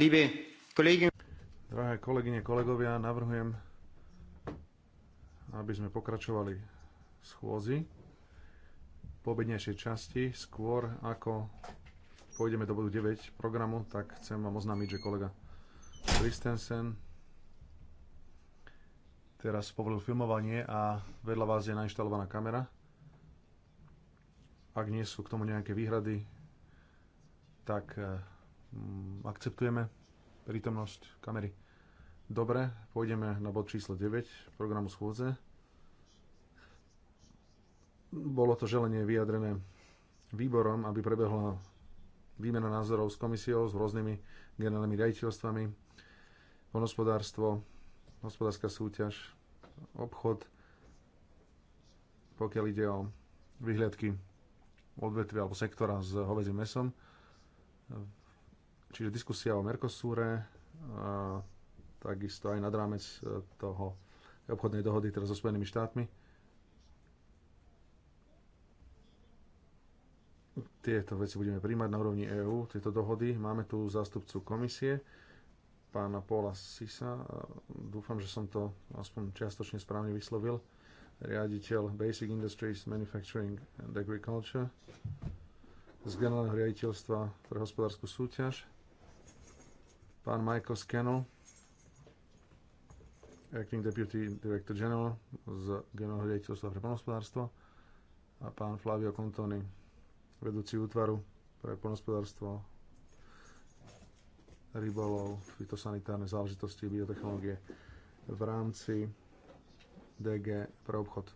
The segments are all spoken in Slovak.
liebe Kolleginnen Drahé kolegyne, kolegovia, navrhujem, aby sme pokračovali v schôzi po obednejšej časti. Skôr ako pôjdeme do bodu 9 programu, tak chcem vám oznámiť, že kolega Christensen teraz povolil filmovanie a vedľa vás je nainštalovaná kamera. Ak nie sú k tomu nejaké výhrady, tak eh, Mm, akceptujeme prítomnosť kamery. Dobre, pôjdeme na bod číslo 9 programu schôdze. Bolo to želenie vyjadrené výborom, aby prebehla výmena názorov s komisiou, s rôznymi generálnymi riaditeľstvami, hospodárstvo, hospodárska súťaž, obchod, pokiaľ ide o vyhliadky odvetvia alebo sektora s hovedzím mesom Čiže diskusia o Mercosure, a takisto aj nad rámec e, toho obchodnej dohody teraz so Spojenými štátmi. Tieto veci budeme príjmať na úrovni EÚ, tieto dohody. Máme tu zástupcu komisie, pána Paula Sisa. Dúfam, že som to aspoň čiastočne správne vyslovil. Riaditeľ Basic Industries, Manufacturing and Agriculture z generálneho riaditeľstva pre hospodárskú súťaž Pán Michael Scannell, Acting Deputy Director General z Generálneho riaditeľstva pre poľnohospodárstvo a pán Flavio Contoni, vedúci útvaru pre poľnohospodárstvo, rybolov, fitosanitárne záležitosti, biotechnológie v rámci DG pre obchod.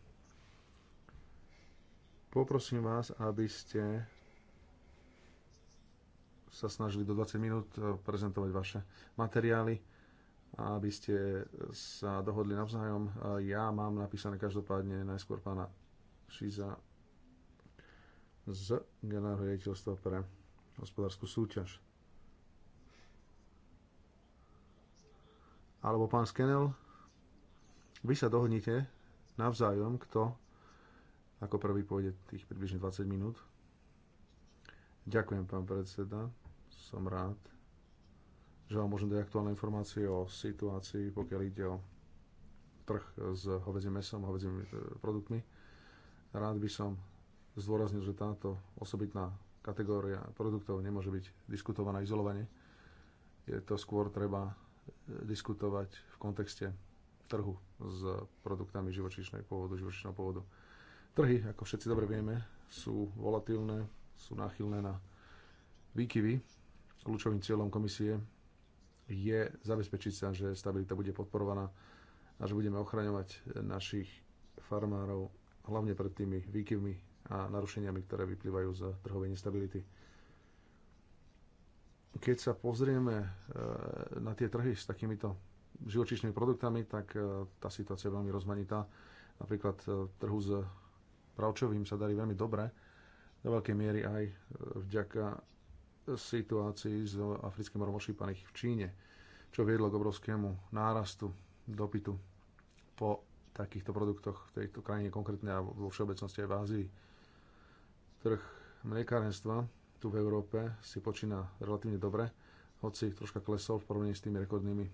Poprosím vás, aby ste sa snažili do 20 minút eh, prezentovať vaše materiály, aby ste eh, sa dohodli navzájom. Eh, ja mám napísané každopádne najskôr pána Šiza z generálneho riaditeľstva pre hospodárskú súťaž. Alebo pán Skenel, vy sa dohodnite navzájom, kto ako prvý pôjde tých približne 20 minút. Ďakujem, pán predseda som rád, že vám môžem dať aktuálne informácie o situácii, pokiaľ ide o trh s hovedzím mesom, hovedzím e, produktmi. Rád by som zdôraznil, že táto osobitná kategória produktov nemôže byť diskutovaná izolovane. Je to skôr treba e, diskutovať v kontexte trhu s produktami živočíšnej pôvodu, živočíšneho pôvodu. Trhy, ako všetci dobre vieme, sú volatilné, sú náchylné na výkyvy Kľúčovým cieľom komisie je zabezpečiť sa, že stabilita bude podporovaná a že budeme ochraňovať našich farmárov hlavne pred tými výkyvmi a narušeniami, ktoré vyplývajú z trhovej nestability. Keď sa pozrieme e, na tie trhy s takýmito živočíšnymi produktami, tak e, tá situácia je veľmi rozmanitá. Napríklad e, trhu s pravčovým sa darí veľmi dobre, do veľkej miery aj vďaka situácii s africkým rovom ošípaných v Číne, čo viedlo k obrovskému nárastu dopytu po takýchto produktoch v tejto krajine konkrétne a vo všeobecnosti aj v Ázii. Trh mliekárenstva tu v Európe si počína relatívne dobre, hoci troška klesol v porovnaní s tými rekordnými,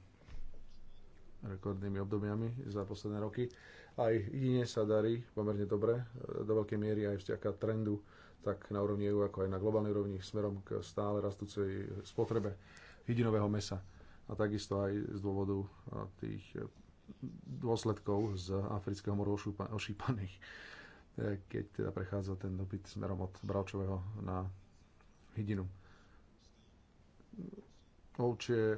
rekordnými obdobiami za posledné roky. Aj jedine sa darí pomerne dobre, e, do veľkej miery aj vďaka trendu tak na úrovni EU, ako aj na globálnej úrovni, smerom k stále rastúcej spotrebe hydinového mesa. A takisto aj z dôvodu eh, tých eh, dôsledkov z afrického moru ošípaných, eh, keď teda prechádza ten dopyt smerom od bravčového na hydinu. Ovčie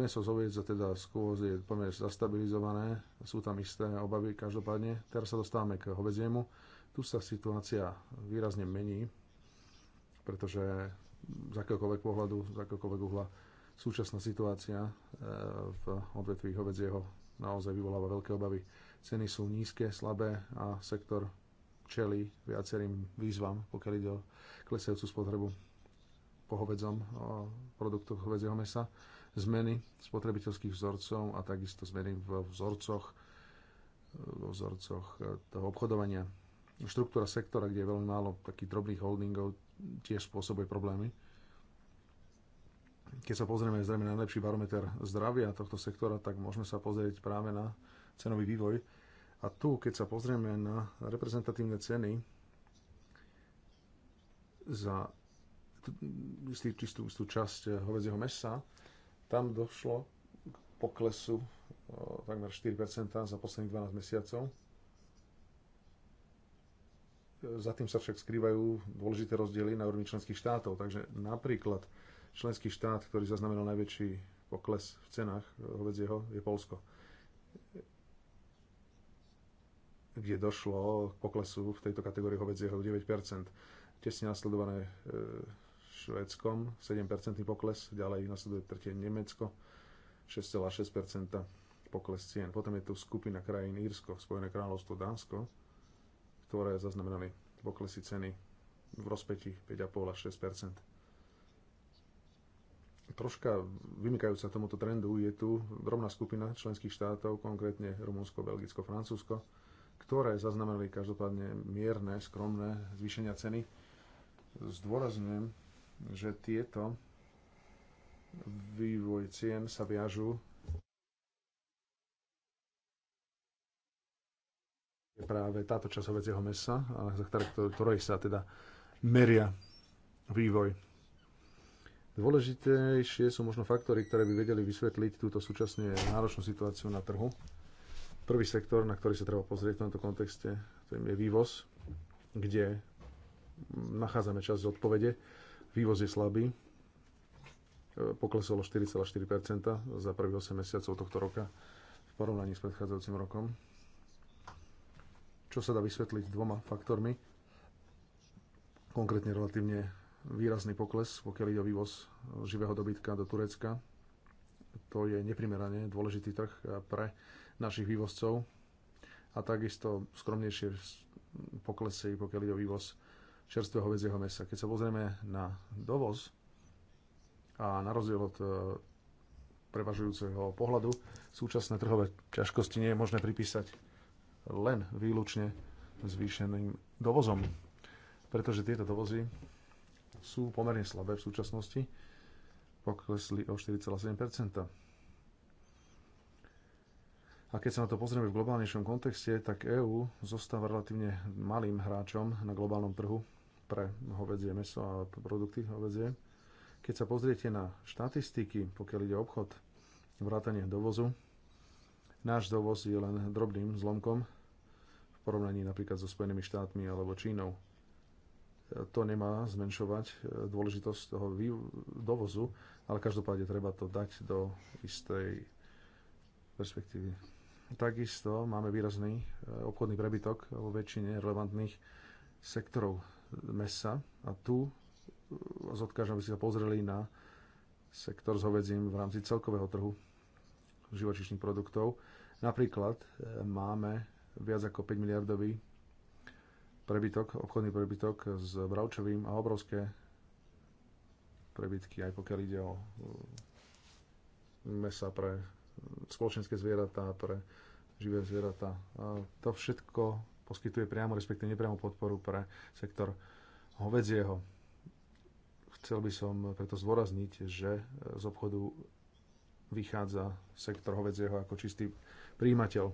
meso z oviec teda skôr je pomerne zastabilizované, sú tam isté obavy každopádne. Teraz sa dostávame k hovedziemu tu sa situácia výrazne mení, pretože z akéhokoľvek pohľadu, z akéhokoľvek uhla súčasná situácia e, v odvetví hovedzieho naozaj vyvoláva veľké obavy. Ceny sú nízke, slabé a sektor čeli viacerým výzvam, pokiaľ ide o klesajúcu spotrebu po hovedzom produktoch hovedzieho mesa, zmeny spotrebiteľských vzorcov a takisto zmeny v vzorcoch, e, v vzorcoch e, toho obchodovania štruktúra sektora, kde je veľmi málo takých drobných holdingov, tiež spôsobuje problémy. Keď sa pozrieme zrejme na najlepší barometer zdravia tohto sektora, tak môžeme sa pozrieť práve na cenový vývoj. A tu, keď sa pozrieme na reprezentatívne ceny za čistú, istú časť eh, hovedzieho mesa, tam došlo k poklesu eh, takmer 4% za posledných 12 mesiacov za tým sa však skrývajú dôležité rozdiely na úrovni členských štátov. Takže napríklad členský štát, ktorý zaznamenal najväčší pokles v cenách e, hovedzieho, je Polsko kde došlo k poklesu v tejto kategórii hovedzieho 9%. Tesne nasledované e, Švédskom 7% pokles, ďalej nasleduje tretie Nemecko 6,6% pokles cien. Potom je tu skupina krajín Írsko, Spojené kráľovstvo, Dánsko ktoré zaznamenali poklesy ceny v rozpeti 5,5 až 6 Troška vymykajúca tomuto trendu je tu drobná skupina členských štátov, konkrétne Rumunsko, Belgicko, Francúzsko, ktoré zaznamenali každopádne mierne, skromné zvýšenia ceny. Zdôrazňujem, že tieto vývoj cien sa viažu práve táto časť hovedzieho mesa, za ktorej sa teda meria vývoj. Dôležitejšie sú možno faktory, ktoré by vedeli vysvetliť túto súčasne náročnú situáciu na trhu. Prvý sektor, na ktorý sa treba pozrieť v tomto kontexte, to je vývoz, kde nachádzame z odpovede. Vývoz je slabý, e, poklesol o 4,4% za prvých 8 mesiacov tohto roka v porovnaní s predchádzajúcim rokom čo sa dá vysvetliť dvoma faktormi. Konkrétne relatívne výrazný pokles, pokiaľ ide o vývoz živého dobytka do Turecka. To je neprimerane dôležitý trh pre našich vývozcov a takisto skromnejšie poklesy, pokiaľ ide o vývoz čerstvého hovedzieho mesa. Keď sa pozrieme na dovoz a na rozdiel od e, prevažujúceho pohľadu, súčasné trhové ťažkosti nie je možné pripísať len výlučne zvýšeným dovozom. Pretože tieto dovozy sú pomerne slabé v súčasnosti, poklesli o 4,7 a keď sa na to pozrieme v globálnejšom kontexte, tak EÚ zostáva relatívne malým hráčom na globálnom trhu pre hovedzie meso a produkty hovedzie. Keď sa pozriete na štatistiky, pokiaľ ide o obchod, vrátanie dovozu, náš dovoz je len drobným zlomkom porovnaní napríklad so Spojenými štátmi alebo Čínou. To nemá zmenšovať e, dôležitosť toho dovozu, ale každopádne treba to dať do istej perspektívy. Takisto máme výrazný e, obchodný prebytok vo väčšine relevantných sektorov mesa a tu e, vás odkážem, aby ste sa pozreli na sektor s hovedzím v rámci celkového trhu živočišných produktov. Napríklad máme viac ako 5 miliardový prebytok, obchodný prebytok s Bravčovým a obrovské prebytky, aj pokiaľ ide o e, mesa pre e, spoločenské zvieratá, pre živé zvieratá. A to všetko poskytuje priamo, respektíve nepriamo podporu pre sektor hovedzieho. Chcel by som preto zvorazniť, že e, z obchodu vychádza sektor hovedzieho ako čistý príjimateľ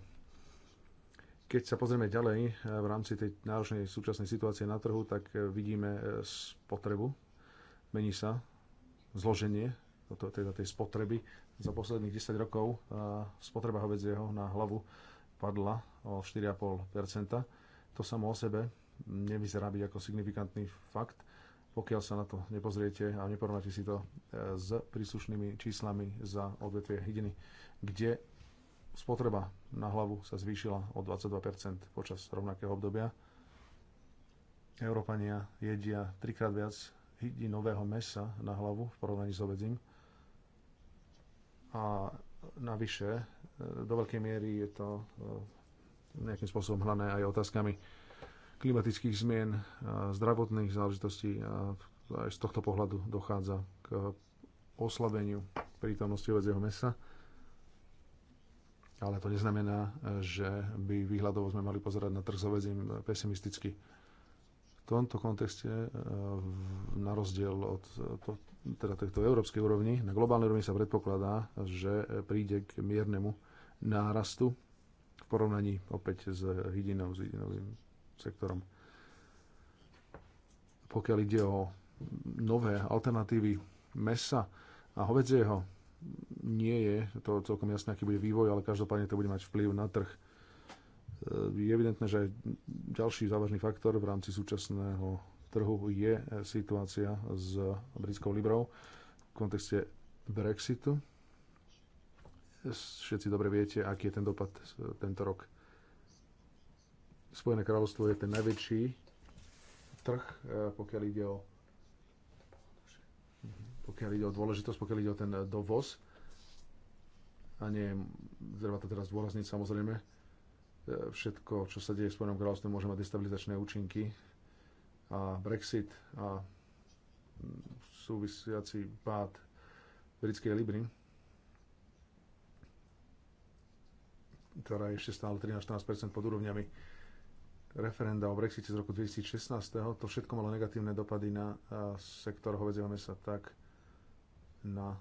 keď sa pozrieme ďalej eh, v rámci tej náročnej súčasnej situácie na trhu, tak eh, vidíme eh, spotrebu. Mení sa zloženie toto, teda tej spotreby. Za posledných 10 rokov spotreba hovedzieho na hlavu padla o 4,5 To samo o sebe nevyzerá byť ako signifikantný fakt, pokiaľ sa na to nepozriete a neporovnáte si to s príslušnými číslami za odvetvie hydiny, kde spotreba na hlavu sa zvýšila o 22% počas rovnakého obdobia. Európania jedia trikrát viac nového mesa na hlavu v porovnaní s obedzím. A navyše, e, do veľkej miery je to e, nejakým spôsobom hlané aj otázkami klimatických zmien, e, zdravotných záležitostí a aj z tohto pohľadu dochádza k oslabeniu prítomnosti obedzieho mesa ale to neznamená, že by výhľadovo sme mali pozerať na trh s ovedzím pesimisticky. V tomto kontexte, e, na rozdiel od to, teda tejto európskej úrovni, na globálnej úrovni sa predpokladá, že príde k miernemu nárastu v porovnaní opäť s hydinou, s hydinovým sektorom. Pokiaľ ide o nové alternatívy mesa a hovedzieho, nie je to celkom jasné, aký bude vývoj, ale každopádne to bude mať vplyv na trh. E, je evidentné, že ďalší závažný faktor v rámci súčasného trhu je situácia s britskou Librou v kontexte Brexitu. Všetci dobre viete, aký je ten dopad e, tento rok. Spojené kráľovstvo je ten najväčší trh, e, pokiaľ ide o pokiaľ ide o dôležitosť, pokiaľ ide o ten e, dovoz. A nie, treba to teraz dôrazniť samozrejme. E, všetko, čo sa deje v Spojenom kráľovstve, môže mať destabilizačné účinky. A Brexit a súvisiaci pád britskej Libry, ktorá je ešte stále 13-14% pod úrovňami referenda o Brexite z roku 2016. To všetko malo negatívne dopady na sektor hovedzieho mesa tak na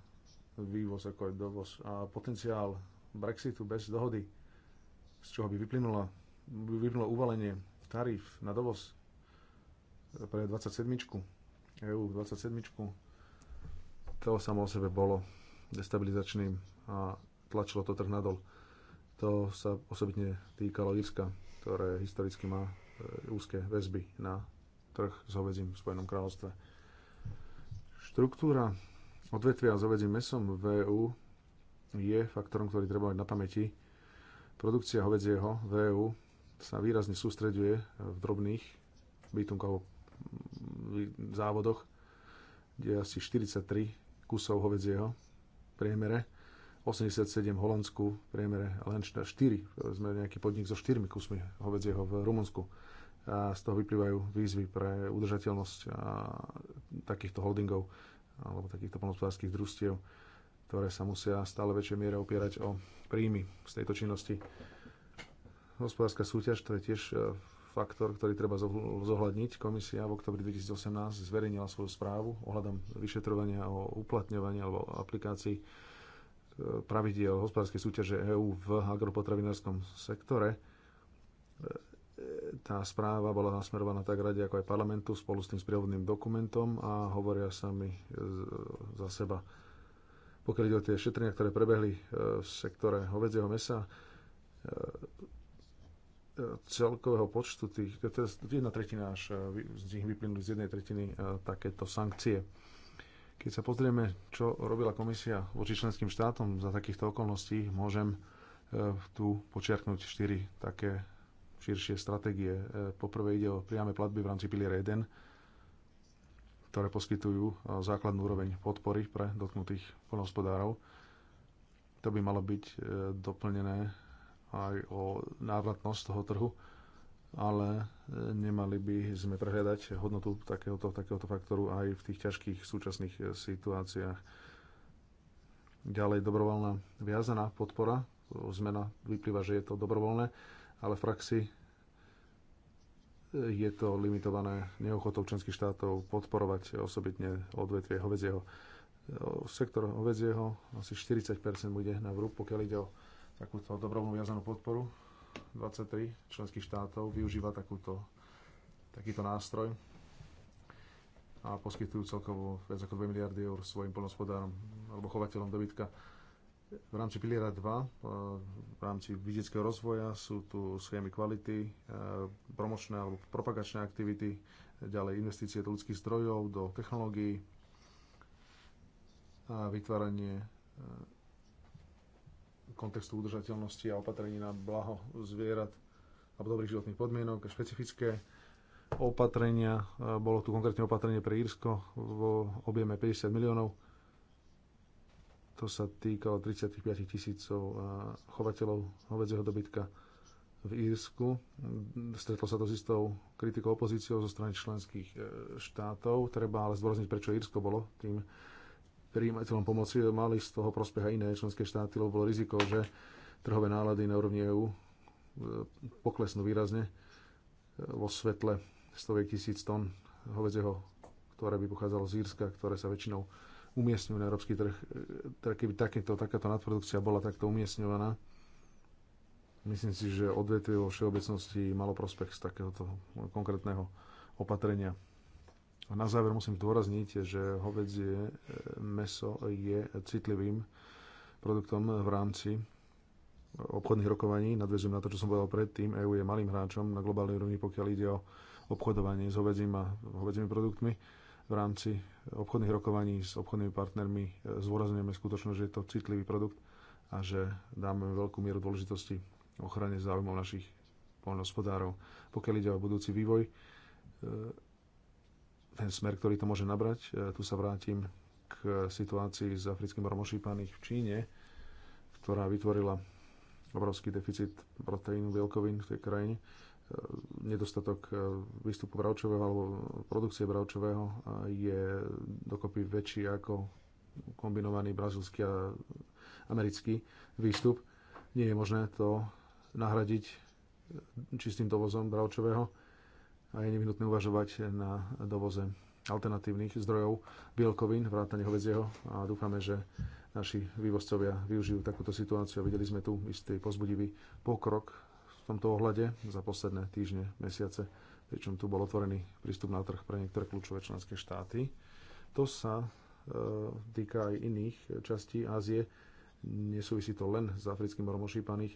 vývoz ako aj dovoz a potenciál Brexitu bez dohody, z čoho by vyplynulo, by vyplynulo uvalenie taríf na dovoz pre 27. EU 27. To samo o sebe bolo destabilizačným a tlačilo to trh nadol. To sa osobitne týkalo Irska, ktoré historicky má e, úzke väzby na trh s hovedzím v Spojenom kráľovstve. Štruktúra Odvetvia s ovedzím mesom v EU je faktorom, ktorý treba mať na pamäti. Produkcia hovedzieho v EU sa výrazne sústreďuje v drobných bytunkových závodoch, kde je asi 43 kusov hovedzieho v priemere, 87 v Holandsku v priemere, len 4, sme nejaký podnik so 4 kusmi hovedzieho v Rumunsku. A z toho vyplývajú výzvy pre udržateľnosť takýchto holdingov alebo takýchto polnospodárských družstiev, ktoré sa musia stále väčšej miere opierať o príjmy z tejto činnosti. Hospodárska súťaž, to je tiež e, faktor, ktorý treba zohľadniť. Komisia v oktobri 2018 zverejnila svoju správu ohľadom vyšetrovania o uplatňovaní alebo aplikácii e, pravidiel hospodárskej súťaže EÚ v agropotravinárskom sektore e, tá správa bola nasmerovaná tak rade ako aj parlamentu spolu s tým sprievodným dokumentom a hovoria sa mi e, za seba. Pokiaľ ide o tie šetrenia, ktoré prebehli e, v sektore hovedzieho mesa, e, celkového počtu tých, to je jedna tretina až z nich vyplynuli z jednej tretiny takéto sankcie. Keď sa pozrieme, čo robila komisia voči členským štátom za takýchto okolností, môžem tu počiarknúť štyri také širšie stratégie. E, poprvé ide o priame platby v rámci piliera 1, ktoré poskytujú e, základnú úroveň podpory pre dotknutých poľnohospodárov. To by malo byť e, doplnené aj o návratnosť toho trhu, ale nemali by sme prehľadať hodnotu takéhoto, takéhoto faktoru aj v tých ťažkých súčasných situáciách. Ďalej dobrovoľná viazaná podpora, zmena vyplýva, že je to dobrovoľné ale v praxi e, je to limitované neochotou členských štátov podporovať osobitne odvetvie hovedzieho. E, sektor hovedzieho asi 40% bude na vrúb, pokiaľ ide o takúto dobrovoľnú viazanú podporu. 23 členských štátov využíva takúto, takýto nástroj a poskytujú celkovo viac ako 2 miliardy eur svojim polnospodárom alebo chovateľom dobytka v rámci piliera 2, eh, v rámci vidieckého rozvoja sú tu schémy kvality, eh, promočné alebo propagačné aktivity, ďalej investície do ľudských zdrojov, do technológií a vytváranie eh, kontextu udržateľnosti a opatrení na blaho zvierat alebo dobrých životných podmienok, špecifické opatrenia. Bolo tu konkrétne opatrenie pre Írsko vo objeme 50 miliónov to sa týkalo 35 tisícov eh, chovateľov hovedzieho dobytka v Írsku. Stretlo sa to s istou kritikou opozíciou zo strany členských eh, štátov. Treba ale zdôrazniť, prečo Írsko bolo tým príjimateľom pomoci. Mali z toho prospecha iné členské štáty, lebo bolo riziko, že trhové nálady na úrovni EÚ eh, poklesnú výrazne vo svetle stoviek tisíc tón hovedzieho, ktoré by pochádzalo z Írska, ktoré sa väčšinou umiestňujú na európsky trh. E, tak keby takéto, takáto nadprodukcia bola takto umiestňovaná, myslím si, že odvetvie vo všeobecnosti malo prospech z takéhoto konkrétneho opatrenia. A na záver musím zdôrazniť, že hovedzie e, meso je citlivým produktom v rámci obchodných rokovaní. Nadvezujem na to, čo som povedal predtým. EU je malým hráčom na globálnej úrovni, pokiaľ ide o obchodovanie s hovedzím a hovedzými produktmi v rámci obchodných rokovaní s obchodnými partnermi e, zvorazňujeme skutočnosť, že je to citlivý produkt a že dáme veľkú mieru dôležitosti ochrane záujmov našich poľnohospodárov. Pokiaľ ide o budúci vývoj, e, ten smer, ktorý to môže nabrať, e, tu sa vrátim k situácii s africkým morom ošípaných v Číne, ktorá vytvorila obrovský deficit proteínu, bielkovín v tej krajine nedostatok eh, výstupu bravčového alebo produkcie bravčového eh, je dokopy väčší ako kombinovaný brazilský a americký výstup. Nie je možné to nahradiť eh, čistým dovozom bravčového a je nevyhnutné uvažovať na dovoze alternatívnych zdrojov bielkovín, vrátane hovedzieho a dúfame, že naši vývozcovia využijú takúto situáciu a videli sme tu istý pozbudivý pokrok v tomto ohľade za posledné týždne, mesiace, pričom tu bol otvorený prístup na trh pre niektoré kľúčové členské štáty. To sa e, týka aj iných častí Ázie. Nesúvisí to len s africkým morom ošípaných,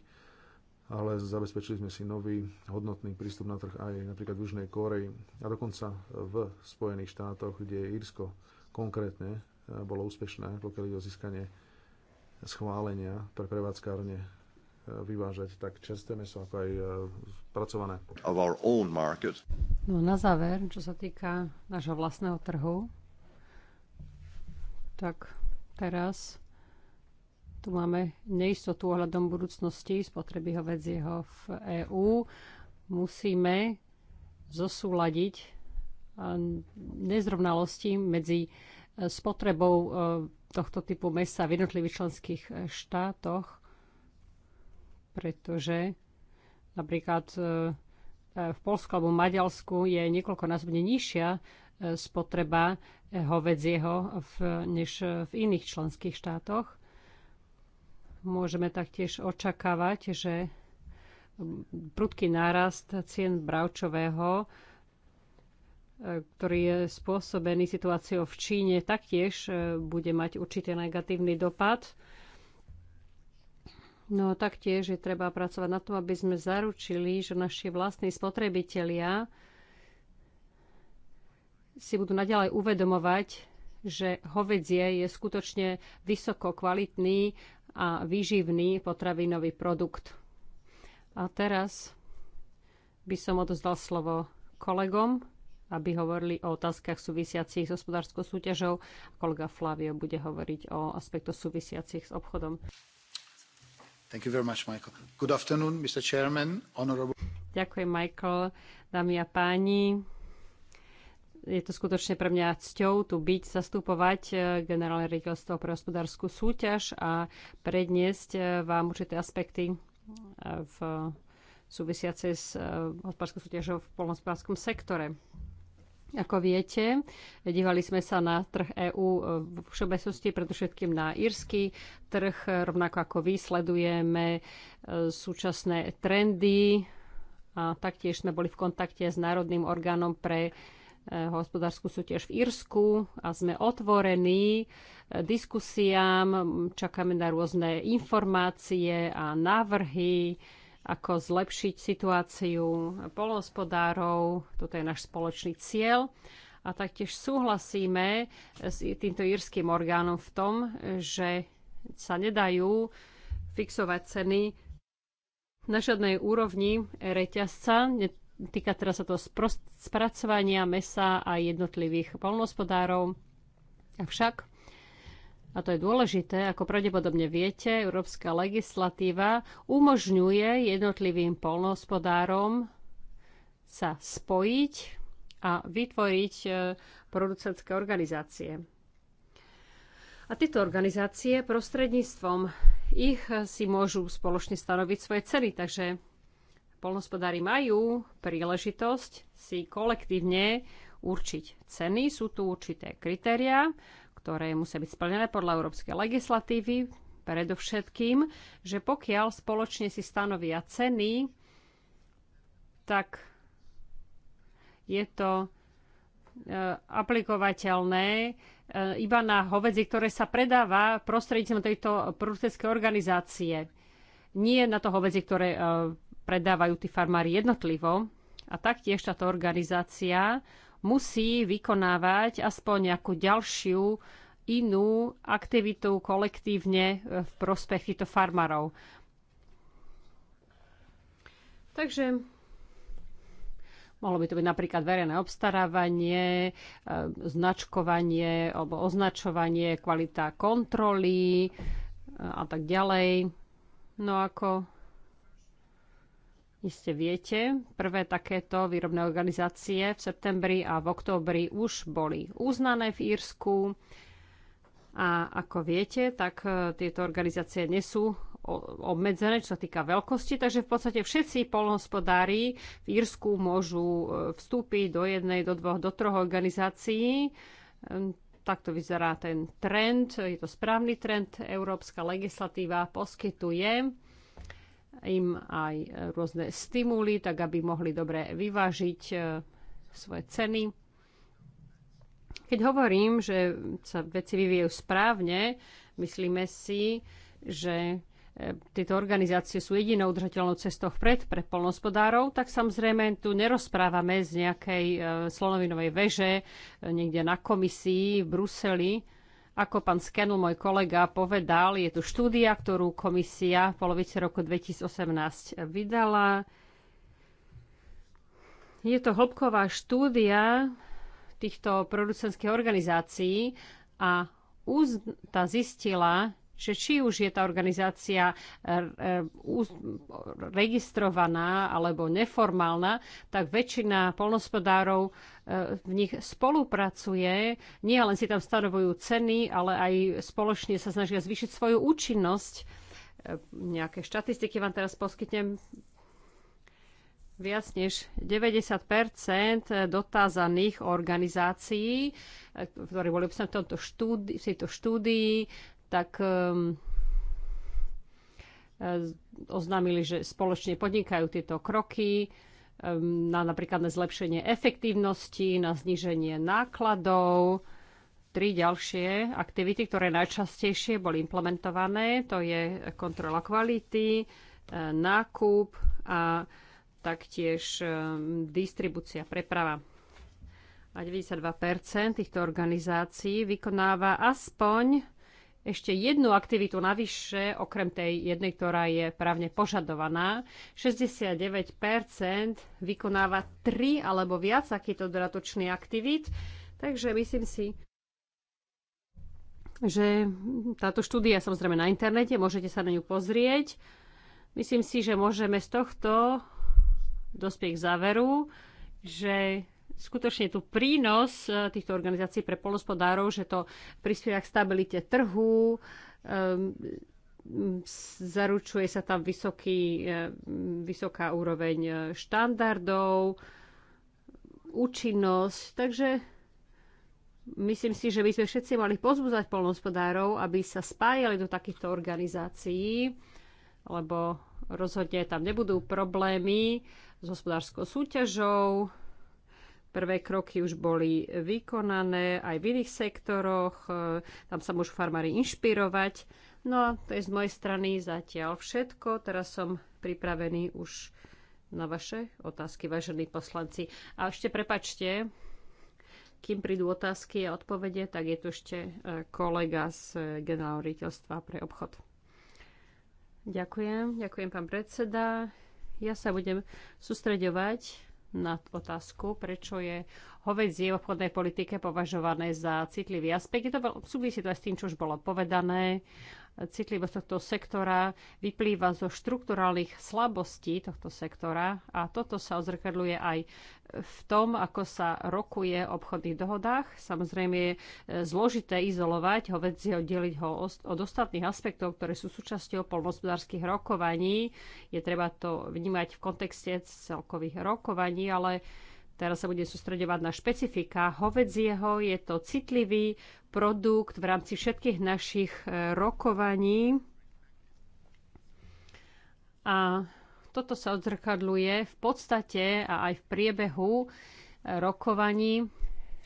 ale zabezpečili sme si nový hodnotný prístup na trh aj napríklad v Južnej Kóreji a dokonca v Spojených štátoch, kde Írsko konkrétne e, bolo úspešné, pokiaľ ide o získanie schválenia pre prevádzkárne vyvážať tak čerstvé meso, ako aj e, pracované. No na záver, čo sa týka nášho vlastného trhu, tak teraz tu máme neistotu ohľadom budúcnosti spotreby hovedzieho v EÚ. Musíme zosúľadiť e, nezrovnalosti medzi e, spotrebou tohto typu mesa v jednotlivých členských štátoch pretože napríklad e, e, v Polsku alebo Maďarsku je niekoľkonásobne nižšia e, spotreba hovedzieho v, než v iných členských štátoch. Môžeme taktiež očakávať, že prudký nárast cien bravčového, ktorý je spôsobený situáciou v Číne, taktiež bude mať určite negatívny dopad No taktiež je treba pracovať na tom, aby sme zaručili, že naši vlastní spotrebitelia si budú naďalej uvedomovať, že hovedzie je skutočne vysoko kvalitný a výživný potravinový produkt. A teraz by som odozdal slovo kolegom, aby hovorili o otázkach súvisiacich s hospodárskou súťažou. Kolega Flavio bude hovoriť o aspektoch súvisiacich s obchodom. Thank you very much, Michael. Good afternoon, Mr. Chairman, honorable... Ďakujem, Michael. Dámy a páni, je to skutočne pre mňa cťou tu byť, zastupovať e, generálne riaditeľstvo pre hospodárskú súťaž a predniesť e, vám určité aspekty e, v súvisiace s hospodárskou súťažou v polnospodárskom sektore. Ako viete, dívali sme sa na trh EÚ e, v všeobecnosti, predovšetkým na írsky trh, rovnako ako vysledujeme e, súčasné trendy a taktiež sme boli v kontakte s Národným orgánom pre e, hospodárskú súťaž v Írsku a sme otvorení diskusiám, čakáme na rôzne informácie a návrhy ako zlepšiť situáciu polnohospodárov. Toto je náš spoločný cieľ. A taktiež súhlasíme s týmto írským orgánom v tom, že sa nedajú fixovať ceny na žiadnej úrovni reťazca. Týka teraz sa to spracovania mesa a jednotlivých polnohospodárov. Avšak a to je dôležité, ako pravdepodobne viete, európska legislatíva umožňuje jednotlivým polnohospodárom sa spojiť a vytvoriť e, producentské organizácie. A tieto organizácie prostredníctvom ich si môžu spoločne stanoviť svoje ceny, takže polnospodári majú príležitosť si kolektívne určiť ceny. Sú tu určité kritériá, ktoré musia byť splnené podľa európskej legislatívy, predovšetkým, že pokiaľ spoločne si stanovia ceny, tak je to e, aplikovateľné e, iba na hovedzi, ktoré sa predáva prostredníctvom tejto producentskej organizácie. Nie na to hovedzi, ktoré e, predávajú tí farmári jednotlivo. A taktiež táto organizácia musí vykonávať aspoň nejakú ďalšiu inú aktivitu kolektívne v prospech týchto farmárov. Takže mohlo by to byť napríklad verejné obstarávanie, e, značkovanie alebo označovanie, kvalita kontroly e, a tak ďalej. No ako iste viete, prvé takéto výrobné organizácie v septembri a v októbri už boli uznané v Írsku. A ako viete, tak e, tieto organizácie nie sú obmedzené, čo sa týka veľkosti, takže v podstate všetci polnohospodári v Írsku môžu e, vstúpiť do jednej, do dvoch, do troch organizácií. Takto vyzerá ten trend, je to správny trend. Európska legislatíva poskytuje im aj rôzne stimuly, tak aby mohli dobre vyvážiť e, svoje ceny. Keď hovorím, že sa veci vyvíjajú správne, myslíme si, že e, tieto organizácie sú jedinou udržateľnou cestou vpred pre polnospodárov, tak samozrejme tu nerozprávame z nejakej e, slonovinovej veže niekde na komisii v Bruseli, ako pán Skenl, môj kolega, povedal, je tu štúdia, ktorú komisia v polovici roku 2018 vydala. Je to hĺbková štúdia týchto producentských organizácií a tá zistila, že či už je tá organizácia e, e, registrovaná alebo neformálna, tak väčšina polnospodárov e, v nich spolupracuje. Nie len si tam stanovujú ceny, ale aj spoločne sa snažia zvýšiť svoju účinnosť. Nejaké štatistiky vám teraz poskytnem. Viac než 90 dotázaných organizácií, ktoré boli v tejto štúdii, tak um, oznámili, že spoločne podnikajú tieto kroky um, na napríklad na zlepšenie efektívnosti, na zníženie nákladov. Tri ďalšie aktivity, ktoré najčastejšie boli implementované, to je kontrola kvality, e, nákup a taktiež e, distribúcia, preprava. A 92% týchto organizácií vykonáva aspoň ešte jednu aktivitu navyše, okrem tej jednej, ktorá je právne požadovaná. 69% vykonáva 3 alebo viac akýchto dodatočných aktivít, takže myslím si, že táto štúdia samozrejme na internete, môžete sa na ňu pozrieť. Myslím si, že môžeme z tohto dospieť k záveru, že skutočne tu prínos e, týchto organizácií pre polospodárov, že to prispieva k stabilite trhu, ehm, zaručuje sa tam vysoký, e, vysoká úroveň e, štandardov, účinnosť. Takže myslím si, že by sme všetci mali pozbúzať polnospodárov, aby sa spájali do takýchto organizácií, lebo rozhodne tam nebudú problémy s hospodárskou súťažou, Prvé kroky už boli vykonané aj v iných sektoroch, e, tam sa môžu farmári inšpirovať. No a to je z mojej strany zatiaľ všetko. Teraz som pripravený už na vaše otázky, vážení poslanci. A ešte prepačte, kým prídu otázky a odpovede, tak je tu ešte e, kolega z e, generálneho riteľstva pre obchod. Ďakujem, ďakujem pán predseda. Ja sa budem sústreďovať na otázku, prečo je hovedzie v obchodnej politike považované za citlivý aspekt. Je to veľ, súvisí to aj s tým, čo už bolo povedané. Citlivosť tohto sektora vyplýva zo štrukturálnych slabostí tohto sektora a toto sa ozrkadľuje aj v tom, ako sa rokuje o obchodných dohodách. Samozrejme je e, zložité izolovať ho, oddeliť ho od ostatných aspektov, ktoré sú súčasťou polnospodárských rokovaní. Je treba to vnímať v kontexte celkových rokovaní, ale Teraz sa budem sústredovať na špecifika. Hovedzieho je to citlivý produkt v rámci všetkých našich e, rokovaní. A toto sa odzrkadluje v podstate a aj v priebehu e, rokovaní.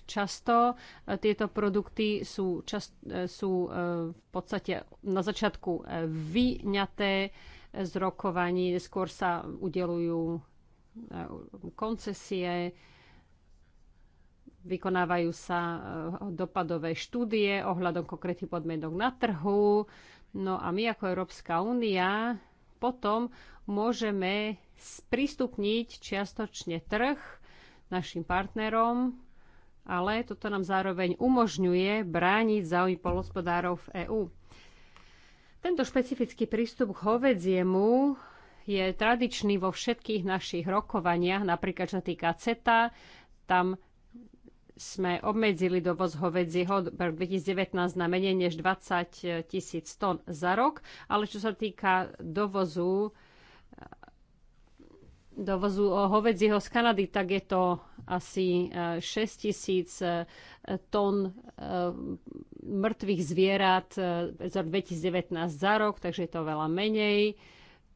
Často e, tieto produkty sú, čast, sú v podstate na začiatku vyňaté z rokovaní, skôr sa udelujú E, koncesie, vykonávajú sa e, dopadové štúdie ohľadom konkrétnych podmienok na trhu. No a my ako Európska únia potom môžeme sprístupniť čiastočne trh našim partnerom, ale toto nám zároveň umožňuje brániť záujmy polospodárov v EÚ. Tento špecifický prístup k hovedziemu je tradičný vo všetkých našich rokovaniach, napríklad čo týka CETA, tam sme obmedzili dovoz hovedzieho 2019 na menej než 20 tisíc tón za rok, ale čo sa týka dovozu dovozu hovedzieho z Kanady, tak je to asi 6 eh, tisíc eh, tón eh, mŕtvych zvierat za 2019 za rok, takže je to veľa menej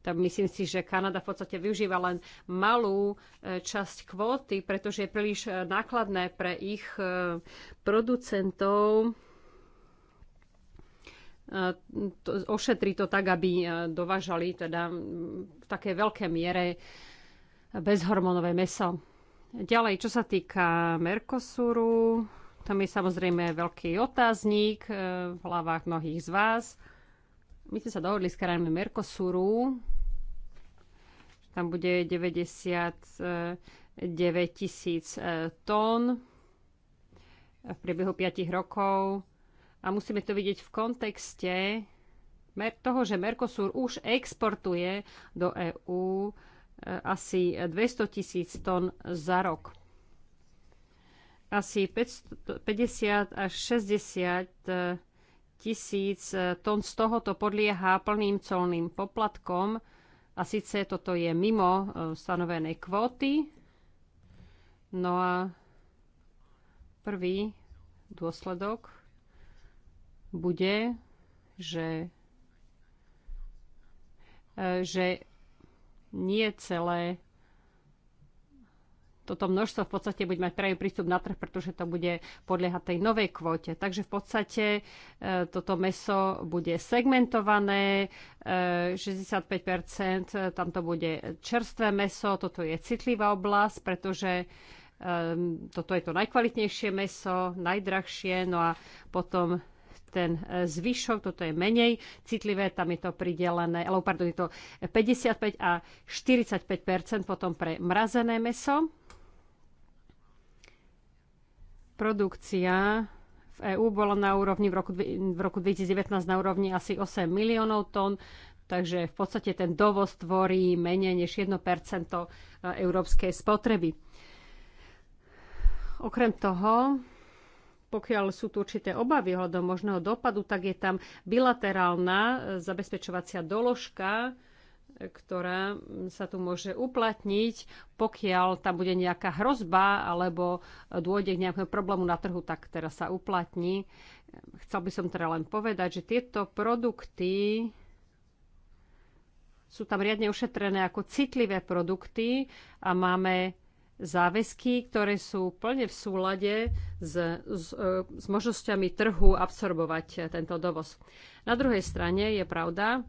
tam myslím si, že Kanada v podstate využíva len malú e, časť kvóty, pretože je príliš e, nákladné pre ich e, producentov ošetri to tak, aby dovážali teda v takej veľkej miere bezhormonové meso. Ďalej, čo sa týka Mercosuru, tam je samozrejme veľký otáznik v hlavách mnohých z vás. My sme sa dohodli s krajinami Mercosuru, tam bude 99 tisíc e, tón v priebehu 5 rokov. A musíme to vidieť v kontexte toho, že Mercosur už exportuje do EÚ e, asi 200 tisíc tón za rok. Asi 50 až 60 e, tisíc tón z tohoto podlieha plným colným poplatkom, a síce toto je mimo e, stanovenej kvóty. No a prvý dôsledok bude, že, e, že nie celé toto množstvo v podstate bude mať pravý prístup na trh, pretože to bude podliehať tej novej kvote. Takže v podstate e, toto meso bude segmentované, e, 65% e, tam to bude čerstvé meso, toto je citlivá oblasť, pretože e, toto je to najkvalitnejšie meso, najdrahšie, no a potom ten e, zvyšok, toto je menej citlivé, tam je to pridelené, alebo pardon, je to 55 a 45 potom pre mrazené meso. Produkcia v EÚ bola na úrovni v roku, v roku 2019 na úrovni asi 8 miliónov tón, takže v podstate ten dovoz tvorí menej než 1 e, európskej spotreby. Okrem toho, pokiaľ sú tu určité obavy hľadom možného dopadu, tak je tam bilaterálna e, zabezpečovacia doložka, ktorá sa tu môže uplatniť, pokiaľ tam bude nejaká hrozba alebo dôjde k nejakému problému na trhu, tak teraz sa uplatní. Chcel by som teda len povedať, že tieto produkty sú tam riadne ošetrené ako citlivé produkty a máme záväzky, ktoré sú plne v súlade s, s, e, s možnosťami trhu absorbovať tento dovoz. Na druhej strane je pravda,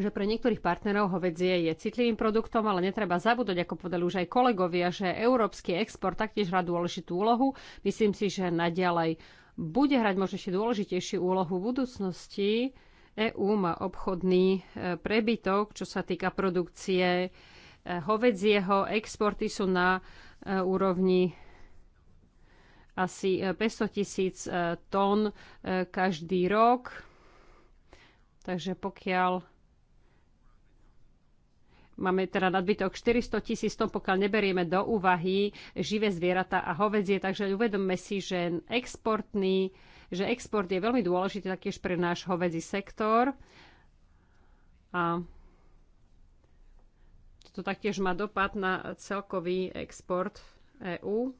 že pre niektorých partnerov hovedzie je citlivým produktom, ale netreba zabúdať, ako povedali už aj kolegovia, že európsky export taktiež hrá dôležitú úlohu. Myslím si, že naďalej bude hrať možno ešte dôležitejšiu úlohu v budúcnosti. EÚ má obchodný e, prebytok, čo sa týka produkcie e, hovedzieho. Exporty sú na e, úrovni asi 500 tisíc tón každý rok. Takže pokiaľ Máme teda nadbytok 400 tisíc tom, pokiaľ neberieme do úvahy živé zvieratá a hovedzie, takže uvedomme si, že exportný, že export je veľmi dôležitý taktiež pre náš hovedzí sektor. A to taktiež má dopad na celkový export EÚ.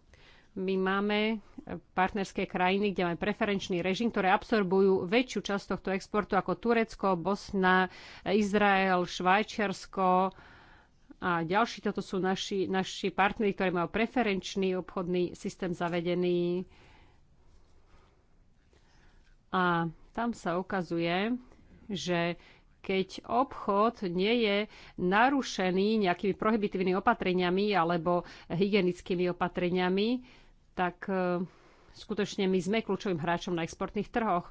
My máme partnerské krajiny, kde máme preferenčný režim, ktoré absorbujú väčšiu časť tohto exportu ako Turecko, Bosna, Izrael, Švajčiarsko, a ďalší. Toto sú naši, naši partneri, ktorí majú preferenčný obchodný systém zavedený. A tam sa ukazuje, že keď obchod nie je narušený nejakými prohibitívnymi opatreniami alebo hygienickými opatreniami, tak eh, skutočne my sme kľúčovým hráčom na exportných trhoch.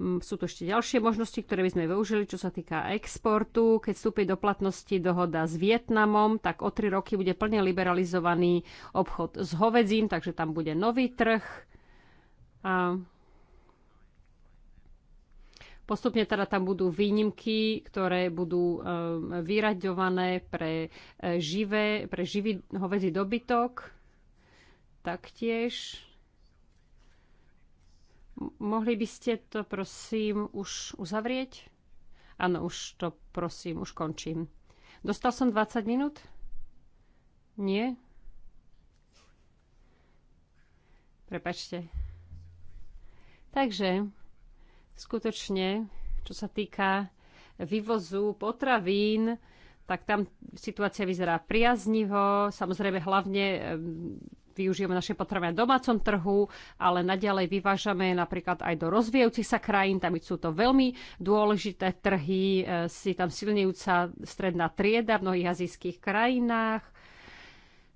Mm, sú tu ešte ďalšie možnosti, ktoré by sme využili, čo sa týka exportu. Keď vstúpi do platnosti dohoda s Vietnamom, tak o tri roky bude plne liberalizovaný obchod s hovedzím, takže tam bude nový trh. A Postupne teda tam budú výnimky, ktoré budú e, vyraďované pre, e, živé, pre živý hovedzí dobytok. Taktiež Mohli by ste to prosím už uzavrieť? Áno, už to prosím, už končím. Dostal som 20 minút? Nie? Prepačte. Takže, skutočne, čo sa týka vývozu potravín, tak tam situácia vyzerá priaznivo. Samozrejme, hlavne využijeme naše potraviny na domácom trhu, ale naďalej vyvážame napríklad aj do rozvíjajúcich sa krajín, tam sú to veľmi dôležité trhy, e, si tam silnejúca stredná trieda v mnohých azijských krajinách.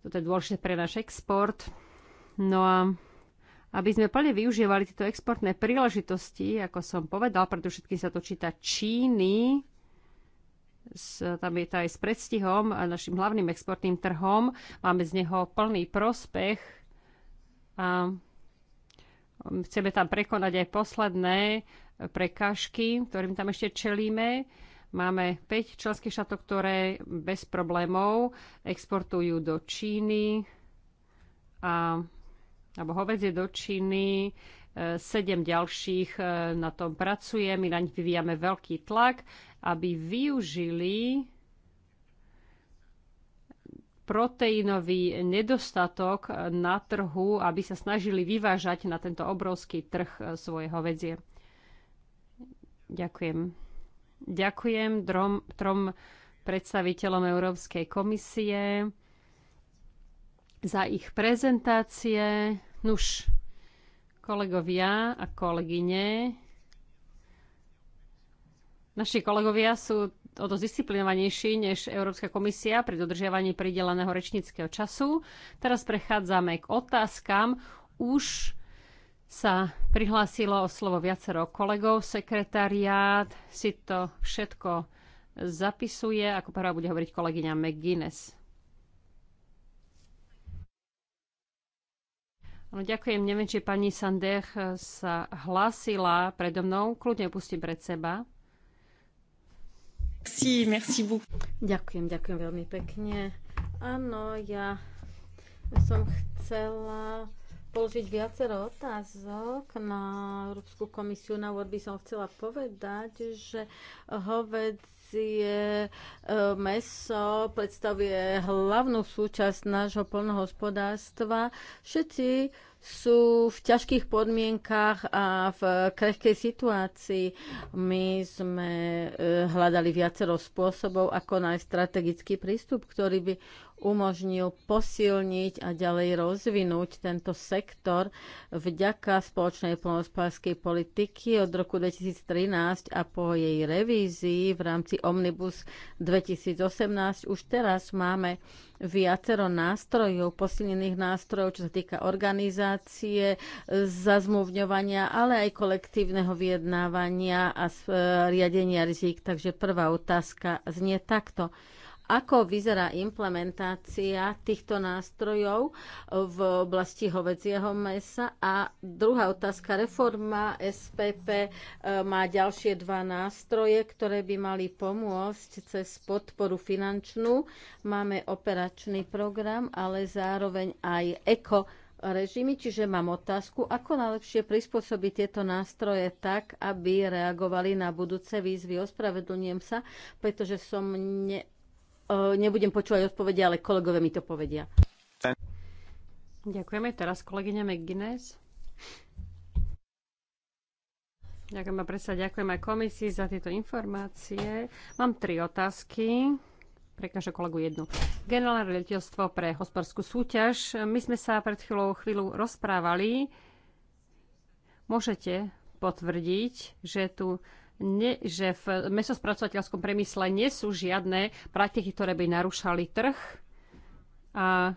Toto je dôležité pre náš export. No a aby sme plne využívali tieto exportné príležitosti, ako som povedal, preto všetkým sa to číta Číny, s, tam je to aj s predstihom a našim hlavným exportným trhom. Máme z neho plný prospech a chceme tam prekonať aj posledné prekážky, ktorým tam ešte čelíme. Máme 5 členských šatok, ktoré bez problémov exportujú do Číny a, alebo hovedzie do Číny Sedem ďalších e, na tom pracuje. My na nich vyvíjame veľký tlak, aby využili proteínový nedostatok na trhu, aby sa snažili vyvážať na tento obrovský trh e, svoje hovedzie. Ďakujem. Ďakujem drom, trom predstaviteľom Európskej komisie za ich prezentácie. Nuž, Kolegovia a kolegyne, naši kolegovia sú o to disciplinovanejší než Európska komisia pri dodržiavaní prideleného rečníckého času. Teraz prechádzame k otázkam. Už sa prihlásilo o slovo viacero kolegov. Sekretariát si to všetko zapisuje. Ako prvá bude hovoriť kolegyňa McGuinness. No, ďakujem, neviem, či pani Sandech eh, sa hlásila predo mnou. Kľudne pustím pred seba. Merci, merci Ďakujem, ďakujem veľmi pekne. Áno, ja som chcela položiť viacero otázok na Európsku komisiu. Na úvod by som chcela povedať, že hoved produkcie. E, meso predstavuje hlavnú súčasť nášho plnohospodárstva. Všetci sú v ťažkých podmienkách a v krehkej situácii. My sme e, hľadali viacero spôsobov, ako nájsť strategický prístup, ktorý by umožnil posilniť a ďalej rozvinúť tento sektor vďaka spoločnej plnohospodárskej politiky od roku 2013 a po jej revízii v rámci Omnibus 2018 už teraz máme viacero nástrojov, posilnených nástrojov, čo sa týka organizácie, zazmluvňovania, ale aj kolektívneho vyjednávania a e, riadenia rizik. Takže prvá otázka znie takto ako vyzerá implementácia týchto nástrojov v oblasti hovedzieho mesa? A druhá otázka, reforma SPP e, má ďalšie dva nástroje, ktoré by mali pomôcť cez podporu finančnú. Máme operačný program, ale zároveň aj eko režimy, čiže mám otázku, ako najlepšie prispôsobiť tieto nástroje tak, aby reagovali na budúce výzvy. Ospravedlňujem sa, pretože som ne, Eh, nebudem počúvať odpovede, ale kolegové mi to povedia. Ďakujeme. Teraz kolegyňa McGuinness. Ďakujem a predsa ďakujem aj komisii za tieto informácie. Mám tri otázky pre každého kolegu jednu. Generálne riaditeľstvo pre hospodárskú súťaž. My sme sa pred chvíľou chvíľu rozprávali. Môžete potvrdiť, že tu ne, že v mesospracovateľskom priemysle nie sú žiadne praktiky, ktoré by narušali trh. A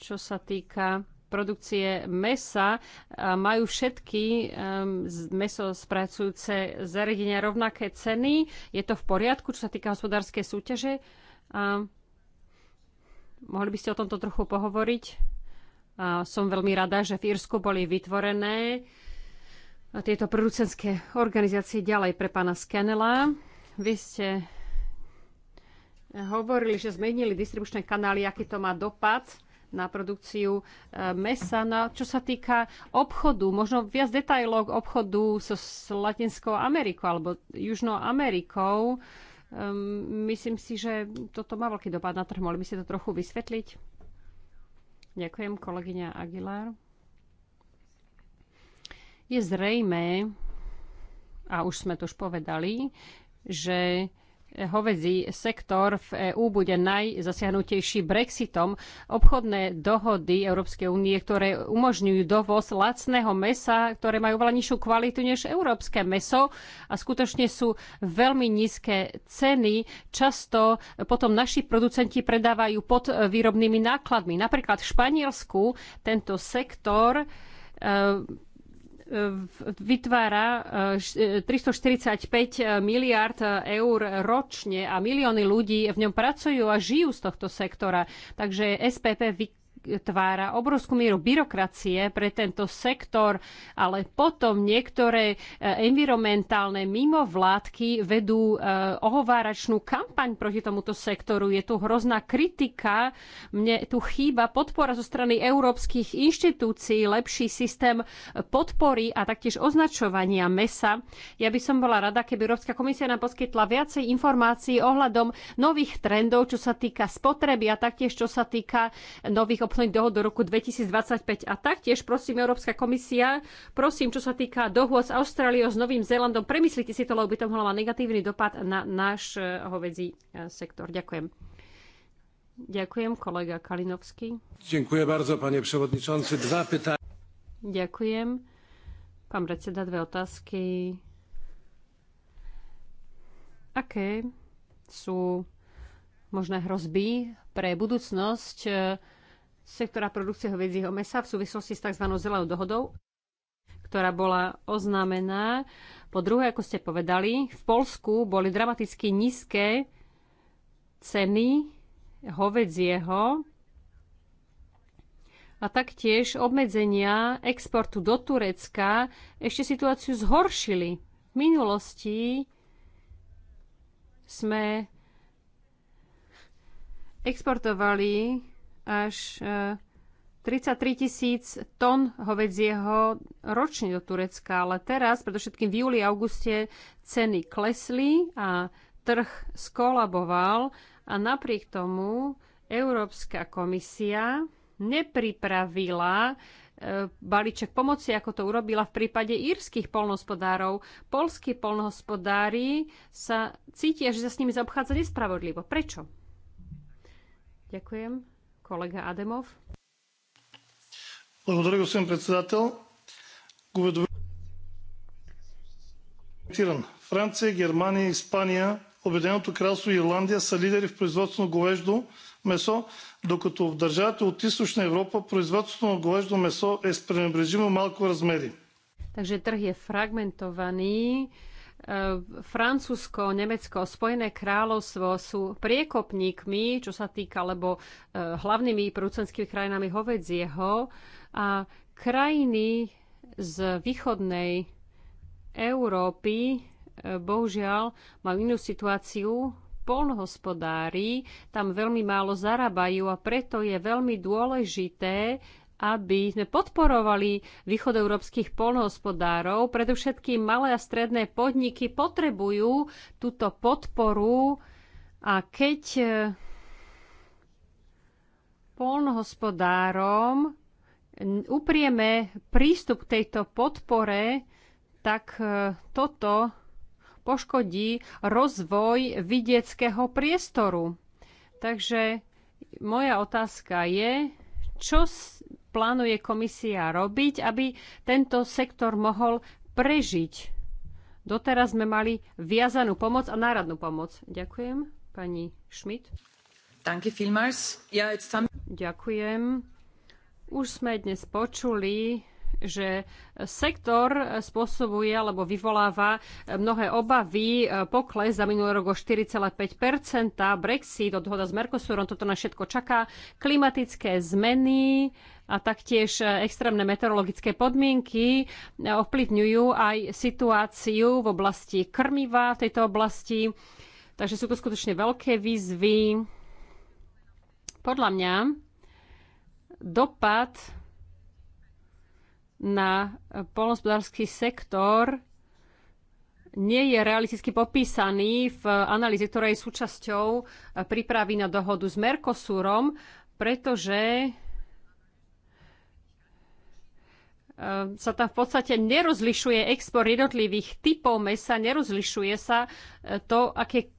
čo sa týka produkcie mesa, majú všetky um, meso spracujúce zariadenia rovnaké ceny. Je to v poriadku, čo sa týka hospodárskej súťaže? A mohli by ste o tomto trochu pohovoriť? A som veľmi rada, že v Írsku boli vytvorené tieto producentské organizácie ďalej pre pána Skenela. Vy ste hovorili, že zmenili distribučné kanály, aký to má dopad na produkciu e, mesa. No, čo sa týka obchodu, možno viac detajlov obchodu so, s Latinskou Amerikou alebo Južnou Amerikou. Um, myslím si, že toto má veľký dopad na trh. Mohli by ste to trochu vysvetliť? Ďakujem, kolegyňa Aguilar je zrejmé, a už sme to už povedali, že hovedzí sektor v EÚ bude najzasiahnutejší Brexitom. Obchodné dohody Európskej únie, ktoré umožňujú dovoz lacného mesa, ktoré majú veľa nižšiu kvalitu než európske meso a skutočne sú veľmi nízke ceny. Často potom naši producenti predávajú pod výrobnými nákladmi. Napríklad v Španielsku tento sektor eh, vytvára 345 e, miliard eur ročne a milióny ľudí v ňom pracujú a žijú z tohto sektora. Takže SPP vytvára obrovskú mieru byrokracie pre tento sektor, ale potom niektoré e, environmentálne mimovládky vedú e, ohováračnú kampaň proti tomuto sektoru. Je tu hrozná kritika, mne tu chýba podpora zo strany európskych inštitúcií, lepší systém podpory a taktiež označovania mesa. Ja by som bola rada, keby Európska komisia nám poskytla viacej informácií ohľadom nových trendov, čo sa týka spotreby a taktiež čo sa týka nových obchodných dohod do roku 2025. A taktiež prosím Európska komisia, prosím, čo sa týka dohôd s Austráliou, s Novým Zélandom, premyslite si to, lebo by to mohlo mať negatívny dopad na náš eh, hovedzí eh, sektor. Ďakujem. Ďakujem, kolega Kalinovský. Ďakujem bardzo, panie przewodniczący. Dva pytania. Ďakujem. Pán predseda, dve otázky. Aké sú možné hrozby pre budúcnosť eh, sektora produkcie hovedzieho mesa v súvislosti s tzv. zelenou dohodou, ktorá bola oznámená. Po druhé, ako ste povedali, v Polsku boli dramaticky nízke ceny hovedzieho a taktiež obmedzenia exportu do Turecka ešte situáciu zhoršili. V minulosti sme exportovali až 33 eh, tisíc tón hovedzieho ročne do Turecka, ale teraz, predovšetkým v júli a auguste, ceny klesli a trh skolaboval a napriek tomu Európska komisia nepripravila eh, balíček pomoci, ako to urobila v prípade írskych polnohospodárov. Polskí polnohospodári sa cítia, že sa s nimi zaobchádza nespravodlivo. Prečo? Ďakujem kolega Ademov. Благодаря, господин председател. Франция, Германия, Испания, Обединеното кралство и Ирландия са лидери в производството на говеждо месо, докато в държавата от източна Европа производството на говеждо месо е с пренебрежимо малко размери. Takže trh je fragmentovaný Francúzsko, Nemecko, Spojené kráľovstvo sú priekopníkmi, čo sa týka, alebo e, hlavnými prúcenskými krajinami hovedzieho a krajiny z východnej Európy e, bohužiaľ majú inú situáciu, polnohospodári tam veľmi málo zarábajú a preto je veľmi dôležité aby sme podporovali východoeurópskych polnohospodárov. Predovšetkým malé a stredné podniky potrebujú túto podporu a keď e, polnohospodárom uprieme prístup k tejto podpore, tak e, toto poškodí rozvoj vidieckého priestoru. Takže moja otázka je, čo plánuje komisia robiť, aby tento sektor mohol prežiť. Doteraz sme mali viazanú pomoc a náradnú pomoc. Ďakujem, pani Schmidt. Danke Ja, Ďakujem. Už sme dnes počuli že sektor spôsobuje alebo vyvoláva mnohé obavy. Pokles za minulý rok o 4,5 Brexit, odhoda s Mercosurom, toto nás všetko čaká. Klimatické zmeny, a taktiež e, extrémne meteorologické podmienky e, ovplyvňujú aj situáciu v oblasti krmiva v tejto oblasti. Takže sú to skutočne veľké výzvy. Podľa mňa dopad na e, polnospodársky sektor nie je realisticky popísaný v analýze, ktorej je súčasťou prípravy na dohodu s Mercosurom, pretože sa tam v podstate nerozlišuje export jednotlivých typov mesa, nerozlišuje sa e, to, aké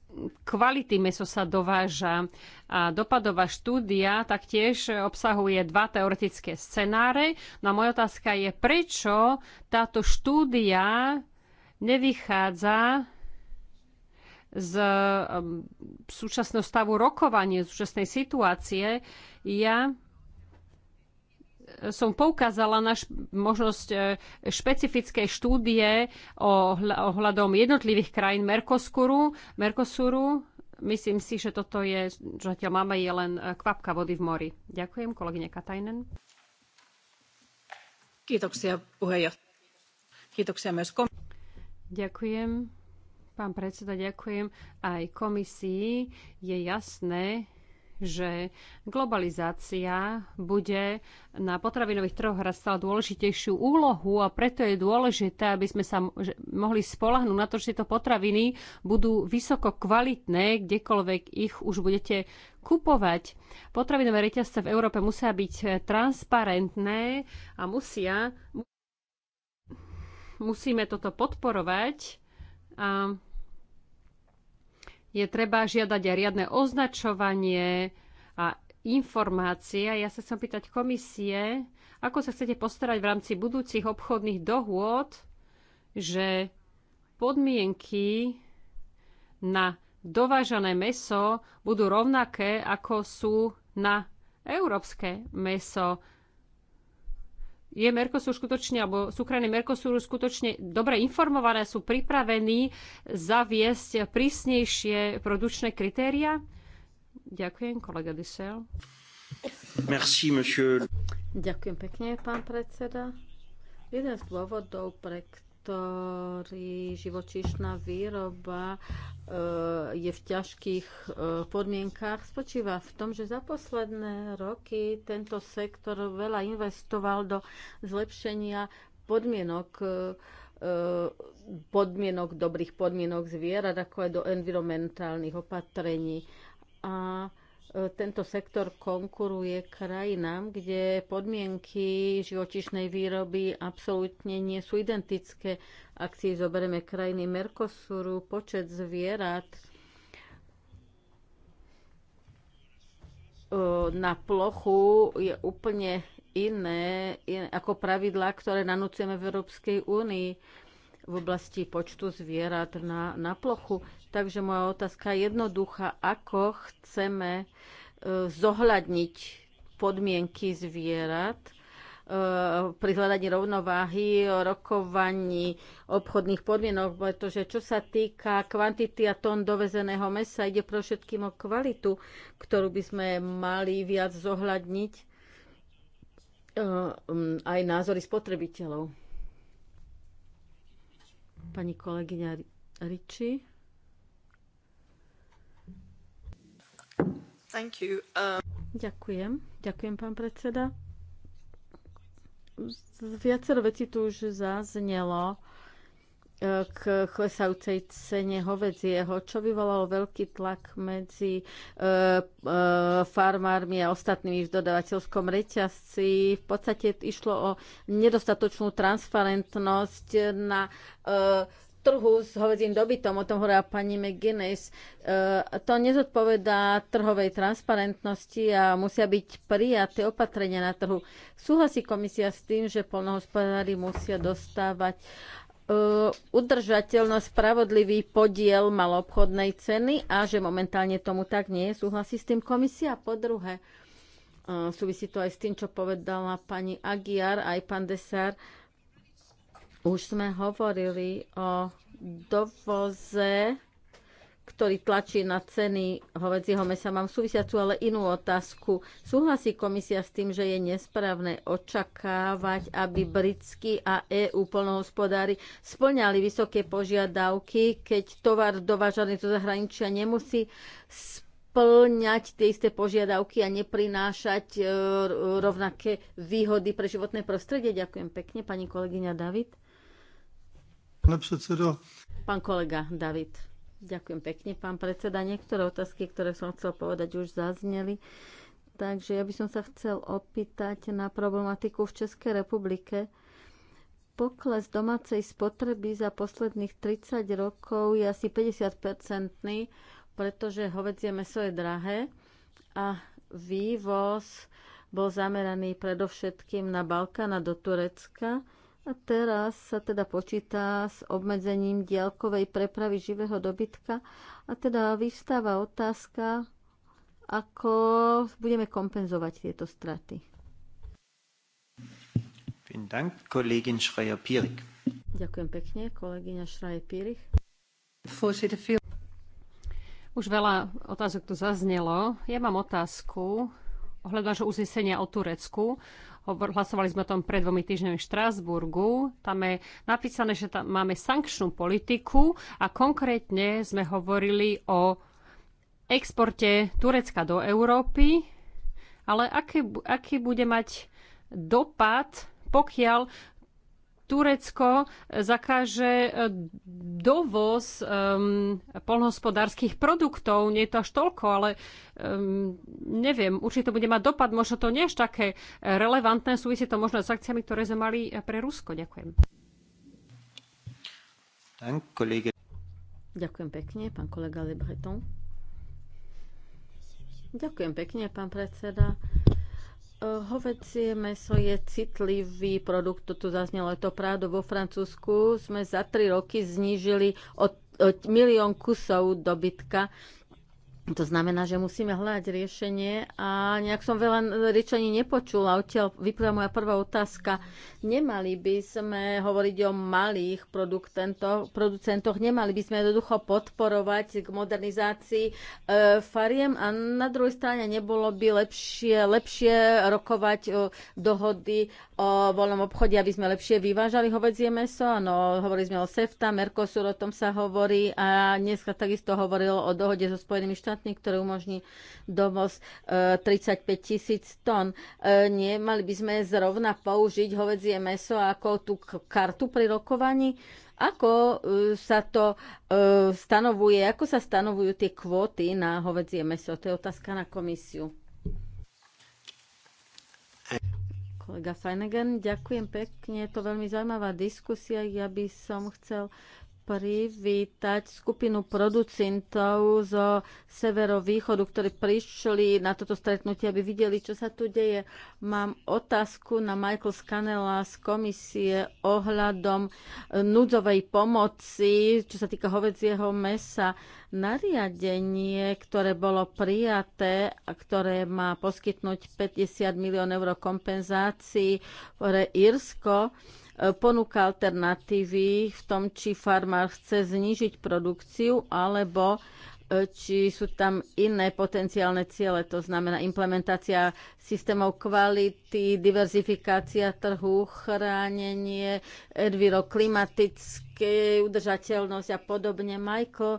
kvality meso sa dováža. A dopadová štúdia taktiež obsahuje dva teoretické scenáre. No a moja otázka je, prečo táto štúdia nevychádza z e, súčasného stavu rokovania, z súčasnej situácie. Ja som poukázala na možnosť e, špecifickej štúdie o, ohľadom jednotlivých krajín Merkoskuru, Merkosuru. Myslím si, že toto je, že zatiaľ máme je len e, kvapka vody v mori. Ďakujem, kolegyne Katajnen. Kiitoksia, puheenjohtaja. Kiitoksia myös kom- Ďakujem, pán predseda, ďakujem aj komisii. Je jasné, že globalizácia bude na potravinových trhoch hrať stále dôležitejšiu úlohu a preto je dôležité, aby sme sa mohli spolahnúť na to, že tieto potraviny budú vysoko kvalitné, kdekoľvek ich už budete kupovať. Potravinové reťazce v Európe musia byť transparentné a musia, musíme toto podporovať. A je treba žiadať aj riadne označovanie a informácie. Ja sa chcem pýtať komisie, ako sa chcete postarať v rámci budúcich obchodných dohôd, že podmienky na dovážané meso budú rovnaké, ako sú na európske meso je Mercosur skutočne, alebo sú krajiny Mercosuru skutočne dobre informované, sú pripravení zaviesť prísnejšie produčné kritéria? Ďakujem, kolega Dysel. Merci, monsieur. Ďakujem pekne, pán predseda. Jeden z dôvodov, pre ktorý živočíšna výroba eh, je v ťažkých eh, podmienkách, spočíva v tom, že za posledné roky tento sektor veľa investoval do zlepšenia podmienok eh, podmienok, dobrých podmienok zvierat, ako aj do environmentálnych opatrení. A tento sektor konkuruje krajinám, kde podmienky živočišnej výroby absolútne nie sú identické. Ak si zoberieme krajiny Mercosuru, počet zvierat e, na plochu je úplne iné, iné ako pravidlá, ktoré nanúceme v Európskej únii v oblasti počtu zvierat na, na plochu. Takže moja otázka je jednoduchá. Ako chceme e, zohľadniť podmienky zvierat e, pri hľadaní rovnováhy, rokovaní obchodných podmienok, pretože čo sa týka kvantity a tón dovezeného mesa, ide pro všetkým o kvalitu, ktorú by sme mali viac zohľadniť e, aj názory spotrebiteľov. Pani kolegyňa Riči. Thank you. Um... Ďakujem. Ďakujem, pán predseda. Viacero vecí tu už zaznelo e, k klesajúcej cene hovedzieho, čo vyvolalo veľký tlak medzi e, e, farmármi a ostatnými v dodavateľskom reťazci. V podstate išlo o nedostatočnú transparentnosť na e, trhu s hovedzím dobytom, o tom hovorila pani McGuinness, e, to nezodpovedá trhovej transparentnosti a musia byť prijaté opatrenia na trhu. Súhlasí komisia s tým, že polnohospodári musia dostávať e, udržateľno spravodlivý podiel malobchodnej ceny a že momentálne tomu tak nie je. Súhlasí s tým komisia? Po druhé, e, súvisí to aj s tým, čo povedala pani Agiar, aj pán Desar, už sme hovorili o dovoze, ktorý tlačí na ceny hovedzieho mesa. Mám súvisiacu ale inú otázku. Súhlasí komisia s tým, že je nesprávne očakávať, aby britskí a EU polnohospodári splňali vysoké požiadavky, keď tovar dovážaný do zahraničia nemusí splňať tie isté požiadavky a neprinášať e, rovnaké výhody pre životné prostredie. Ďakujem pekne, pani kolegyňa David. Pane predsedo. Pán kolega David. Ďakujem pekne, pán predseda. Niektoré otázky, ktoré som chcel povedať, už zazneli. Takže ja by som sa chcel opýtať na problematiku v Českej republike. Pokles domácej spotreby za posledných 30 rokov je asi 50-percentný, pretože hovedzie meso je drahé a vývoz bol zameraný predovšetkým na Balkán a do Turecka a teraz sa teda počíta s obmedzením diaľkovej prepravy živého dobytka a teda vystáva otázka, ako budeme kompenzovať tieto straty. Ďakujem pekne, kolegyňa Schreier-Pierich. Už veľa otázok tu zaznelo. Ja mám otázku ohľadom vášho uznesenia o Turecku hlasovali sme o tom pred dvomi týždňami v Štrásburgu. Tam je napísané, že tam máme sankčnú politiku a konkrétne sme hovorili o exporte Turecka do Európy, ale aký, aký bude mať dopad, pokiaľ Turecko e, zakáže e, dovoz um, e, polnohospodárských produktov. Nie je to až toľko, ale um, neviem, určite to bude mať dopad. Možno to nie je také relevantné, súvisí to možno s akciami, ktoré sme mali pre Rusko. Ďakujem. Ďakujem pekne, pán kolega Le Breton. Ďakujem pekne, pán predseda hovecie meso je citlivý produkt, toto tu zaznelo, je to prádo vo Francúzsku. Sme za tri roky znížili od, od milión kusov dobytka to znamená, že musíme hľadať riešenie a nejak som veľa riečení nepočula. Odtiaľ vyplýva moja prvá otázka. Nemali by sme hovoriť o malých producentoch, nemali by sme jednoducho podporovať k modernizácii e, fariem a na druhej strane nebolo by lepšie, lepšie rokovať e, dohody o voľnom obchode, aby sme lepšie vyvážali hovedzie meso. Áno, hovorili sme o SEFTA, Mercosur, o tom sa hovorí a dneska takisto hovoril o dohode so Spojenými štátmi samostatný, ktorý umožní dovoz 35 e, tisíc tón. E, Nemali by sme zrovna použiť hovedzie meso ako tú kartu pri rokovaní? Ako e, sa to stanovuje, ako sa stanovujú tie kvóty na hovedzie meso? To je otázka na komisiu. Kolega Feinegen, ďakujem pekne, je to veľmi zaujímavá diskusia. Ja by som chcel privítať skupinu producentov zo severovýchodu, ktorí prišli na toto stretnutie, aby videli, čo sa tu deje. Mám otázku na Michael Scanella z komisie ohľadom e, núdzovej pomoci, čo sa týka hovedzieho mesa. Nariadenie, ktoré bolo prijaté a ktoré má poskytnúť 50 milión eur kompenzácií pre Irsko, ponúka alternatívy v tom, či farmár chce znížiť produkciu alebo e, či sú tam iné potenciálne ciele, to znamená implementácia systémov kvality, diverzifikácia trhu, chránenie, edviro, klimatické udržateľnosť a podobne. Majko, uh,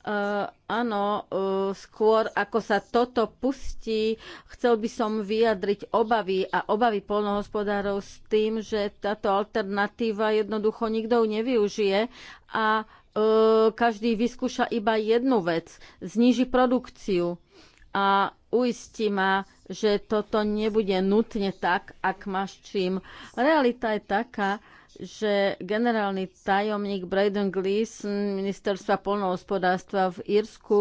Uh, áno, uh, skôr ako sa toto pustí, chcel by som vyjadriť obavy a obavy polnohospodárov s tým, že táto alternatíva jednoducho nikto nevyužije a uh, každý vyskúša iba jednu vec, zniží produkciu a uistí ma, že toto nebude nutne tak, ak máš čím. Realita je taká, že generálny tajomník Braden Gleeson ministerstva polnohospodárstva v Írsku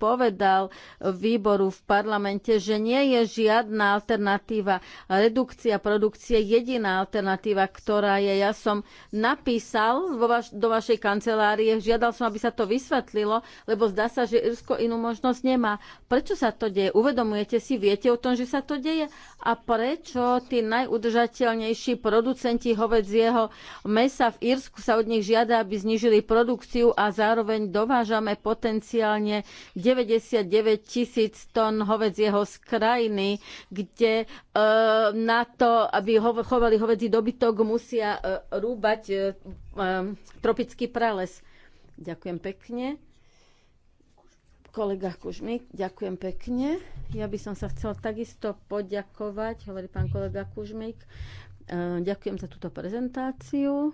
povedal výboru v parlamente, že nie je žiadna alternatíva. Redukcia produkcie je jediná alternatíva, ktorá je. Ja som napísal vo vaš, do vašej kancelárie, žiadal som, aby sa to vysvetlilo, lebo zdá sa, že Irsko inú možnosť nemá. Prečo sa to deje? Uvedomujete si, viete o tom, že sa to deje? A prečo tí najudržateľnejší producenti hovedzieho mesa v Irsku sa od nich žiada, aby znížili produkciu a zároveň dovážame potenciálne 99 tisíc tón hovedzieho z krajiny, kde e, na to, aby chovali hovedzí dobytok, musia e, rúbať e, tropický prales. Ďakujem pekne. Kolega Kužmík, ďakujem pekne. Ja by som sa chcel takisto poďakovať, hovorí pán kolega Kužmík. Ďakujem za túto prezentáciu.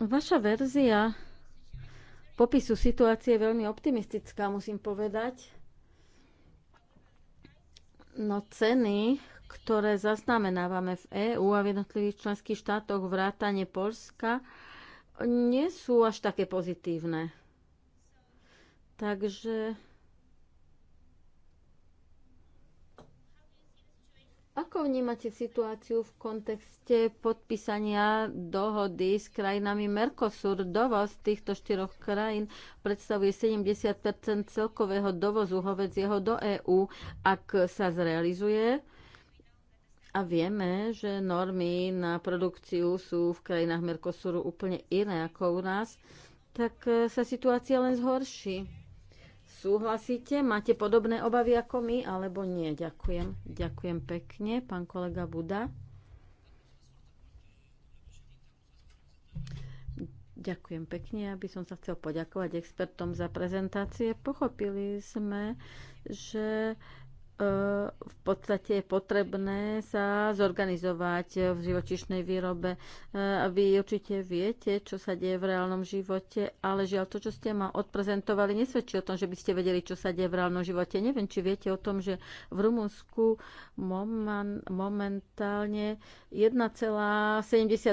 Vaša verzia popisu situácie je veľmi optimistická, musím povedať. No ceny, ktoré zaznamenávame v EÚ a v jednotlivých členských štátoch vrátane Polska, nie sú až také pozitívne. Takže Ako vnímate situáciu v kontexte podpísania dohody s krajinami Mercosur? Dovoz týchto štyroch krajín predstavuje 70 celkového dovozu hovedzieho do EÚ, ak sa zrealizuje. A vieme, že normy na produkciu sú v krajinách Mercosuru úplne iné ako u nás, tak sa situácia len zhorší. Súhlasíte? Máte podobné obavy ako my, alebo nie? Ďakujem. Ďakujem pekne, pán kolega Buda. Ďakujem pekne. Ja by som sa chcel poďakovať expertom za prezentácie. Pochopili sme, že E, v podstate je potrebné sa zorganizovať v živočišnej výrobe. E, vy určite viete, čo sa deje v reálnom živote, ale žiaľ to, čo ste ma odprezentovali, nesvedčí o tom, že by ste vedeli, čo sa deje v reálnom živote. Neviem, či viete o tom, že v Rumunsku momentálne 1,70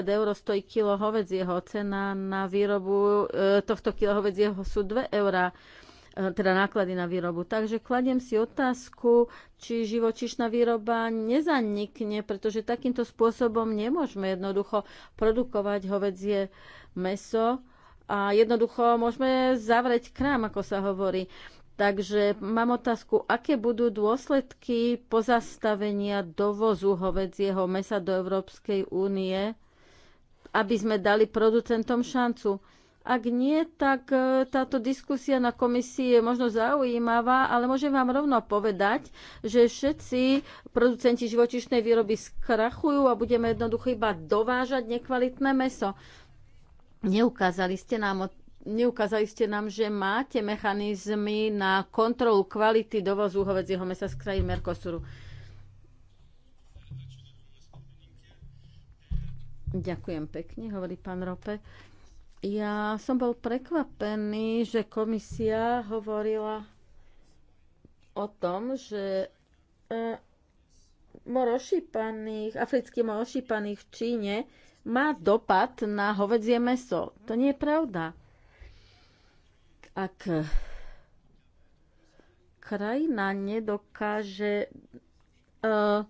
eur stojí kilo hovedzieho. Cena na výrobu e, tohto kilo hovedzieho sú 2 eurá. E, teda náklady na výrobu. Takže kladiem si otázku, či živočišná výroba nezanikne, pretože takýmto spôsobom nemôžeme jednoducho produkovať hovedzie meso a jednoducho môžeme zavrieť krám, ako sa hovorí. Takže mám otázku, aké budú dôsledky pozastavenia dovozu hovedzieho mesa do Európskej únie, aby sme dali producentom šancu. Ak nie, tak e, táto diskusia na komisii je možno zaujímavá, ale môžem vám rovno povedať, že všetci producenti živočišnej výroby skrachujú a budeme jednoducho iba dovážať nekvalitné meso. Neukázali ste nám Neukázali ste nám, že máte mechanizmy na kontrolu kvality dovozu hovedzieho mesa z krajín Mercosuru. Ďakujem pekne, hovorí pán Rope. Ja som bol prekvapený, že komisia hovorila o tom, že e, morošípaných, africky africký mor v Číne má dopad na hovedzie meso. To nie je pravda. Ak krajina nedokáže uh,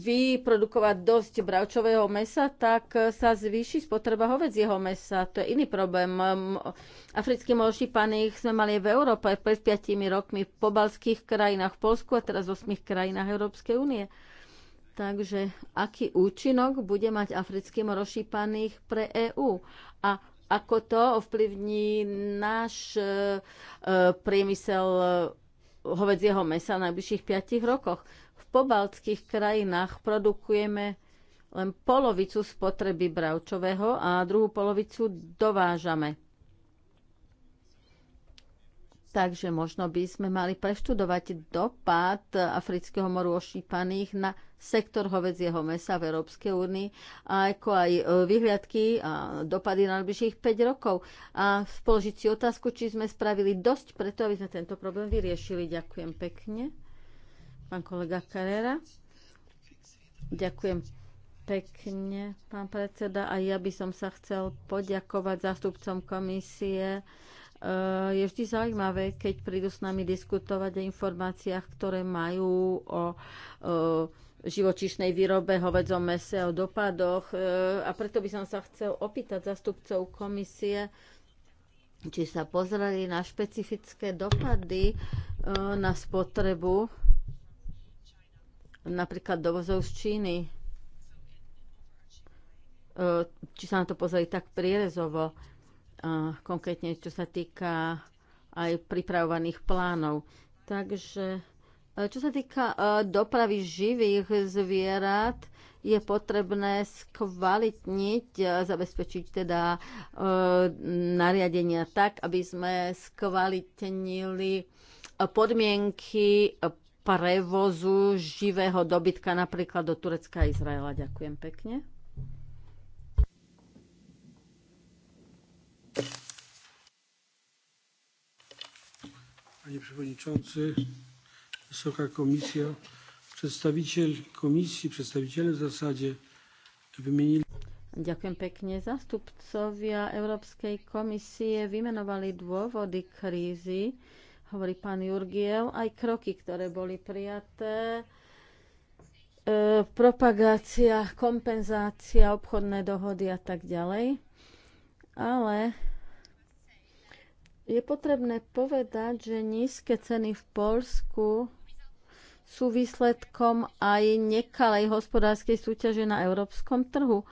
vyprodukovať dosť bravčového mesa, tak sa zvýši spotreba hovedzieho mesa. To je iný problém. Africký mošípaných sme mali v Európe pred 5 rokmi v pobalských krajinách v Polsku a teraz v 8 krajinách Európskej únie. Takže aký účinok bude mať africký morošípaných pre EÚ? A ako to ovplyvní náš e, e priemysel e, hovedzieho mesa v najbližších 5 rokoch? pobaltských krajinách produkujeme len polovicu spotreby bravčového a druhú polovicu dovážame. Takže možno by sme mali preštudovať dopad afrického moru ošípaných na sektor hovedzieho mesa v Európskej únii, ako aj e, vyhliadky a dopady na najbližších 5 rokov. A položiť si otázku, či sme spravili dosť preto, aby sme tento problém vyriešili. Ďakujem pekne. Pán kolega Carrera. Ďakujem pekne, pán predseda. A ja by som sa chcel poďakovať zástupcom komisie. Eh, je vždy zaujímavé, keď prídu s nami diskutovať o informáciách, ktoré majú o, eh, živočišnej výrobe, hovedzom mese, o dopadoch. Eh, a preto by som sa chcel opýtať zástupcov komisie, či sa pozreli na špecifické dopady na spotrebu napríklad dovozov z Číny. E, či sa na to pozreli tak prierezovo, e, konkrétne čo sa týka aj pripravovaných plánov. Takže e, čo sa týka dopravy živých zvierat, je potrebné skvalitniť, zabezpečiť teda nariadenia tak, aby sme skvalitnili podmienky prevozu živého dobytka napríklad do Turecka a Izraela. Ďakujem pekne. Panie Przewodniczący, Wysoka Komisja, przedstawiciel Komisji, przedstawiciele w zasadzie wymienili. Ďakujem pekne. Zastupcovia Európskej komisie vymenovali dôvody krízy hovorí pán Jurgiel, aj kroky, ktoré boli prijaté, e, propagácia, kompenzácia, obchodné dohody a tak ďalej. Ale je potrebné povedať, že nízke ceny v Polsku sú výsledkom aj nekalej hospodárskej súťaže na európskom trhu.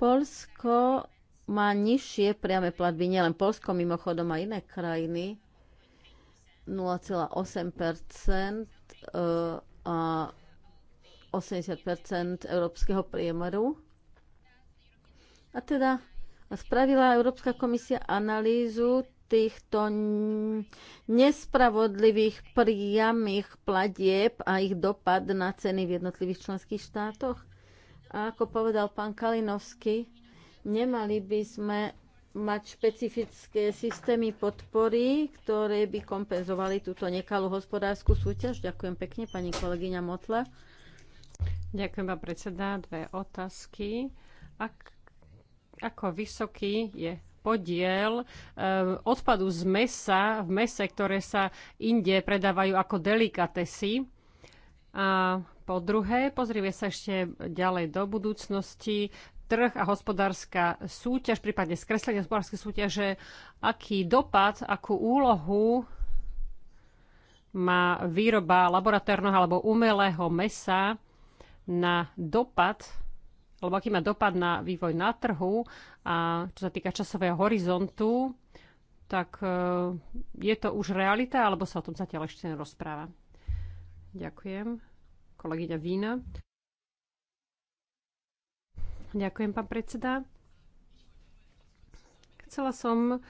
Polsko má nižšie priame platby, nielen Polsko, mimochodom aj iné krajiny. 0,8 eh, a 80 európskeho priemeru. A teda spravila Európska komisia analýzu týchto nespravodlivých priamých platieb a ich dopad na ceny v jednotlivých členských štátoch. A ako povedal pán Kalinovský, nemali by sme mať špecifické systémy podpory, ktoré by kompenzovali túto nekalú hospodárskú súťaž. Ďakujem pekne, pani kolegyňa Motla. Ďakujem, pán predseda. Dve otázky. Ak, ako vysoký je podiel e, odpadu z mesa v mese, ktoré sa inde predávajú ako delikatesy? A po druhé, pozrieme sa ešte ďalej do budúcnosti trh a hospodárska súťaž, prípadne skreslenie hospodárskej súťaže, aký dopad, akú úlohu má výroba laboratórneho alebo umelého mesa na dopad, alebo aký má dopad na vývoj na trhu a čo sa týka časového horizontu, tak e, je to už realita, alebo sa o tom zatiaľ ešte rozpráva? Ďakujem. Kolegyňa Vína. Ďakujem, pán predseda. Chcela som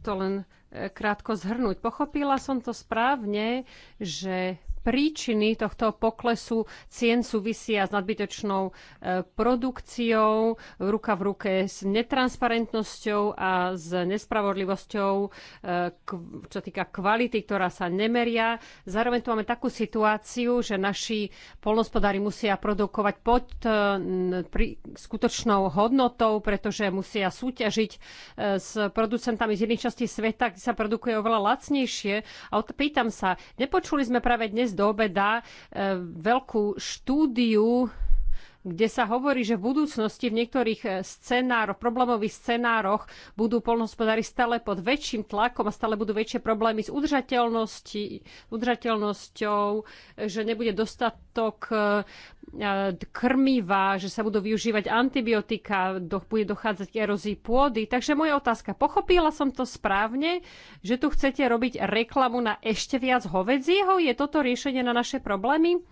to len e, krátko zhrnúť. Pochopila som to správne, že príčiny tohto poklesu cien súvisia s nadbytočnou e, produkciou, ruka v ruke s netransparentnosťou a s nespravodlivosťou, e, čo týka kvality, ktorá sa nemeria. Zároveň tu máme takú situáciu, že naši polnospodári musia produkovať pod e, skutočnou hodnotou, pretože musia súťažiť s producentami z iných častí sveta, kde sa produkuje oveľa lacnejšie. A pýtam sa, nepočuli sme práve dnes do obeda eh, veľkú štúdiu kde sa hovorí, že v budúcnosti v niektorých e, scenároch, problémových scenároch budú polnohospodári stále pod väčším tlakom a stále budú väčšie problémy s udržateľnosťou, že nebude dostatok e, e, krmiva, že sa budú využívať antibiotika, do, bude dochádzať k erózii pôdy. Takže moja otázka, pochopila som to správne, že tu chcete robiť reklamu na ešte viac hovedzieho? Je toto riešenie na naše problémy?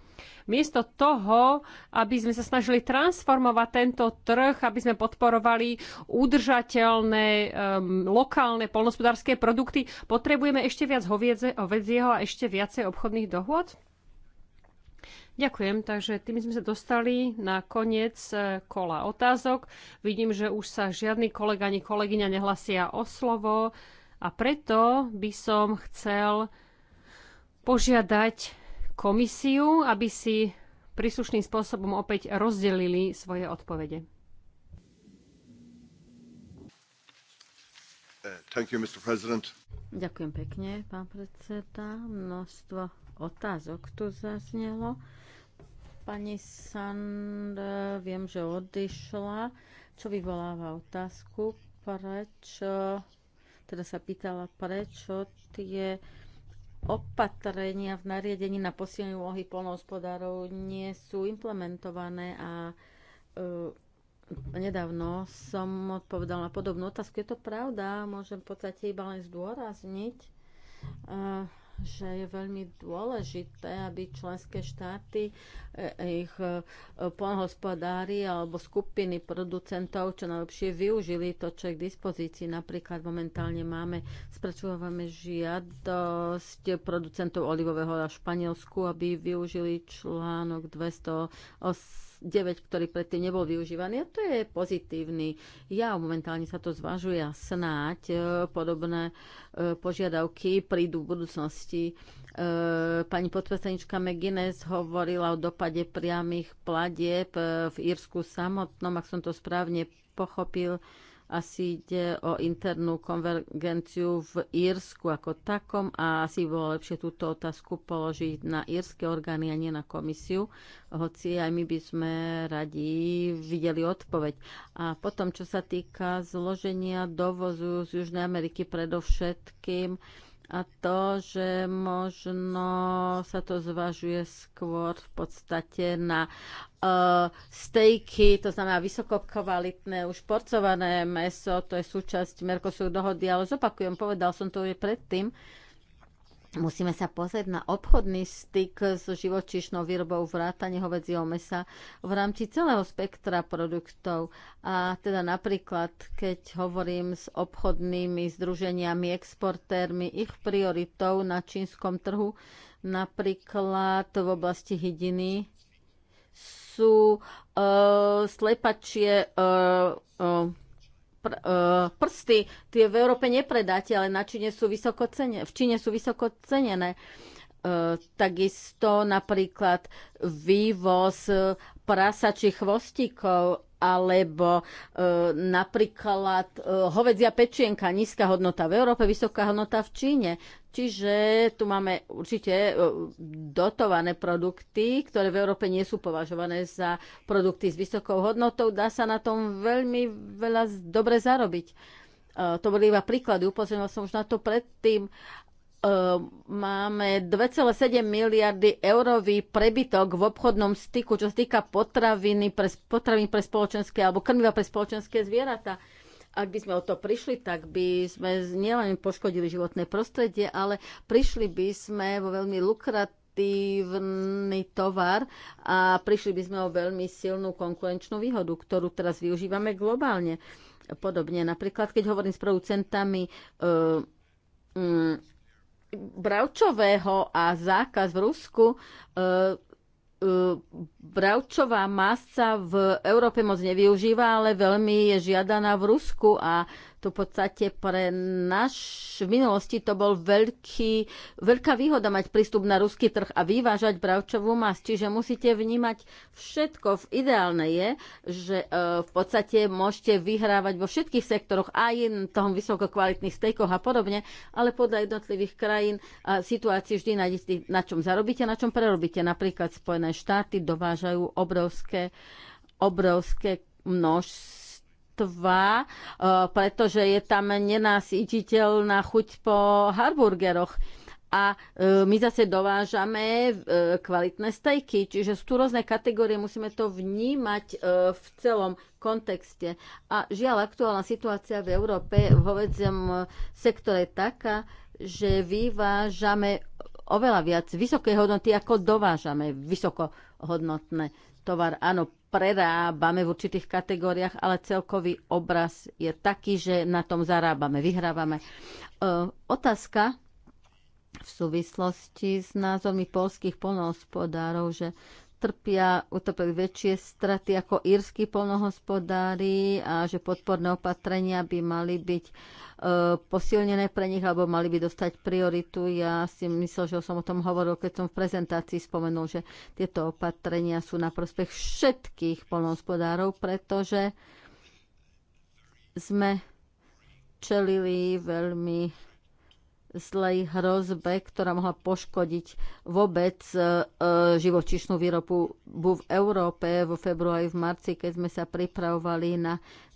Miesto toho, aby sme sa snažili transformovať tento trh, aby sme podporovali udržateľné um, lokálne polnospodárske produkty, potrebujeme ešte viac hovedzieho a ešte viacej obchodných dohôd? Ďakujem, takže tým sme sa dostali na koniec eh, kola otázok. Vidím, že už sa žiadny kolega ani kolegyňa nehlasia o slovo a preto by som chcel požiadať komisiu, aby si príslušným spôsobom opäť rozdelili svoje odpovede. Uh, you, Ďakujem pekne, pán predseda. Množstvo otázok tu zaznelo. Pani Sand, viem, že odišla, čo vyvoláva otázku, prečo, teda sa pýtala, prečo tie opatrenia v nariadení na posilnenie úlohy polnohospodárov nie sú implementované a e, nedávno som odpovedala na podobnú otázku. Je to pravda, môžem v podstate iba len zdôrazniť. E, že je veľmi dôležité, aby členské štáty, e, ich e, polnohospodári alebo skupiny producentov čo najlepšie využili to, čo je k dispozícii. Napríklad momentálne máme, spracovávame žiadosť producentov olivového na Španielsku, aby využili článok 208 ktorý predtým nebol využívaný a to je pozitívny. Ja momentálne sa to zvažuje a snáď e, podobné e, požiadavky prídu v budúcnosti. E, pani podpredsednička McGuinness hovorila o dopade priamých pladieb v Írsku samotnom, ak som to správne pochopil asi ide o internú konvergenciu v Írsku ako takom a asi bolo lepšie túto otázku položiť na írske orgány a nie na komisiu, hoci aj my by sme radi videli odpoveď. A potom, čo sa týka zloženia dovozu z Južnej Ameriky predovšetkým, a to, že možno sa to zvažuje skôr v podstate na uh, stejky, to znamená vysokokvalitné už porcované meso, to je súčasť Mercosur dohody, ale zopakujem, povedal som to aj predtým, uh, Musíme sa pozrieť na obchodný styk s živočíšnou výrobou vrátane hovedzieho mesa v rámci celého spektra produktov. A teda napríklad, keď hovorím s obchodnými združeniami, exportérmi, ich prioritou na čínskom trhu, napríklad v oblasti hydiny, sú uh, slepačie uh, uh, pr- e, prsty. Tie v Európe nepredáte, ale na Číne sú vysoko cene, v Číne sú vysoko cenené. E, takisto napríklad vývoz prasačích chvostíkov alebo e, napríklad e, hovedzia pečienka, nízka hodnota v Európe, vysoká hodnota v Číne. Čiže tu máme určite e, dotované produkty, ktoré v Európe nie sú považované za produkty s vysokou hodnotou. Dá sa na tom veľmi veľa dobre zarobiť. E, to boli iba príklady, upozornil som už na to predtým. E, máme 2,7 miliardy eurový prebytok v obchodnom styku, čo sa týka potraviny pre, potraviny pre spoločenské alebo krmiva pre spoločenské zvieratá. Ak by sme o to prišli, tak by sme nielen poškodili životné prostredie, ale prišli by sme vo veľmi lukratívny tovar a prišli by sme o veľmi silnú konkurenčnú výhodu, ktorú teraz využívame globálne. Podobne napríklad, keď hovorím s producentami Uh, um, bravčového a zákaz v Rusku e, e, bravčová masca v Európe moc nevyužíva, ale veľmi je žiadaná v Rusku a to v podstate pre naš, v minulosti to bol veľký, veľká výhoda mať prístup na ruský trh a vyvážať bravčovú masť. Čiže musíte vnímať všetko. V Ideálne je, že e, v podstate môžete vyhrávať vo všetkých sektoroch, aj v tom vysokokvalitných stejkoch a podobne, ale podľa jednotlivých krajín a situácií vždy nájdete, na čom zarobíte, na čom prerobíte. Napríklad Spojené štáty dovážajú obrovské, obrovské množstvo 2, e, pretože je tam nenásititeľná chuť po harburgeroch. A e, my zase dovážame e, kvalitné stejky, čiže sú tu rôzne kategórie, musíme to vnímať v celom kontexte. A žiaľ, aktuálna situácia v Európe v hovedzom sektore je taká, že vyvážame oveľa viac vysokej hodnoty, ako dovážame vysokohodnotné tovar, áno, prerábame v určitých kategóriách, ale celkový obraz je taký, že na tom zarábame, vyhrávame. E, otázka v súvislosti s názormi polských polnohospodárov, že trpia, utopili väčšie straty ako írsky polnohospodári a že podporné opatrenia by mali byť e, posilnené pre nich alebo mali by dostať prioritu. Ja si myslel, že som o tom hovoril, keď som v prezentácii spomenul, že tieto opatrenia sú na prospech všetkých polnohospodárov, pretože sme čelili veľmi zlej hrozbe, ktorá mohla poškodiť vôbec e, e živočišnú výrobu v Európe vo februári, v marci, keď sme sa pripravovali na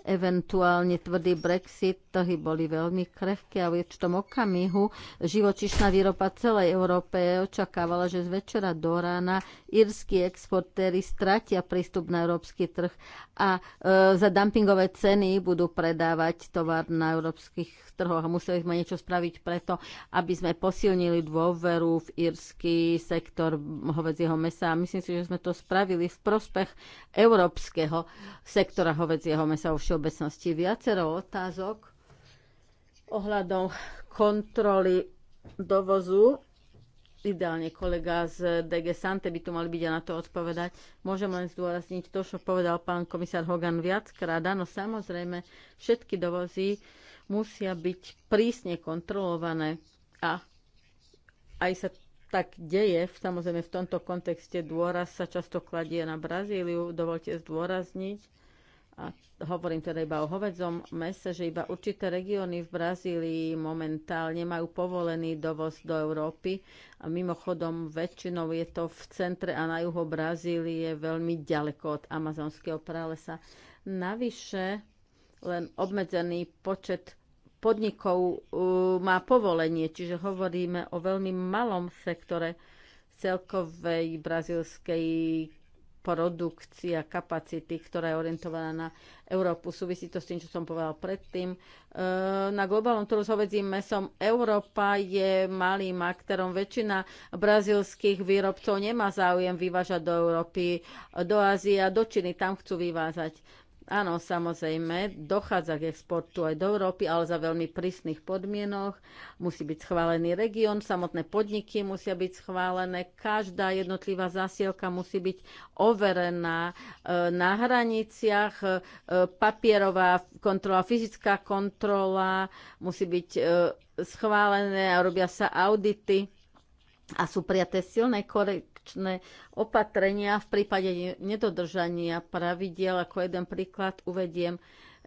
eventuálne tvrdý Brexit, trhy boli veľmi krehké a v určitom okamihu živočišná výroba celej Európe očakávala, že z večera do rána írsky exportéry stratia prístup na európsky trh a e, za dumpingové ceny budú predávať tovar na európskych trhoch a museli sme niečo spraviť preto, aby sme posilnili dôveru v írsky sektor hovedzieho mesa a myslím si, že sme to spravili v prospech európskeho sektora hovedzieho mesa vo všeobecnosti viacero otázok ohľadom kontroly dovozu. Ideálne kolega z DG Sante by tu mali byť a na to odpovedať. Môžem len zdôrazniť to, čo povedal pán komisár Hogan viackrát. Áno, samozrejme, všetky dovozy musia byť prísne kontrolované a aj sa tak deje. Samozrejme, v tomto kontexte dôraz sa často kladie na Brazíliu. Dovolte zdôrazniť, a hovorím teda iba o hovedzom mese, že iba určité regióny v Brazílii momentálne majú povolený dovoz do Európy. A mimochodom, väčšinou je to v centre a na juho Brazílie veľmi ďaleko od amazonského pralesa. Navyše, len obmedzený počet podnikov uh, má povolenie, čiže hovoríme o veľmi malom sektore celkovej brazílskej produkcia kapacity, ktorá je orientovaná na Európu. Súvisí to s tým, čo som povedal predtým. E, na globálnom trhu s hovedzím mesom Európa je malým aktérom. Väčšina brazilských výrobcov nemá záujem vyvážať do Európy, do Ázie a do Číny. Tam chcú vyvázať Áno, samozrejme, dochádza k exportu aj do Európy, ale za veľmi prísnych podmienok. Musí byť schválený región, samotné podniky musia byť schválené, každá jednotlivá zásielka musí byť overená e, na hraniciach, e, papierová kontrola, fyzická kontrola musí byť e, schválené a robia sa audity a sú prijaté silné sankčné opatrenia v prípade nedodržania pravidiel. Ako jeden príklad uvediem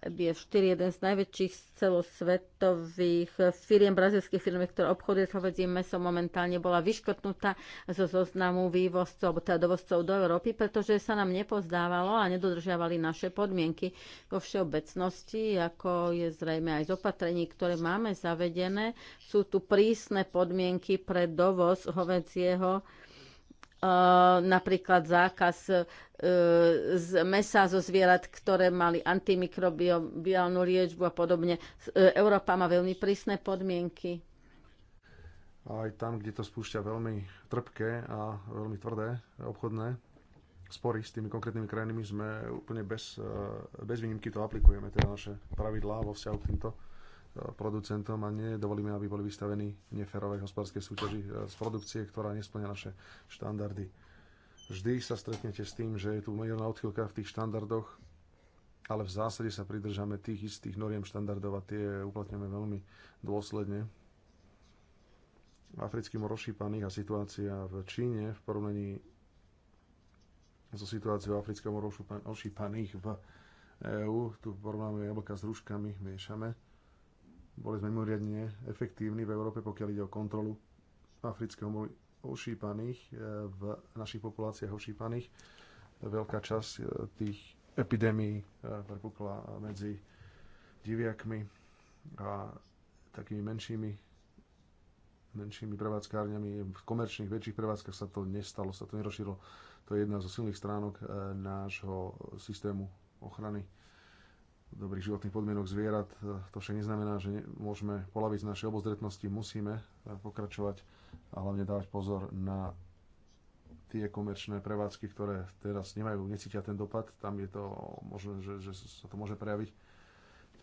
je 4 jeden z najväčších celosvetových firiem, brazilských firiem, ktorá obchoduje s hovedzím mesom, momentálne bola vyškrtnutá zo zoznamu vývozcov, alebo teda dovozcov do Európy, pretože sa nám nepozdávalo a nedodržiavali naše podmienky vo všeobecnosti, ako je zrejme aj z opatrení, ktoré máme zavedené. Sú tu prísne podmienky pre dovoz hovedzieho Eh, napríklad zákaz eh, z mesa zo zvierat, ktoré mali antimikrobiálnu liečbu a podobne. Eh, Európa má veľmi prísne podmienky. Aj tam, kde to spúšťa veľmi trpké a veľmi tvrdé obchodné spory s tými konkrétnymi krajinami, sme úplne bez, bez výnimky to aplikujeme, teda naše pravidlá vo vzťahu k týmto E, producentom a nedovolíme, aby boli vystavení neférové hospodárske súťaži e, z produkcie, ktorá nesplňa naše štandardy. Vždy sa stretnete s tým, že je tu mierna odchylka v tých štandardoch, ale v zásade sa pridržame tých istých noriem štandardov a tie uplatňujeme veľmi dôsledne. Africký mor rozšípaných a situácia v Číne v porovnaní so situáciou afrického mor rozšípaných v EÚ, tu porovnáme jablka s rúškami, miešame boli sme mimoriadne efektívni v Európe, pokiaľ ide o kontrolu afrického mori ošípaných, e, v našich populáciách ošípaných. Veľká časť e, tých epidémií e, prepukla medzi diviakmi a takými menšími menšími prevádzkárňami, v komerčných väčších prevádzkach sa to nestalo, sa to nerošilo. To je jedna zo silných stránok nášho systému ochrany dobrých životných podmienok zvierat. To však neznamená, že môžeme polaviť z našej obozretnosti, musíme pokračovať a hlavne dávať pozor na tie komerčné prevádzky, ktoré teraz nemajú, necítia ten dopad, tam je to možné, že, že sa to môže prejaviť.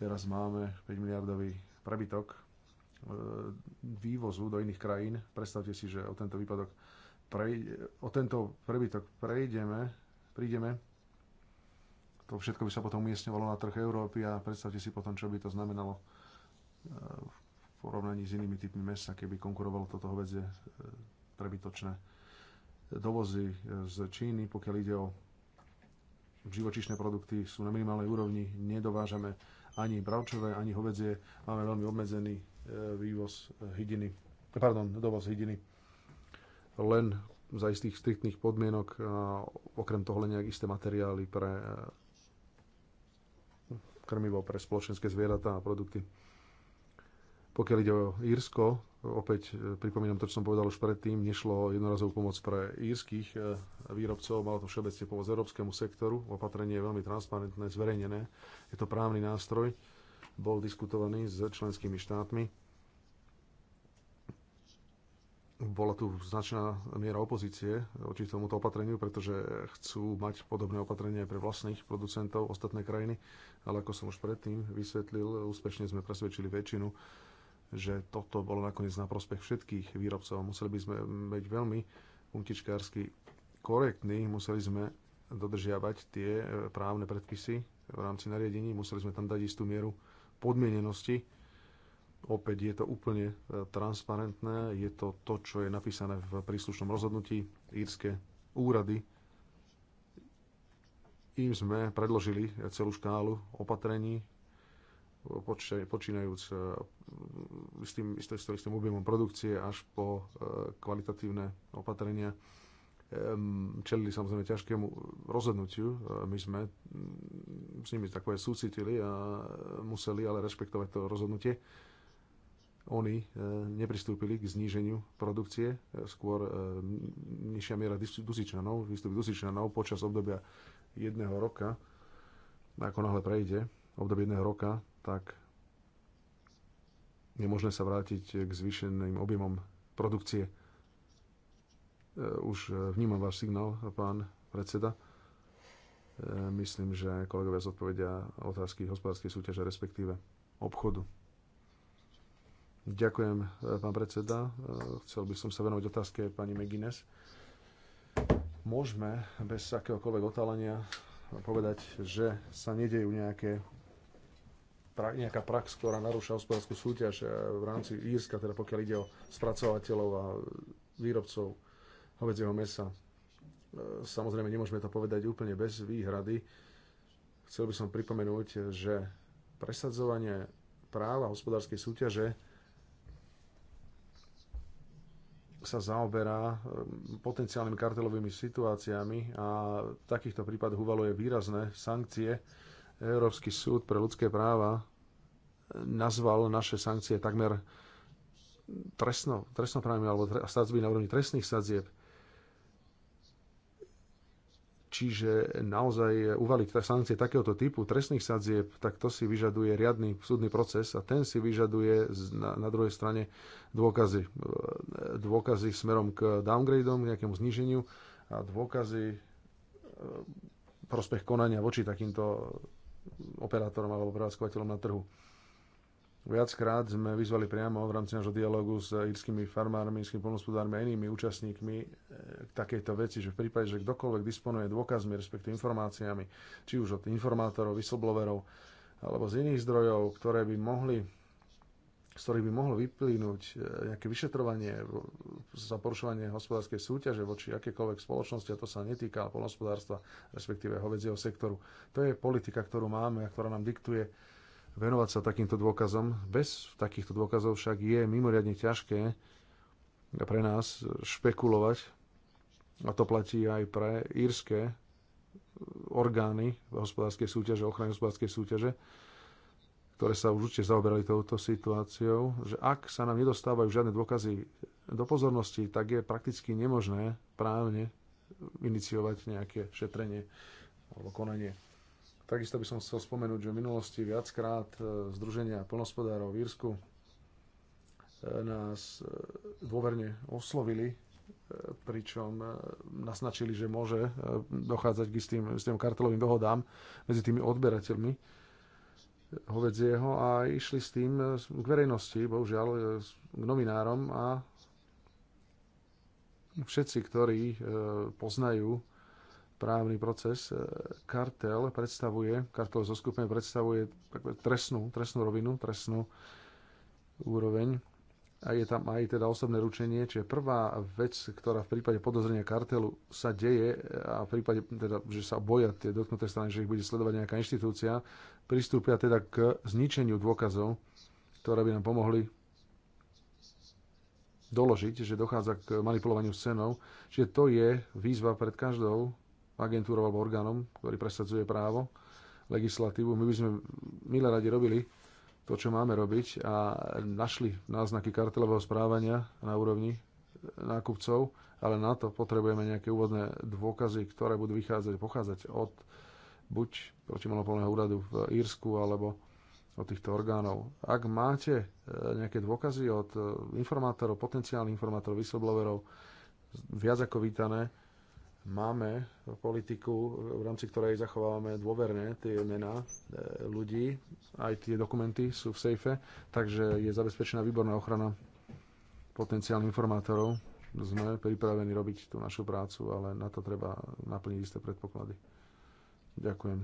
Teraz máme 5 miliardový prebytok e, vývozu do iných krajín. Predstavte si, že o tento výpadok prejde, o tento prebytok prejdeme, prídeme to všetko by sa potom umiestňovalo na trh Európy a predstavte si potom, čo by to znamenalo e, v porovnaní s inými typmi mesa, keby konkurovalo toto hovedzie e, prebytočné dovozy e, z Číny, pokiaľ ide o živočišné produkty sú na minimálnej úrovni, nedovážame ani bravčové, ani hovedzie, máme veľmi obmedzený vývoz hydiny, pardon, dovoz hydiny len za istých striktných podmienok, okrem toho len nejak isté materiály pre krmivo pre spoločenské zvieratá a produkty. Pokiaľ ide o Írsko, opäť e, pripomínam to, čo som povedal už predtým, nešlo o jednorazovú pomoc pre írskych e, výrobcov, malo to všeobecne pomoc európskemu sektoru, opatrenie je veľmi transparentné, zverejnené, je to právny nástroj, bol diskutovaný s členskými štátmi bola tu značná miera opozície voči tomuto opatreniu, pretože chcú mať podobné opatrenie pre vlastných producentov ostatné krajiny, ale ako som už predtým vysvetlil, úspešne sme presvedčili väčšinu, že toto bolo nakoniec na prospech všetkých výrobcov. Museli by sme byť veľmi puntičkársky korektní, museli sme dodržiavať tie právne predpisy v rámci nariadení, museli sme tam dať istú mieru podmienenosti, Opäť je to úplne e, transparentné, je to to, čo je napísané v príslušnom rozhodnutí írske úrady. Im sme predložili celú škálu opatrení, počínajúc e, s tým, s tým, s tým objemom produkcie až po e, kvalitatívne opatrenia. Čelili samozrejme ťažkému rozhodnutiu. My sme s nimi takové súcitili a museli ale rešpektovať to rozhodnutie oni e, nepristúpili k zníženiu produkcie, e, skôr e, nižšia miera dusičnanov, výstup dusičnanov počas obdobia jedného roka, ako náhle prejde obdobie jedného roka, tak je možné sa vrátiť k zvýšeným objemom produkcie. Už vnímam váš signál, pán predseda. Myslím, že kolegovia zodpovedia otázky hospodárskej súťaže, respektíve obchodu. Ďakujem, e, pán predseda. E, chcel by som sa venovať otázke pani Megines. Môžeme bez akéhokoľvek otálenia povedať, že sa nedejú nejaké nejaká prax, ktorá narúša hospodárskú súťaž e, v rámci Írska, teda pokiaľ ide o spracovateľov a výrobcov hovedzieho mesa. Samozrejme, nemôžeme to povedať úplne bez výhrady. Chcel by som pripomenúť, že presadzovanie práva hospodárskej súťaže sa zaoberá ehm, potenciálnymi kartelovými situáciami a v takýchto prípadoch uvaluje výrazné sankcie. Európsky súd pre ľudské práva ehm, nazval naše sankcie takmer trestno, trestnoprávnymi alebo sadzby na úrovni trestných sadzieb. Čiže naozaj uvaliť sankcie takéhoto typu trestných sadzieb, tak to si vyžaduje riadny súdny proces a ten si vyžaduje na, na druhej strane dôkazy. Dôkazy smerom k downgradeom, k nejakému zníženiu a dôkazy e, prospech konania voči takýmto operátorom alebo prevádzkovateľom na trhu. Viackrát sme vyzvali priamo v rámci nášho dialogu s írskymi farmármi, írskymi polnospodármi a inými účastníkmi eh, k takejto veci, že v prípade, že kdokoľvek disponuje dôkazmi, respektíve informáciami, či už od informátorov, vysobloverov alebo z iných zdrojov, ktoré by mohli z ktorých by mohlo vyplynúť eh, nejaké vyšetrovanie za porušovanie hospodárskej súťaže voči akékoľvek spoločnosti, a to sa netýka polnospodárstva, respektíve hovedzieho sektoru. To je politika, ktorú máme a ktorá nám diktuje venovať sa takýmto dôkazom. Bez takýchto dôkazov však je mimoriadne ťažké pre nás špekulovať, a to platí aj pre írske orgány hospodárskej súťaže, ochrany hospodárskej súťaže, ktoré sa už určite zaoberali touto situáciou, že ak sa nám nedostávajú žiadne dôkazy do pozornosti, tak je prakticky nemožné právne iniciovať nejaké šetrenie alebo konanie. Takisto by som chcel spomenúť, že v minulosti viackrát e, Združenia plnospodárov v Írsku e, nás e, dôverne oslovili, pričom naznačili, že môže dochádzať k istým, istým kartelovým dohodám medzi tými odberateľmi hovedzieho a išli s tým k verejnosti, bohužiaľ k novinárom a všetci, ktorí poznajú právny proces. E, kartel predstavuje, kartel zo skupiny predstavuje trestnú, trestnú rovinu, trestnú úroveň a je tam aj teda osobné ručenie, čiže prvá vec, ktorá v prípade podozrenia kartelu sa deje e, a v prípade, teda, že sa boja tie dotknuté strany, že ich bude sledovať nejaká inštitúcia, pristúpia teda k zničeniu dôkazov, ktoré by nám pomohli doložiť, že dochádza k manipulovaniu s cenou. Čiže to je výzva pred každou agentúrou alebo orgánom, ktorý presadzuje právo, legislatívu. My by sme milé radi robili to, čo máme robiť a našli náznaky kartelového správania na úrovni nákupcov, ale na to potrebujeme nejaké úvodné dôkazy, ktoré budú vychádzať, pochádzať od buď protimonopolného úradu v Írsku alebo od týchto orgánov. Ak máte e, nejaké dôkazy od e, informátorov, potenciálnych informátorov, vysobloverov, viac ako vítané, máme politiku, v rámci ktorej zachovávame dôverné tie mená e, ľudí, aj tie dokumenty sú v sejfe, takže je zabezpečená výborná ochrana potenciálnych informátorov. Sme pripravení robiť tú našu prácu, ale na to treba naplniť isté predpoklady. Ďakujem.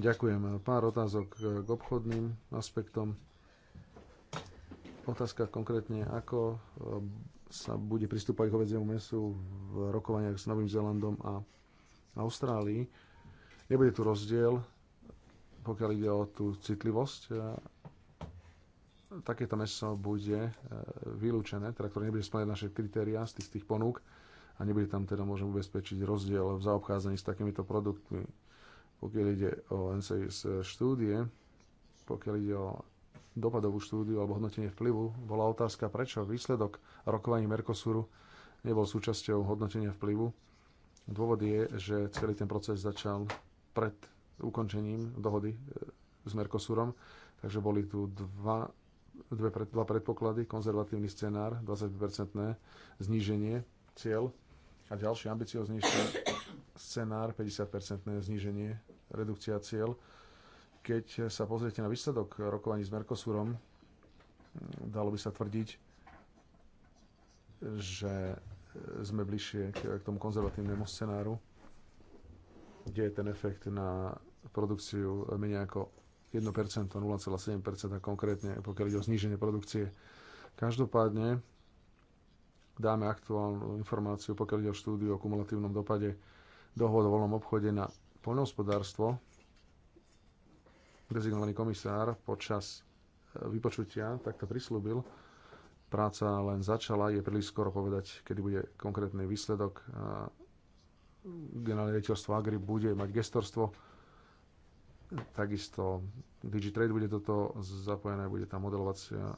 Ďakujem. Pár otázok k obchodným aspektom. Otázka konkrétne, ako sa bude pristúpať k hovedzemu mesu v rokovaniach s Novým Zelandom a Austrálii. Nebude tu rozdiel, pokiaľ ide o tú citlivosť. E, takéto meso bude e, vylúčené, teda ktoré nebude splňať naše kritériá z tých, tých ponúk a nebude tam teda, môžem ubezpečiť, rozdiel v zaobchádzaní s takýmito produktmi. Pokiaľ ide o NCIS štúdie, pokiaľ ide o dopadovú štúdiu alebo hodnotenie vplyvu, bola otázka, prečo výsledok rokovaní Mercosuru nebol súčasťou hodnotenia vplyvu. Dôvod je, že celý ten proces začal pred ukončením dohody e, s Mercosurom, takže boli tu dva, dve pred, dva predpoklady, konzervatívny scenár, 20-percentné zníženie cieľ a ďalší ambicioznejší scenár, 50-percentné zníženie, redukcia cieľ keď sa pozriete na výsledok rokovaní s Mercosurom, dalo by sa tvrdiť, že sme bližšie k tomu konzervatívnemu scenáru, kde je ten efekt na produkciu menej ako 1%, 0,7% konkrétne, pokiaľ ide o zníženie produkcie. Každopádne dáme aktuálnu informáciu, pokiaľ ide o štúdiu o kumulatívnom dopade dohod o voľnom obchode na poľnohospodárstvo dezignovaný komisár počas e, vypočutia takto prislúbil. Práca len začala, je príliš skoro povedať, kedy bude konkrétny výsledok. Generálne riaditeľstvo Agri bude mať gestorstvo. Takisto Digitrade bude toto zapojené, bude tam modelovacia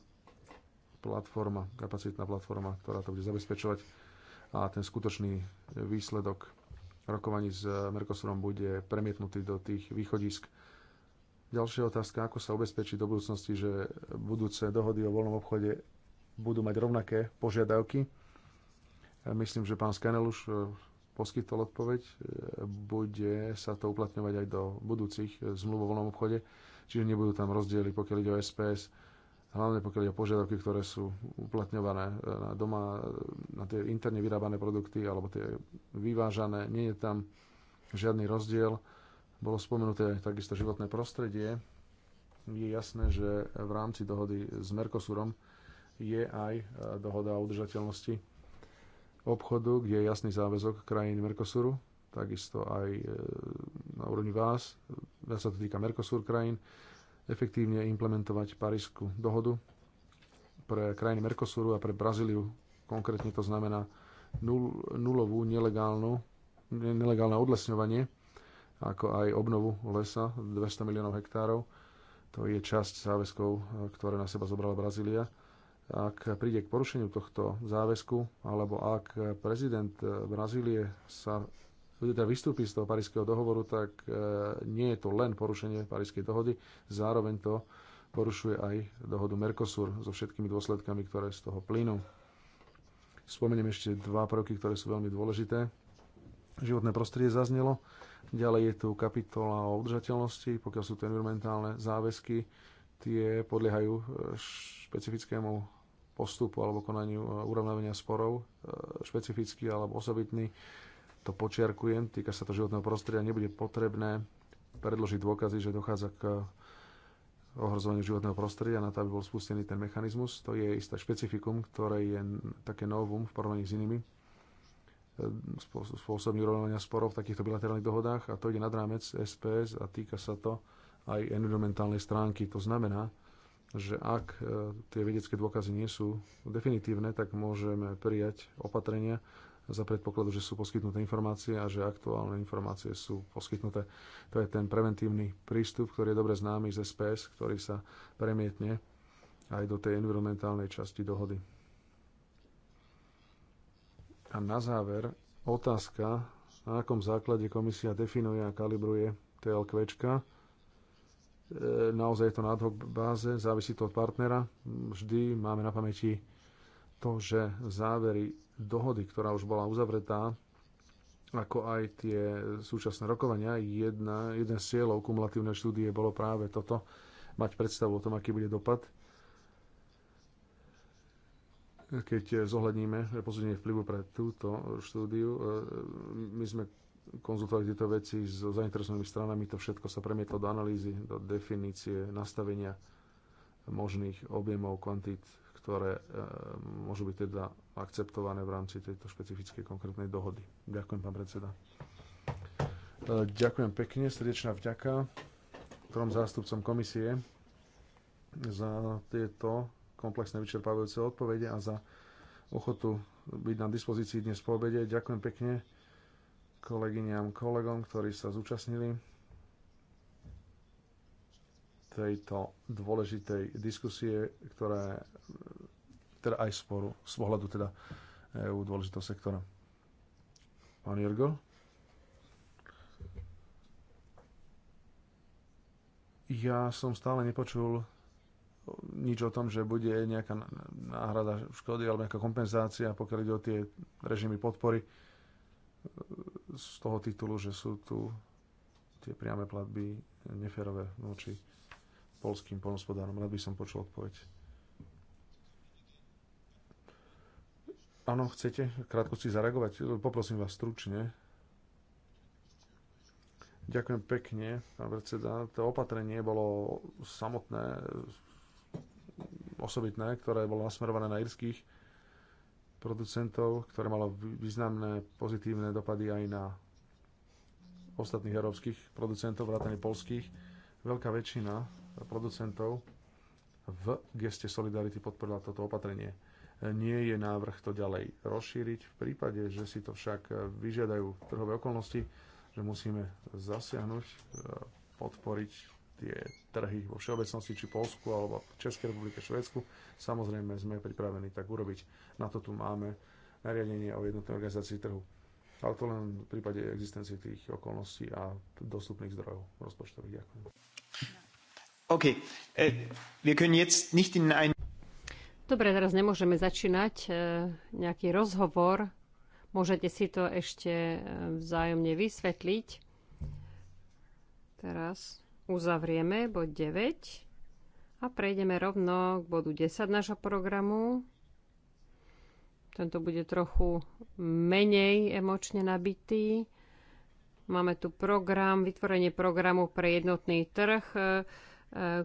platforma, kapacitná platforma, ktorá to bude zabezpečovať. A ten skutočný výsledok rokovaní s Mercosurom bude premietnutý do tých východisk, Ďalšia otázka, ako sa ubezpečiť do budúcnosti, že budúce dohody o voľnom obchode budú mať rovnaké požiadavky. Myslím, že pán Skanel už e, poskytol odpoveď. E, bude sa to uplatňovať aj do budúcich e, zmluv o voľnom obchode, čiže nebudú tam rozdiely, pokiaľ ide o SPS, hlavne pokiaľ ide o požiadavky, ktoré sú uplatňované na doma, na tie interne vyrábané produkty alebo tie vyvážané. Nie je tam žiadny rozdiel bolo spomenuté takisto životné prostredie. Je jasné, že v rámci dohody s Mercosurom je aj e, dohoda o udržateľnosti obchodu, kde je jasný záväzok krajín Mercosuru, takisto aj e, na úrovni vás, ja sa to týka Mercosur krajín, efektívne implementovať Parísku dohodu pre krajiny Mercosuru a pre Brazíliu. Konkrétne to znamená nul, nulovú nelegálnu, nelegálne odlesňovanie ako aj obnovu lesa 200 miliónov hektárov. To je časť záväzkov, ktoré na seba zobrala Brazília. Ak príde k porušeniu tohto záväzku, alebo ak prezident Brazílie sa teda vystúpi z toho Parískeho dohovoru, tak e, nie je to len porušenie Parískej dohody, zároveň to porušuje aj dohodu Mercosur so všetkými dôsledkami, ktoré z toho plynú. Spomeniem ešte dva prvky, ktoré sú veľmi dôležité. Životné prostredie zaznelo Ďalej je tu kapitola o udržateľnosti, pokiaľ sú to environmentálne záväzky, tie podliehajú e, špecifickému postupu alebo konaniu e, urovnávania sporov, e, špecifický alebo osobitný. To počiarkujem, týka sa to životného prostredia, nebude potrebné predložiť dôkazy, že dochádza k ohrozovaniu životného prostredia na to, aby bol spustený ten mechanizmus. To je isté špecifikum, ktoré je také novum v porovnaní s inými spôsob urovnania sporov v takýchto bilaterálnych dohodách a to ide nad rámec SPS a týka sa to aj environmentálnej stránky. To znamená, že ak e, tie vedecké dôkazy nie sú definitívne, tak môžeme prijať opatrenia za predpokladu, že sú poskytnuté informácie a že aktuálne informácie sú poskytnuté. To je ten preventívny prístup, ktorý je dobre známy z SPS, ktorý sa premietne aj do tej environmentálnej časti dohody. A na záver otázka, na akom základe komisia definuje a kalibruje TLQčka. E, naozaj je to na hoc báze, závisí to od partnera. Vždy máme na pamäti to, že závery dohody, ktorá už bola uzavretá, ako aj tie súčasné rokovania, jedna, jeden z cieľov kumulatívnej štúdie bolo práve toto, mať predstavu o tom, aký bude dopad keď eh, zohľadníme posúdenie vplyvu pre túto eh, štúdiu. Eh, my sme konzultovali tieto veci s zainteresovanými stranami, to všetko sa premietlo do analýzy, do definície, nastavenia možných objemov, kvantít, ktoré môžu byť teda akceptované v rámci tejto špecifickej konkrétnej dohody. Ďakujem, pán predseda. Ďakujem pekne, srdečná vďaka trom zástupcom komisie za tieto komplexné vyčerpávajúce odpovede a za ochotu byť na dispozícii dnes po obede. Ďakujem pekne kolegyňam, kolegom, ktorí sa zúčastnili tejto dôležitej diskusie, ktorá je teda aj sporu, z pohľadu teda EU dôležitého sektora. Pán Jirgo? Ja som stále nepočul nič o tom, že bude nejaká náhrada škody alebo nejaká kompenzácia, pokiaľ ide o tie režimy podpory e, z toho titulu, že sú tu tie priame platby neférové voči polským polnospodárom. Rád by som počul odpoveď. Áno, chcete krátko si zareagovať? Poprosím vás stručne. Ďakujem pekne, pán predseda. To opatrenie bolo samotné osobitné, ktoré bolo nasmerované na írskych producentov, ktoré malo významné pozitívne dopady aj na ostatných európskych producentov, vrátane polských. Veľká väčšina producentov v geste Solidarity podporila toto opatrenie. Nie je návrh to ďalej rozšíriť. V prípade, že si to však vyžiadajú trhové okolnosti, že musíme zasiahnuť, e, podporiť tie trhy vo všeobecnosti, či Polsku alebo v Českej republike, Švedsku. Samozrejme sme pripravení tak urobiť. Na to tu máme nariadenie o jednotnej organizácii trhu. Ale to len v prípade existencie tých okolností a dostupných zdrojov rozpočtových. Ďakujem. OK. Eh, wir können jetzt nicht in ein... Dobre, teraz nemôžeme začínať eh, nejaký rozhovor. Môžete si to ešte eh, vzájomne vysvetliť. Teraz uzavrieme bod 9 a prejdeme rovno k bodu 10 nášho programu. Tento bude trochu menej emočne nabitý. Máme tu program, vytvorenie programu pre jednotný trh, e, e,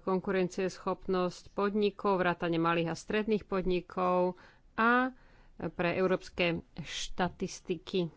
konkurencieschopnosť podnikov, vrátane malých a stredných podnikov a pre európske štatistiky.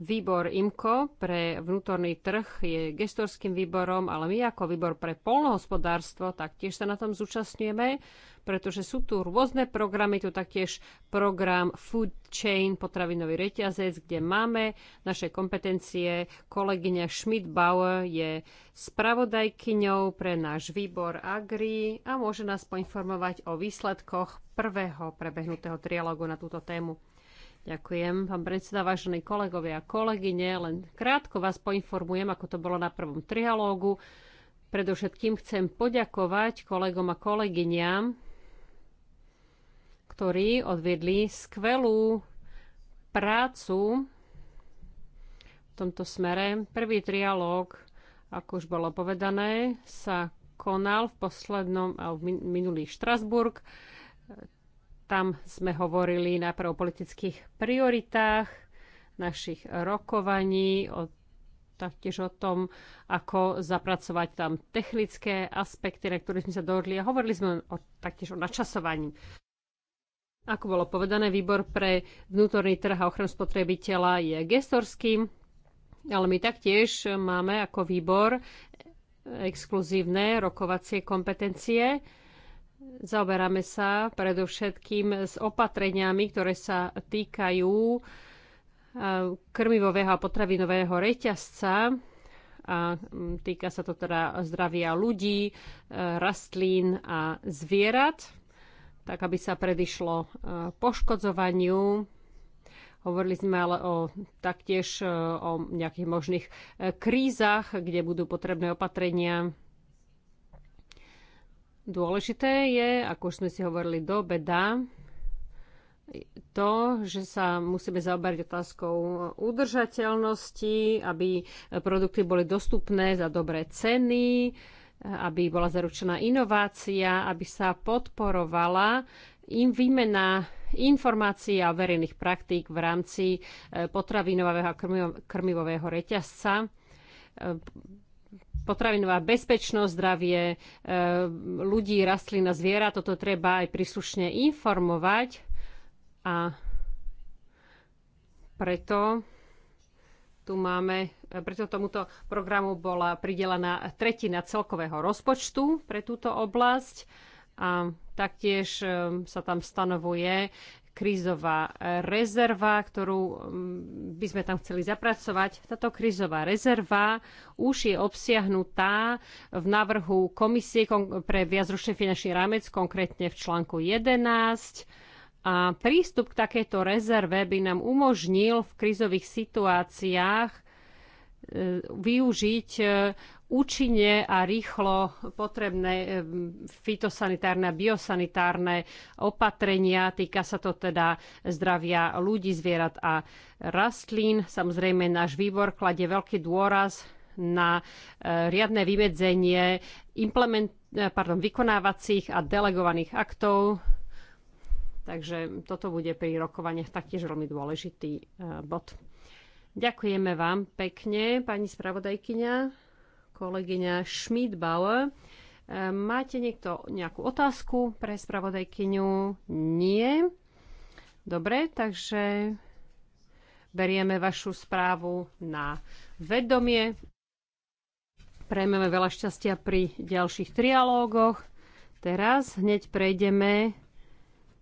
Výbor IMKO pre vnútorný trh je gestorským výborom, ale my ako výbor pre polnohospodárstvo taktiež sa na tom zúčastňujeme, pretože sú tu rôzne programy, tu taktiež program Food Chain, potravinový reťazec, kde máme naše kompetencie. Kolegyňa Schmidt-Bauer je spravodajkyňou pre náš výbor Agri a môže nás poinformovať o výsledkoch prvého prebehnutého trialogu na túto tému. Ďakujem, pán predseda, vážení kolegovia a kolegyne. Len krátko vás poinformujem, ako to bolo na prvom trialógu. Predovšetkým chcem poďakovať kolegom a kolegyňam, ktorí odviedli skvelú prácu v tomto smere. Prvý trialóg, ako už bolo povedané, sa konal v poslednom, eh, v minulý Štrasburg. Tam sme hovorili najprv o politických prioritách našich rokovaní, o, taktiež o tom, ako zapracovať tam technické aspekty, na ktorých sme sa dohodli a hovorili sme o, taktiež o načasovaní. Ako bolo povedané, výbor pre vnútorný trh a ochranu spotrebiteľa je gestorským, ale my taktiež máme ako výbor exkluzívne rokovacie kompetencie Zaoberáme sa predovšetkým s opatreniami, ktoré sa týkajú eh, krmivového a potravinového reťazca. A mm, týka sa to teda zdravia ľudí, eh, rastlín a zvierat, tak aby sa predišlo eh, poškodzovaniu Hovorili sme ale o, taktiež o nejakých možných krízach, kde budú potrebné opatrenia. Dôležité je, ako už sme si hovorili do beda, to, že sa musíme zaoberať otázkou udržateľnosti, aby produkty boli dostupné za dobré ceny, aby bola zaručená inovácia, aby sa podporovala im výmena informácií a verejných praktík v rámci eh, potravinového a krmivového reťazca potravinová bezpečnosť, zdravie e, ľudí, rastlín a zviera. Toto treba aj príslušne informovať a preto tu máme, preto tomuto programu bola pridelená tretina celkového rozpočtu pre túto oblasť a taktiež e, sa tam stanovuje krízová rezerva, ktorú mm, by sme tam chceli zapracovať. Táto krízová rezerva už je obsiahnutá v návrhu komisie pre viacročný finančný rámec, konkrétne v článku 11. A prístup k takejto rezerve by nám umožnil v krízových situáciách e, využiť e, účinne a rýchlo potrebné eh, fitosanitárne a biosanitárne opatrenia. Týka sa to teda zdravia ľudí, zvierat a rastlín. Samozrejme, náš výbor kladie veľký dôraz na eh, riadne vymedzenie implement, eh, pardon, vykonávacích a delegovaných aktov. Takže toto bude pri rokovaniach taktiež veľmi dôležitý bod. Ďakujeme vám pekne, pani spravodajkyňa kolegyňa Schmidbauer. E, máte niekto nejakú otázku pre spravodajkyňu? Nie. Dobre, takže berieme vašu správu na vedomie. Prejmeme veľa šťastia pri ďalších trialógoch. Teraz hneď prejdeme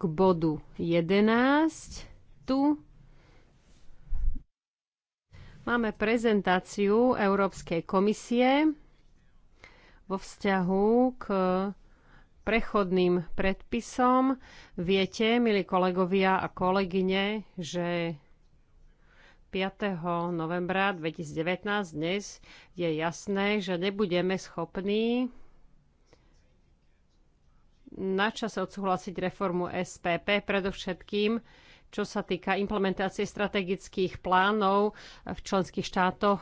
k bodu 11. Tu Máme prezentáciu Európskej komisie vo vzťahu k prechodným predpisom. Viete, milí kolegovia a kolegyne, že 5. novembra 2019 dnes je jasné, že nebudeme schopní načas odsúhlasiť reformu SPP, predovšetkým čo sa týka implementácie strategických plánov v členských štátoch,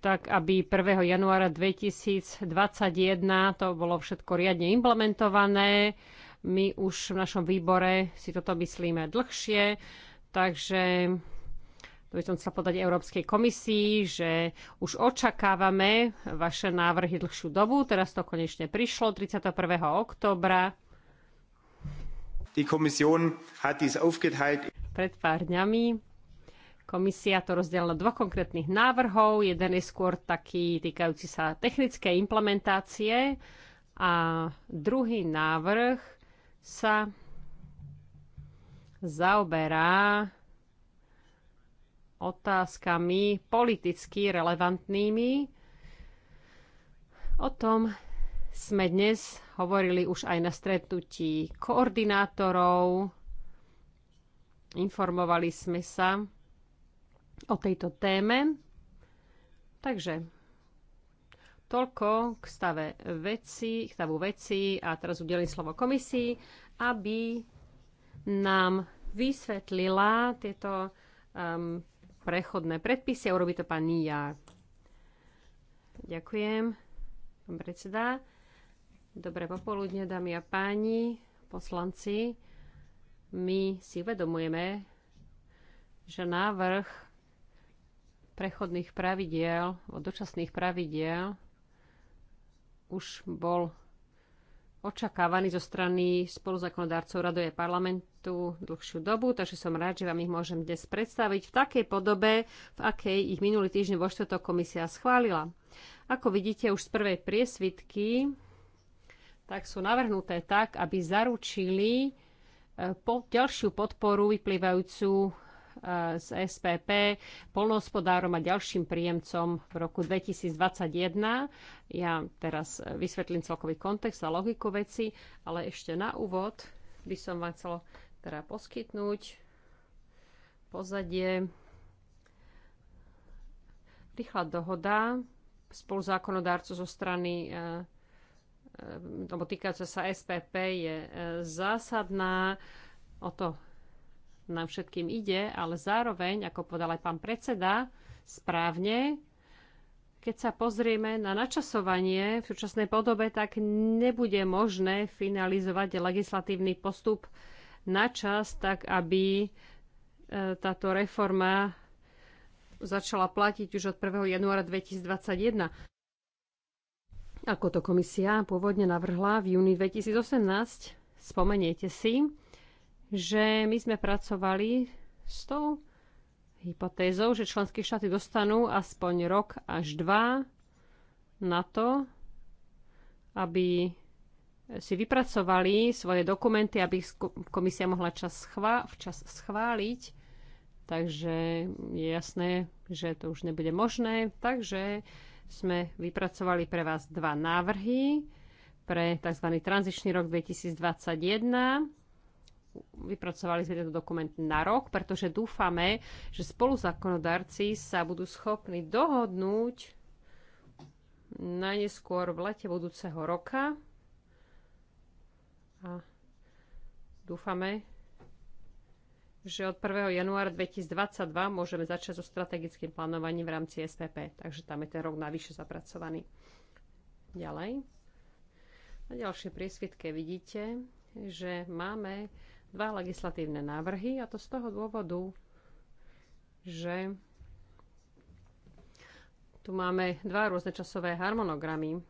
tak aby 1. januára 2021 to bolo všetko riadne implementované. My už v našom výbore si toto myslíme dlhšie, takže to by som chcela podať Európskej komisii, že už očakávame vaše návrhy dlhšiu dobu. Teraz to konečne prišlo 31. oktobra pred pár dňami komisia to rozdelila do dvoch konkrétnych návrhov. Jeden je skôr taký týkajúci sa technickej implementácie a druhý návrh sa zaoberá otázkami politicky relevantnými o tom, sme dnes hovorili už aj na stretnutí koordinátorov. Informovali sme sa o tejto téme. Takže toľko k stave veci, k stavu veci a teraz udelím slovo komisii, aby nám vysvetlila tieto um, prechodné predpisy a urobí to pán ja. Ďakujem, pán predseda. Dobré popoludne, dámy a páni, poslanci. My si uvedomujeme, že návrh prechodných pravidiel, dočasných pravidiel už bol očakávaný zo strany spoluzákonodárcov Radoje parlamentu dlhšiu dobu, takže som rád, že vám ich môžem dnes predstaviť v takej podobe, v akej ich minulý týždeň vo štvrtok komisia schválila. Ako vidíte už z prvej priesvitky, tak sú navrhnuté tak, aby zaručili e, po, ďalšiu podporu vyplývajúcu e, z SPP polnohospodárom a ďalším príjemcom v roku 2021. Ja teraz e, vysvetlím celkový kontext a logiku veci, ale ešte na úvod by som vám chcela teda poskytnúť pozadie. Rýchla dohoda spolu zákonodárcu zo strany alebo ehm, týkajúca sa SPP je e, zásadná. O to nám všetkým ide, ale zároveň, ako povedal aj pán predseda, správne, keď sa pozrieme na načasovanie v súčasnej podobe, tak nebude možné finalizovať legislatívny postup na čas, tak aby e, táto reforma začala platiť už od 1. januára 2021. Ako to komisia pôvodne navrhla v júni 2018, spomeniete si, že my sme pracovali s tou hypotézou, že členské štáty dostanú aspoň rok až dva na to, aby si vypracovali svoje dokumenty, aby ich komisia mohla čas schvá- včas schváliť. Takže je jasné, že to už nebude možné. Takže sme vypracovali pre vás dva návrhy pre tzv. tranzičný rok 2021. Vypracovali sme tento dokument na rok, pretože dúfame, že spoluzákonodárci sa budú schopní dohodnúť najneskôr v lete budúceho roka. A dúfame, že od 1. januára 2022 môžeme začať so strategickým plánovaním v rámci SPP, takže tam je ten rok navyše zapracovaný. Ďalej. Na ďalšej priesvitke vidíte, že máme dva legislatívne návrhy a to z toho dôvodu, že tu máme dva rôzne časové harmonogramy.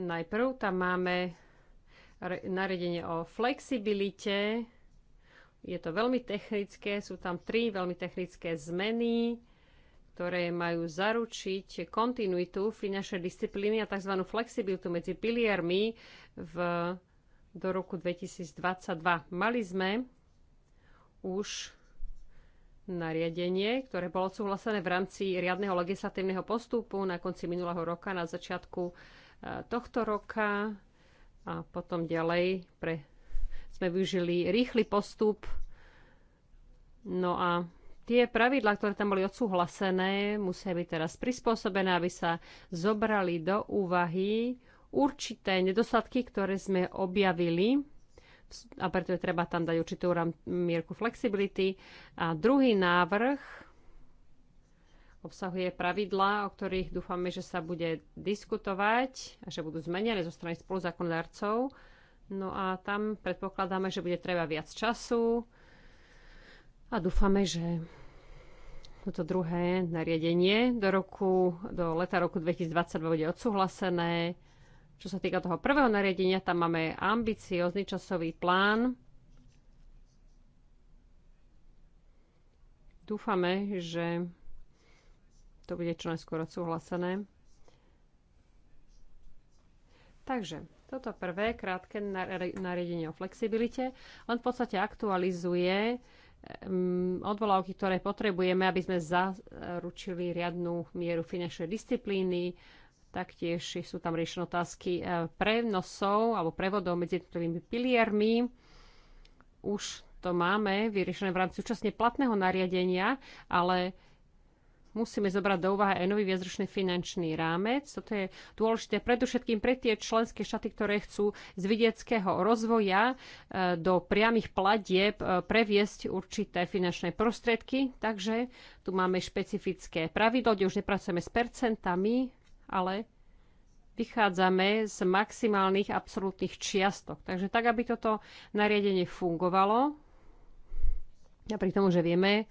Najprv tam máme nariadenie o flexibilite je to veľmi technické, sú tam tri veľmi technické zmeny, ktoré majú zaručiť kontinuitu finančnej disciplíny a tzv. flexibilitu medzi piliermi v, do roku 2022. Mali sme už nariadenie, ktoré bolo súhlasené v rámci riadneho legislatívneho postupu na konci minulého roka, na začiatku eh, tohto roka a potom ďalej pre sme využili rýchly postup. No a tie pravidlá, ktoré tam boli odsúhlasené, musia byť teraz prispôsobené, aby sa zobrali do úvahy určité nedostatky, ktoré sme objavili a preto je treba tam dať určitú mierku flexibility. A druhý návrh obsahuje pravidlá, o ktorých dúfame, že sa bude diskutovať a že budú zmenené zo strany spoluzákonodárcov. No a tam predpokladáme, že bude treba viac času a dúfame, že toto druhé nariadenie do roku, do leta roku 2022 bude odsúhlasené. Čo sa týka toho prvého nariadenia, tam máme ambiciózny časový plán. Dúfame, že to bude čo najskôr odsúhlasené. Takže toto prvé krátke nariadenie o flexibilite len v podstate aktualizuje mm, odvolávky, ktoré potrebujeme, aby sme zaručili riadnu mieru finančnej disciplíny. Taktiež sú tam riešené otázky e, prenosov alebo prevodov medzi jednotlivými piliermi. Už to máme vyriešené v rámci súčasne platného nariadenia, ale musíme zobrať do úvahy aj nový viacročný finančný rámec. Toto je dôležité predovšetkým pre tie členské štáty, ktoré chcú z vidieckého rozvoja e, do priamých platieb e, previesť určité finančné prostriedky. Takže tu máme špecifické pravidlo, kde už nepracujeme s percentami, ale vychádzame z maximálnych absolútnych čiastok. Takže tak, aby toto nariadenie fungovalo, napriek tomu, že vieme,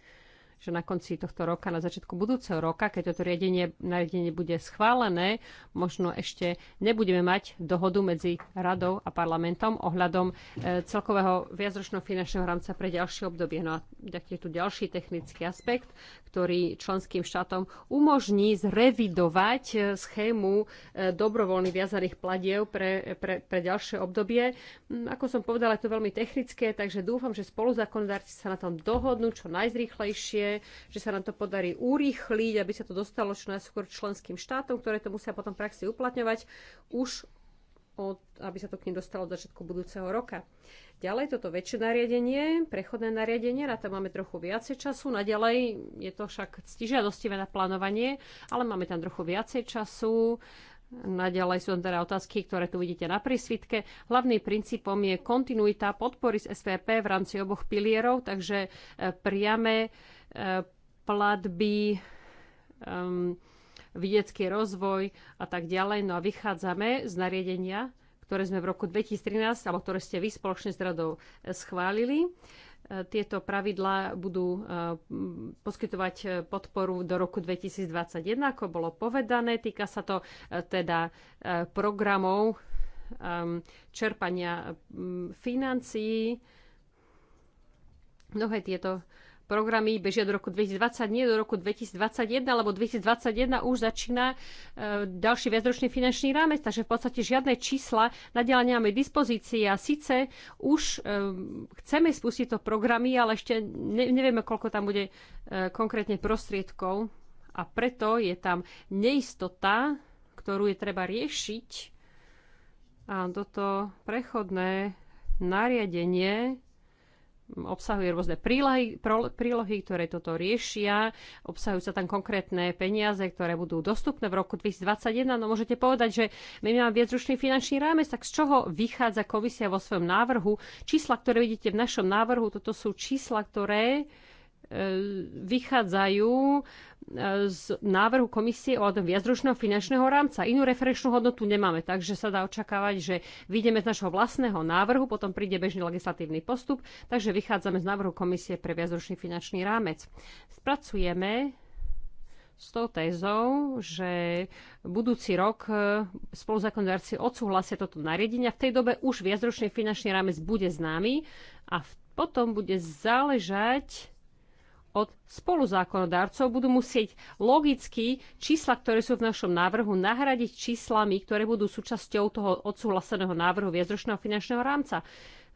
že na konci tohto roka, na začiatku budúceho roka, keď toto riadenie, nariadenie bude schválené, možno ešte nebudeme mať dohodu medzi radou a parlamentom ohľadom e, celkového viacročného finančného rámca pre ďalšie obdobie. No a je tu ďalší technický aspekt, ktorý členským štátom umožní zrevidovať e, schému e, dobrovoľných viazaných pladiev pre, pre, pre ďalšie obdobie. Mm, ako som povedala, je to veľmi technické, takže dúfam, že spoluzákonodárci sa na tom dohodnú čo najzrýchlejšie že sa nám to podarí urýchliť, aby sa to dostalo čo najskôr členským štátom, ktoré to musia potom v praxi uplatňovať, už od, aby sa to k nim dostalo do začiatku budúceho roka. Ďalej toto väčšie nariadenie, prechodné nariadenie, na to máme trochu viacej času, naďalej je to však ctižiadostivé na plánovanie, ale máme tam trochu viacej času, Naďalej sú teda otázky, ktoré tu vidíte na prísvitke. Hlavným princípom je kontinuita podpory z SVP v rámci oboch pilierov, takže e, priame e, platby, vidiecký rozvoj a tak ďalej. No a vychádzame z nariadenia, ktoré sme v roku 2013, alebo ktoré ste vy spoločne s radou e, schválili. Tieto pravidlá budú e, poskytovať e, podporu do roku 2021, ako bolo povedané. Týka sa to e, teda programov ehm, čerpania financií. Mnohé tieto programy bežia do roku 2020, nie do roku 2021, lebo 2021 už začína e, ďalší viacročný finančný rámec, takže v podstate žiadne čísla nadiaľ nemáme dispozícii a síce už e, chceme spustiť to programy, ale ešte nevieme, koľko tam bude e, konkrétne prostriedkov a preto je tam neistota, ktorú je treba riešiť a toto prechodné nariadenie obsahuje rôzne prílohy, prílohy, ktoré toto riešia. Obsahujú sa tam konkrétne peniaze, ktoré budú dostupné v roku 2021. No môžete povedať, že my máme viacručný finančný rámec, tak z čoho vychádza komisia vo svojom návrhu? Čísla, ktoré vidíte v našom návrhu, toto sú čísla, ktoré vychádzajú e, z návrhu komisie o viacročného finančného rámca. Inú referenčnú hodnotu nemáme, takže sa dá očakávať, že vyjdeme z našho vlastného návrhu, potom príde bežný legislatívny postup, takže vychádzame z návrhu komisie pre viacročný finančný rámec. Spracujeme s tou tézou, že budúci rok e, spoluzákonodárci odsúhlasia toto nariadenie a v tej dobe už viacročný finančný rámec bude známy a potom bude záležať od spoluzákonodárcov budú musieť logicky čísla, ktoré sú v našom návrhu, nahradiť číslami, ktoré budú súčasťou toho odsúhlaseného návrhu viacročného finančného rámca.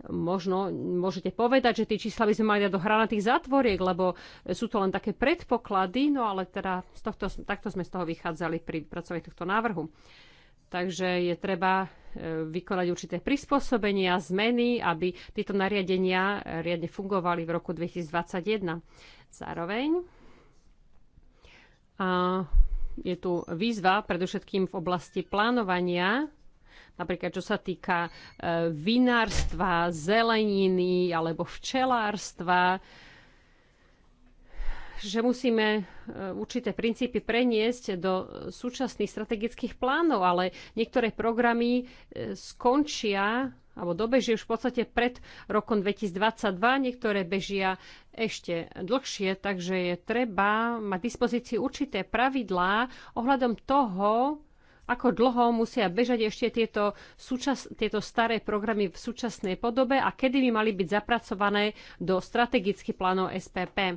Možno môžete povedať, že tie čísla by sme mali dať do hranatých zátvoriek, lebo sú to len také predpoklady, no ale teda z tohto, takto sme z toho vychádzali pri pracovaní tohto návrhu. Takže je treba e, vykonať určité prispôsobenia, zmeny, aby tieto nariadenia riadne fungovali v roku 2021. Zároveň a je tu výzva predovšetkým v oblasti plánovania, napríklad čo sa týka e, vinárstva, zeleniny alebo včelárstva, že musíme e, určité princípy preniesť do súčasných strategických plánov, ale niektoré programy e, skončia alebo dobeží už v podstate pred rokom 2022, niektoré bežia ešte dlhšie, takže je treba mať dispozícii určité pravidlá ohľadom toho, ako dlho musia bežať ešte tieto, súčas, tieto staré programy v súčasnej podobe a kedy by mali byť zapracované do strategických plánov SPP.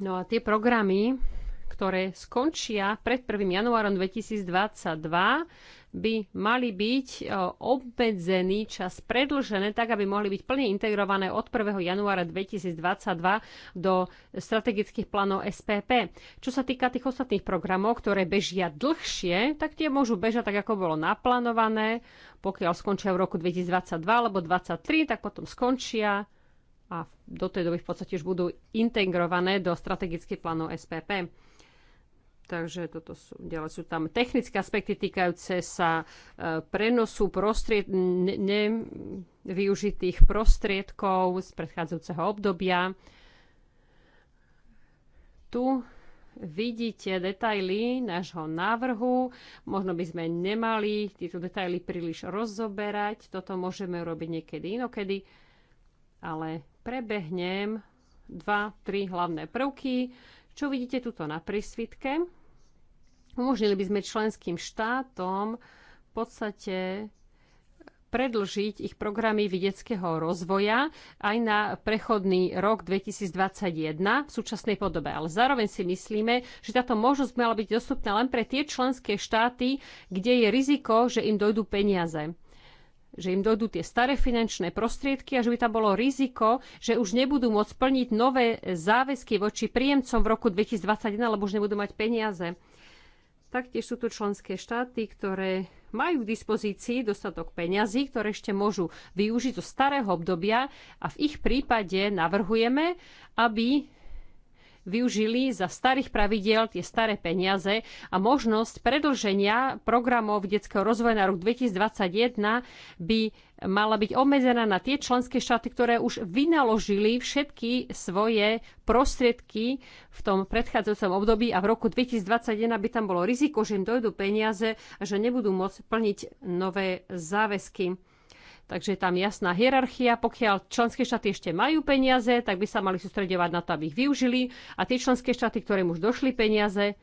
No a tie programy ktoré skončia pred 1. januárom 2022, by mali byť e, obmedzený čas predlžené, tak aby mohli byť plne integrované od 1. januára 2022 do strategických plánov SPP. Čo sa týka tých ostatných programov, ktoré bežia dlhšie, tak tie môžu bežať tak, ako bolo naplánované. Pokiaľ skončia v roku 2022 alebo 2023, tak potom skončia a do tej doby v podstate už budú integrované do strategických plánov SPP. Takže toto sú, ďalej sú tam technické aspekty týkajúce sa e, prenosu prostried, nevyužitých ne, prostriedkov z predchádzajúceho obdobia. Tu vidíte detaily nášho návrhu. Možno by sme nemali tieto detaily príliš rozoberať. Toto môžeme urobiť niekedy inokedy. Ale prebehnem dva, tri hlavné prvky, čo vidíte tuto na prísvitke. Umožnili by sme členským štátom v podstate predlžiť ich programy vedeckého rozvoja aj na prechodný rok 2021 v súčasnej podobe. Ale zároveň si myslíme, že táto možnosť mala byť dostupná len pre tie členské štáty, kde je riziko, že im dojdú peniaze že im dojdú tie staré finančné prostriedky a že by tam bolo riziko, že už nebudú môcť plniť nové záväzky voči príjemcom v roku 2021, lebo už nebudú mať peniaze. Taktiež sú tu členské štáty, ktoré majú k dispozícii dostatok peňazí, ktoré ešte môžu využiť zo starého obdobia a v ich prípade navrhujeme, aby využili za starých pravidiel tie staré peniaze a možnosť predlženia programov detského rozvoja na rok 2021 by mala byť obmedzená na tie členské štáty, ktoré už vynaložili všetky svoje prostriedky v tom predchádzajúcom období a v roku 2021 by tam bolo riziko, že im dojdú peniaze a že nebudú môcť plniť nové záväzky. Takže tam jasná hierarchia. Pokiaľ členské štáty ešte majú peniaze, tak by sa mali sústredovať na to, aby ich využili. A tie členské štáty, ktoré už došli peniaze,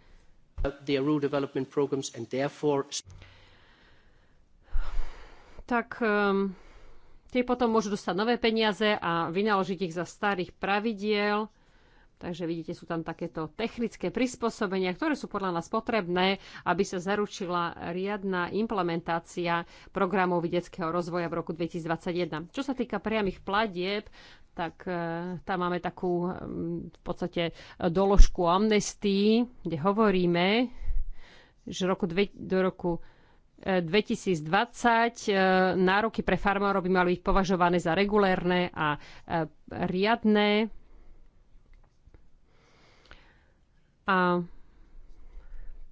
tak um, tie potom môžu dostať nové peniaze a vynaložiť ich za starých pravidiel. Takže vidíte, sú tam takéto technické prispôsobenia, ktoré sú podľa nás potrebné, aby sa zaručila riadna implementácia programov detského rozvoja v roku 2021. Čo sa týka priamých platieb, tak e, tam máme takú e, v podstate e, doložku amnestii, kde hovoríme, že roku dve, do roku 2020 nároky pre farmárov by mali byť považované za regulérne a riadne a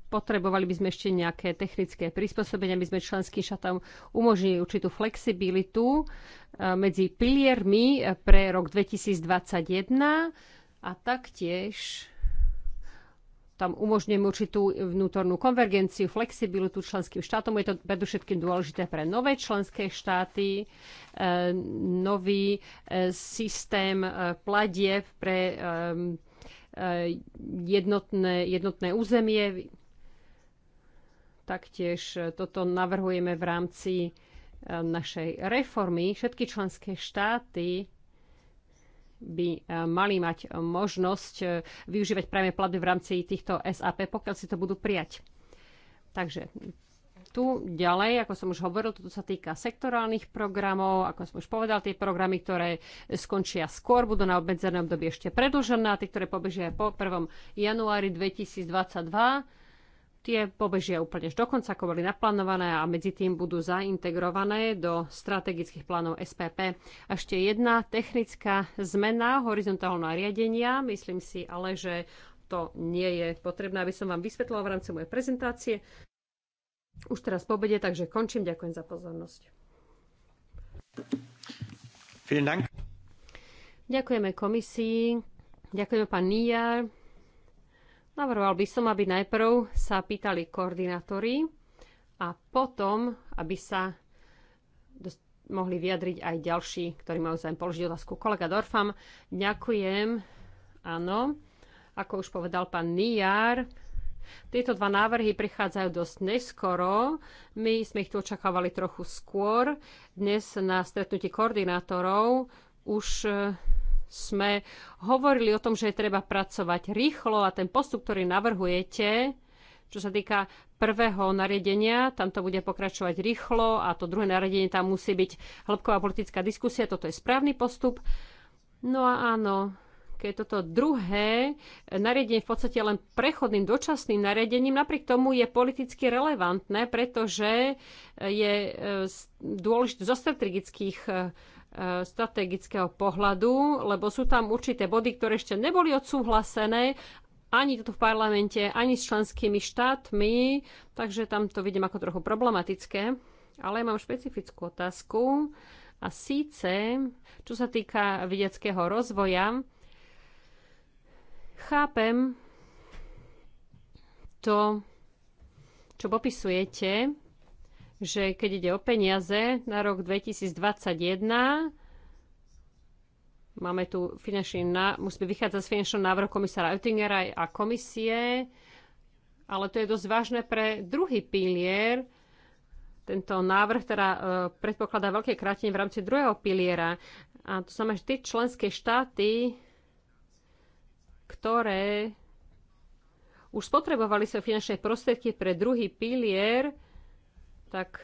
potrebovali by sme ešte nejaké technické prispôsobenia, aby sme členským štátom umožnili určitú flexibilitu e, medzi piliermi e, pre rok 2021 a taktiež tam umožňujeme určitú vnútornú konvergenciu, flexibilitu členským štátom. Je to predovšetkým dôležité pre nové členské štáty, e, nový systém pladieb pre jednotné, jednotné územie. Taktiež e, toto navrhujeme v rámci e, našej reformy. Všetky členské štáty by e, mali mať možnosť využívať práve platby v rámci týchto SAP, pokiaľ si to budú prijať. Takže tu ďalej, ako som už hovoril, toto sa týka sektorálnych programov, ako som už povedal, tie programy, ktoré skončia skôr, budú na obmedzené obdobie ešte predlžené, a tie, ktoré pobežia po 1. januári 2022, tie pobežia úplne až do konca, ako boli naplánované a medzi tým budú zaintegrované do strategických plánov SPP. Ešte jedna technická zmena horizontálneho riadenia. Myslím si ale, že to nie je potrebné, aby som vám vysvetlila v rámci mojej prezentácie už teraz po obede, takže končím. Ďakujem za pozornosť. Ďakujeme komisii, ďakujeme pán Nijar. Navrhoval by som, aby najprv sa pýtali koordinátori a potom, aby sa mohli vyjadriť aj ďalší, ktorí majú zájem položiť otázku. Kolega Dorfam, ďakujem. Áno, ako už povedal pán Nijar, tieto dva návrhy prichádzajú dosť neskoro. My sme ich tu očakávali trochu skôr. Dnes na stretnutí koordinátorov už e, sme hovorili o tom, že je treba pracovať rýchlo a ten postup, ktorý navrhujete, čo sa týka prvého nariadenia, tam to bude pokračovať rýchlo a to druhé nariadenie tam musí byť hĺbková politická diskusia, toto je správny postup. No a áno, keď toto druhé nariadenie v podstate len prechodným dočasným nariadením, napriek tomu je politicky relevantné, pretože je e, dôležité zo strategických e, strategického pohľadu, lebo sú tam určité body, ktoré ešte neboli odsúhlasené ani toto v parlamente, ani s členskými štátmi, takže tam to vidím ako trochu problematické. Ale mám špecifickú otázku. A síce, čo sa týka vedeckého rozvoja, Chápem to, čo popisujete, že keď ide o peniaze na rok 2021, máme tu finančný, musíme vychádzať z finančného návrhu komisára Oettingera a komisie, ale to je dosť vážne pre druhý pilier. Tento návrh teda e, predpokladá veľké krátenie v rámci druhého piliera. A to znamená, že tie členské štáty, ktoré už spotrebovali sa finančné prostriedky pre druhý pilier, tak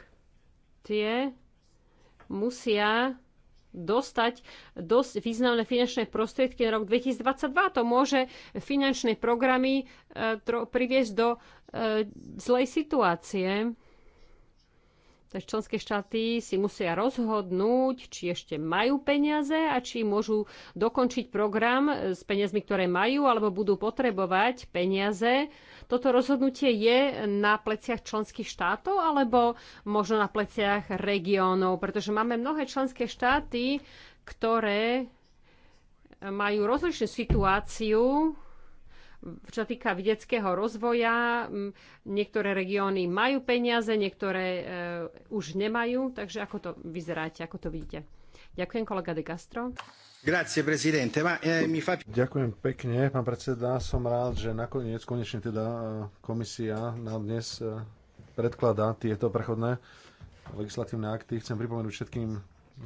tie musia dostať dosť významné finančné prostriedky na rok 2022. To môže finančné programy eh, priviesť do eh, zlej situácie. Takže členské štáty si musia rozhodnúť, či ešte majú peniaze a či môžu dokončiť program s peniazmi, ktoré majú, alebo budú potrebovať peniaze. Toto rozhodnutie je na pleciach členských štátov alebo možno na pleciach regiónov, pretože máme mnohé členské štáty, ktoré majú rozličnú situáciu čo týka vedeckého rozvoja, niektoré regióny majú peniaze, niektoré uh, už nemajú. Takže ako to vyzeráte, ako to vidíte? Ďakujem, kolega De Castro. Grazie, presidente. Ma, eh, mi fa... Ďakujem pekne, pán predseda. Som rád, že nakoniec, konečne teda eh, komisia nám dnes eh, predkladá tieto prechodné legislatívne akty. Chcem pripomenúť všetkým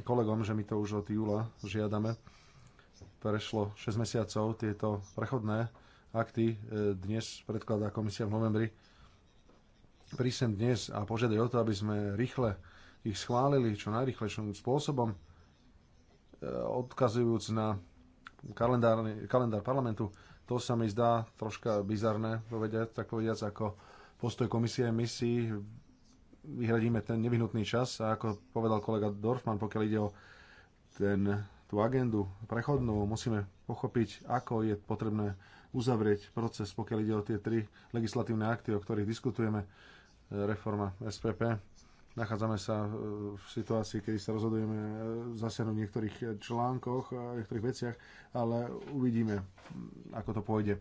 kolegom, že my to už od júla žiadame. Prešlo 6 mesiacov tieto prechodné akty e, dnes predkladá komisia v novembri, prísem dnes a požiadaj o to, aby sme rýchle ich schválili čo najrychlejším spôsobom, e, odkazujúc na kalendár, kalendár parlamentu. To sa mi zdá troška bizarné, povedať, tak povediac, ako postoj komisie. misií. vyhradíme ten nevyhnutný čas a ako povedal kolega Dorfman, pokiaľ ide o ten, tú agendu prechodnú, musíme pochopiť, ako je potrebné uzavrieť proces, pokiaľ ide o tie tri legislatívne akty, o ktorých diskutujeme, e, reforma SPP. Nachádzame sa e, v situácii, kedy sa rozhodujeme e, zasiahnuť v niektorých článkoch, v niektorých veciach, ale uvidíme, ako to pôjde.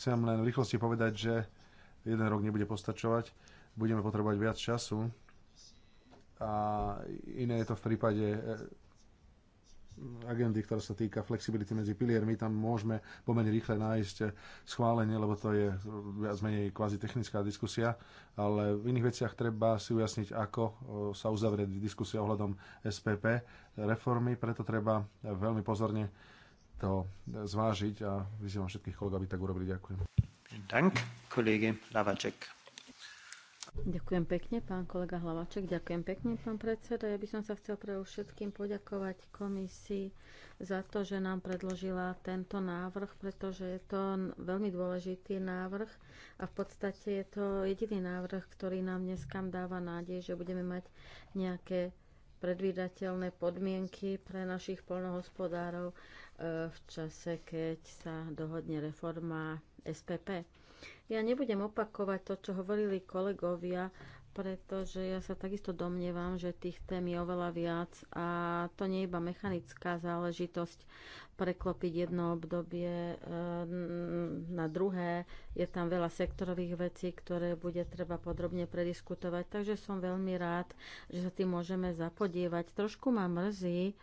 Chcem len v rýchlosti povedať, že jeden rok nebude postačovať, budeme potrebovať viac času a iné je to v prípade agendy, ktorá sa týka flexibility medzi piliermi, tam môžeme pomerne rýchle nájsť schválenie, lebo to je viac menej kvázi technická diskusia, ale v iných veciach treba si ujasniť, ako e, sa uzavrie diskusia ohľadom SPP reformy, preto treba veľmi pozorne to zvážiť a vyzývam všetkých kolegov, aby tak urobili. Ďakujem. Dank, kolege Lavaček. Ďakujem pekne, pán kolega Hlavaček. Ďakujem pekne, pán predseda. Ja by som sa chcel pre všetkým poďakovať komisii za to, že nám predložila tento návrh, pretože je to veľmi dôležitý návrh a v podstate je to jediný návrh, ktorý nám dneskam dáva nádej, že budeme mať nejaké predvídateľné podmienky pre našich polnohospodárov eh, v čase, keď sa dohodne reforma SPP. Ja nebudem opakovať to, čo hovorili kolegovia, pretože ja sa takisto domnievam, že tých tém je oveľa viac a to nie je iba mechanická záležitosť preklopiť jedno obdobie eh, na druhé. Je tam veľa sektorových vecí, ktoré bude treba podrobne prediskutovať, takže som veľmi rád, že sa tým môžeme zapodievať. Trošku ma mrzí,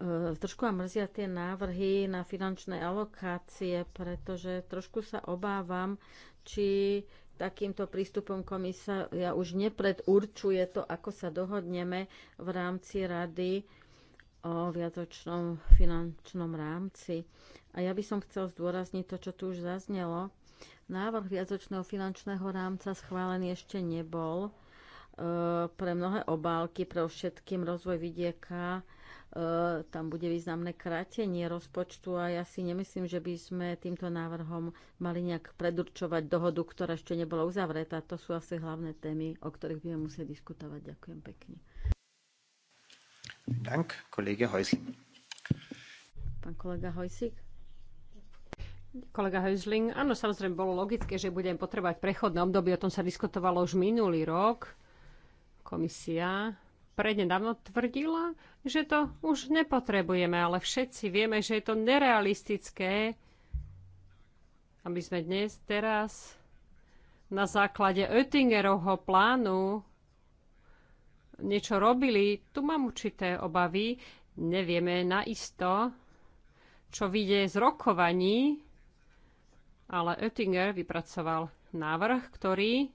E, trošku ma mrzia tie návrhy na finančné alokácie, pretože trošku sa obávam, či takýmto prístupom komisia už nepredurčuje to, ako sa dohodneme v rámci rady o viatočnom finančnom rámci. A ja by som chcel zdôrazniť to, čo tu už zaznelo. Návrh viacočného finančného rámca schválený ešte nebol. E, pre mnohé obálky, pre všetkým rozvoj vidieka, E, tam bude významné krátenie rozpočtu a ja si nemyslím, že by sme týmto návrhom mali nejak predurčovať dohodu, ktorá ešte nebola uzavretá. To sú asi hlavné témy, o ktorých budeme musieť diskutovať. Ďakujem pekne. Dank, kolega Heusling. Pán kolega Hojsik. Kolega Heusling, áno, samozrejme bolo logické, že budem potrebovať prechodné obdobie, o tom sa diskutovalo už minulý rok. Komisia prednedávno tvrdila, že to už nepotrebujeme, ale všetci vieme, že je to nerealistické, aby sme dnes, teraz na základe Oettingerovho plánu niečo robili. Tu mám určité obavy, nevieme naisto, čo vyjde z rokovaní, ale Oettinger vypracoval návrh, ktorý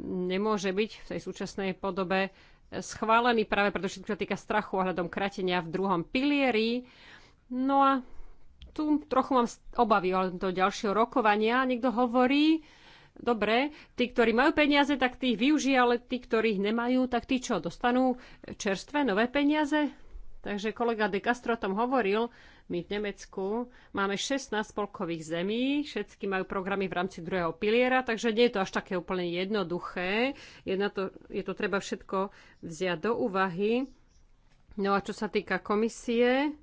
nemôže byť v tej súčasnej podobe schválený práve preto, čo týka strachu ohľadom kratenia v druhom pilieri. No a tu trochu mám obavy ohľadom toho ďalšieho rokovania. Niekto hovorí, dobre, tí, ktorí majú peniaze, tak tých využijú, ale tí, ktorých nemajú, tak tí čo, dostanú čerstvé, nové peniaze? Takže kolega De Castro o tom hovoril, my v Nemecku máme 16 spolkových zemí, všetky majú programy v rámci druhého piliera, takže nie je to až také úplne jednoduché. Je, na to, je to treba všetko vziať do úvahy. No a čo sa týka komisie,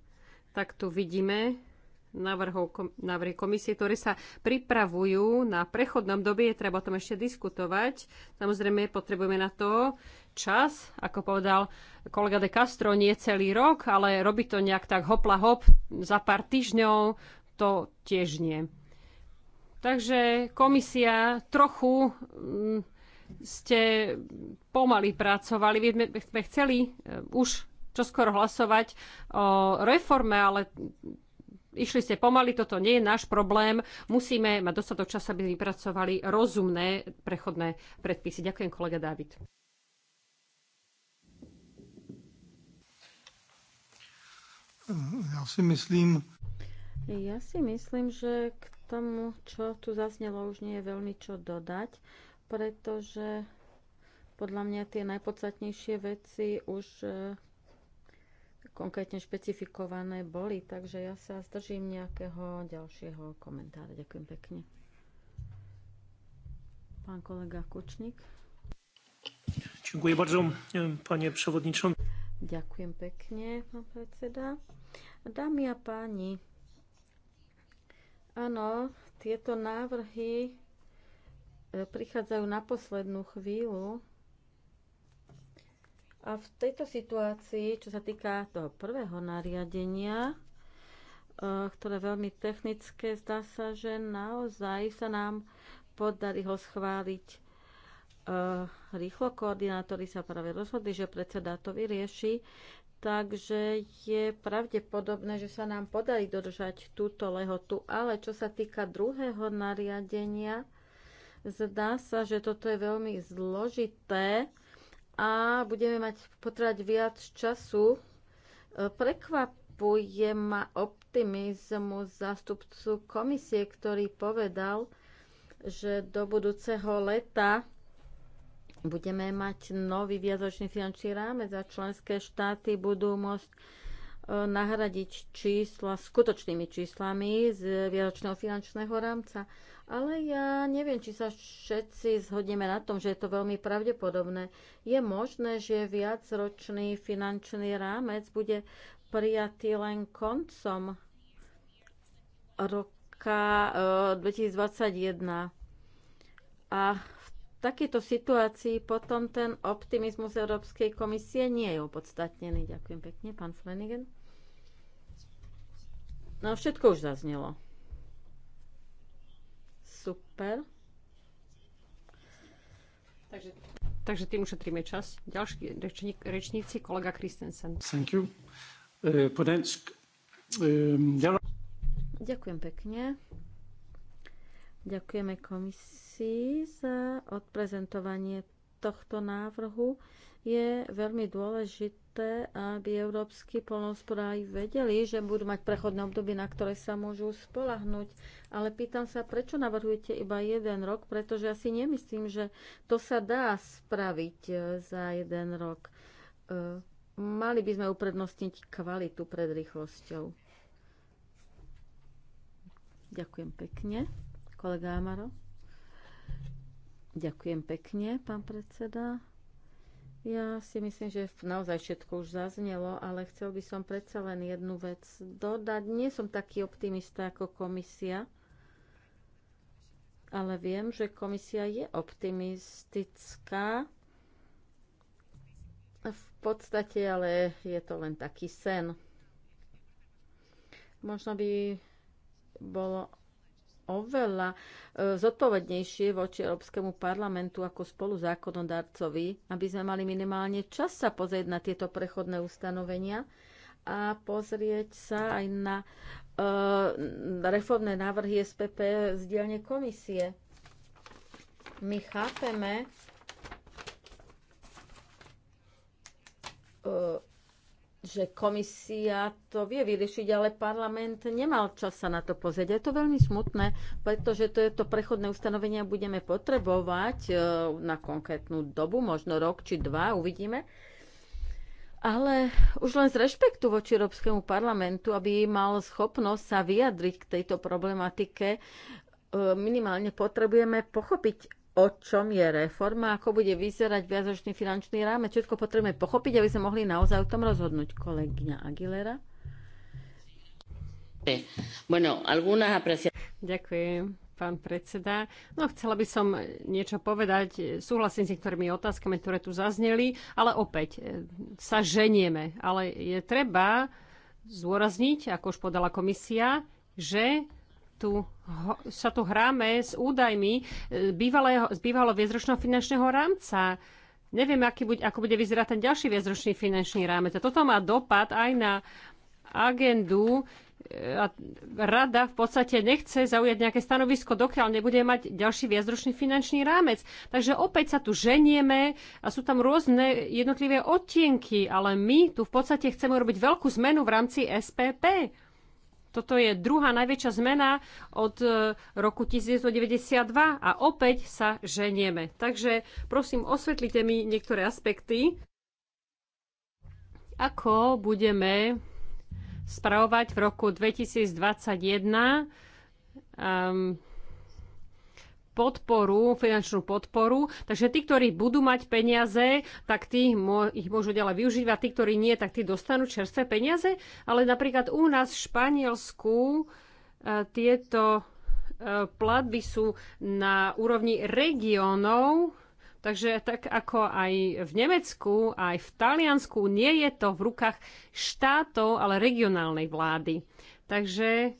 tak tu vidíme návrhov, návrhy komisie, ktoré sa pripravujú na prechodnom dobie. je treba o tom ešte diskutovať. Samozrejme, potrebujeme na to čas. Ako povedal kolega de Castro, nie celý rok, ale robiť to nejak tak hopla hop za pár týždňov, to tiež nie. Takže komisia trochu mm, ste pomaly pracovali. My sme chceli e, už čoskoro hlasovať o reforme, ale išli ste pomaly, toto nie je náš problém. Musíme mať dostatok času, aby vypracovali rozumné prechodné predpisy. Ďakujem, kolega David. Ja si myslím... Ja si myslím, že k tomu, čo tu zaznelo, už nie je veľmi čo dodať, pretože podľa mňa tie najpodstatnejšie veci už e, konkrétne špecifikované boli, takže ja sa zdržím nejakého ďalšieho komentára. Ďakujem pekne. Pán kolega Kučník. Ďakujem bardzo, e, panie przewodniczący. Ďakujem pekne, pán predseda. Dámy a páni, áno, tieto návrhy e, prichádzajú na poslednú chvíľu. A v tejto situácii, čo sa týka toho prvého nariadenia, e, ktoré je veľmi technické, zdá sa, že naozaj sa nám podarí ho schváliť Eh, rýchlo. Koordinátori sa práve rozhodli, že predseda to vyrieši. Takže je pravdepodobné, že sa nám podarí dodržať túto lehotu. Ale čo sa týka druhého nariadenia, zdá sa, že toto je veľmi zložité a budeme mať potrať viac času. Eh, prekvapuje ma optimizmu zástupcu komisie, ktorý povedal, že do budúceho leta budeme mať nový viazočný finančný rámec a členské štáty budú môcť e, nahradiť čísla skutočnými číslami z viazočného finančného rámca. Ale ja neviem, či sa všetci zhodneme na tom, že je to veľmi pravdepodobné. Je možné, že viacročný finančný rámec bude prijatý len koncom roka 2021. E, a takejto situácii potom ten optimizmus Európskej komisie nie je opodstatnený. Ďakujem pekne, pán Flanagan. No, všetko už zaznelo. Super. Takže, takže tým ušetríme čas. Ďalší rečník, rečníci, kolega Kristensen. Thank you. E, Podensk. E, ja... Ďakujem pekne. Ďakujeme komisii za odprezentovanie tohto návrhu. Je veľmi dôležité, aby európsky polnohospodári vedeli, že budú mať prechodné obdobie, na ktoré sa môžu spolahnuť. Ale pýtam sa, prečo navrhujete iba jeden rok, pretože ja si nemyslím, že to sa dá spraviť e, za jeden rok. E, mali by sme uprednostniť kvalitu pred rýchlosťou. Ďakujem pekne. Kolega Amaro. Ďakujem pekne, pán predseda. Ja si myslím, že naozaj všetko už zaznelo, ale chcel by som predsa len jednu vec dodať. Nie som taký optimista ako komisia, ale viem, že komisia je optimistická. V podstate ale je to len taký sen. Možno by bolo oveľa e, zodpovednejšie voči Európskemu parlamentu ako spolu zákonodarcovi, aby sme mali minimálne čas sa pozrieť na tieto prechodné ustanovenia a pozrieť sa aj na e, reformné návrhy SPP z dielne komisie. My chápeme e, že komisia to vie vyriešiť, ale parlament nemal čas sa na to pozrieť. Je to veľmi smutné, pretože to je to prechodné ustanovenia budeme potrebovať e, na konkrétnu dobu, možno rok či dva, uvidíme. Ale už len z rešpektu voči Európskemu parlamentu, aby mal schopnosť sa vyjadriť k tejto problematike, e, minimálne potrebujeme pochopiť, o čom je reforma, ako bude vyzerať viazočný finančný rámec. Všetko potrebujeme pochopiť, aby sme mohli naozaj o tom rozhodnúť. Kolegyňa Aguilera. Bueno, Ďakujem, pán predseda. No, chcela by som niečo povedať. Súhlasím s niektorými otázkami, ktoré tu zazneli, ale opäť e, sa ženieme. Ale je treba zdôrazniť, ako už podala komisia, že tu, ho, sa tu hráme s údajmi e, bývalého, z bývalého viezročného finančného rámca. Neviem, aký bude, ako bude vyzerať ten ďalší viezročný finančný rámec. A toto má dopad aj na agendu e, a rada v podstate nechce zaujať nejaké stanovisko, dokiaľ nebude mať ďalší viacročný finančný rámec. Takže opäť sa tu ženieme a sú tam rôzne jednotlivé odtienky, ale my tu v podstate chceme robiť veľkú zmenu v rámci SPP. Toto je druhá najväčšia zmena od e, roku 1992 a opäť sa ženieme. Takže prosím, osvetlite mi niektoré aspekty, ako budeme spravovať v roku 2021 um, podporu, finančnú podporu. Takže tí, ktorí budú mať peniaze, tak tí ich môžu ďalej využívať. Tí, ktorí nie, tak tí dostanú čerstvé peniaze. Ale napríklad u nás v Španielsku e, tieto e, platby sú na úrovni regiónov, takže tak ako aj v Nemecku, aj v Taliansku, nie je to v rukách štátov, ale regionálnej vlády. Takže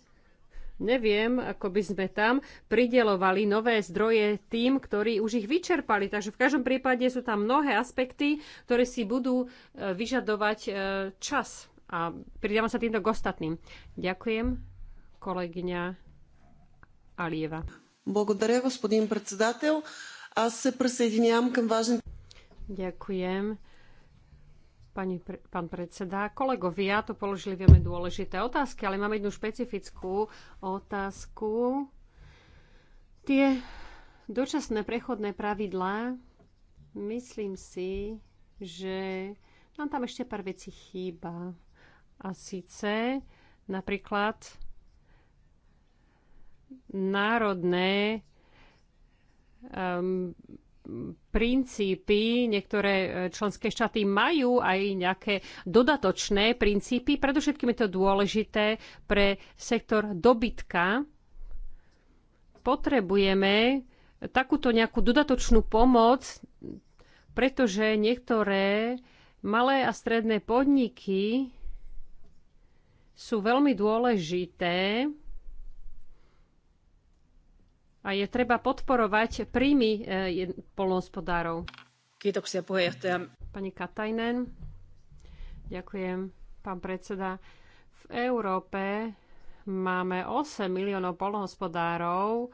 Neviem, ako by sme tam pridelovali nové zdroje tým, ktorí už ich vyčerpali. Takže v každom prípade sú tam mnohé aspekty, ktoré si budú e, vyžadovať e, čas. A pridávam sa týmto k ostatným. Ďakujem, kolegyňa Alieva. Ďakujem, господин председател. Аз се присъединявам Ďakujem pani, pán predseda. Kolegovia tu položili veľmi dôležité otázky, ale máme jednu špecifickú otázku. Tie dočasné prechodné pravidlá, myslím si, že nám tam ešte pár vecí chýba. A síce napríklad národné um, princípy, niektoré e, členské štáty majú aj nejaké dodatočné princípy. Predovšetkým je to dôležité pre sektor dobytka. Potrebujeme takúto nejakú dodatočnú pomoc, pretože niektoré malé a stredné podniky sú veľmi dôležité a je treba podporovať príjmy eh, polnohospodárov. Pani Katajnen. Ďakujem, pán predseda. V Európe máme 8 miliónov polnohospodárov,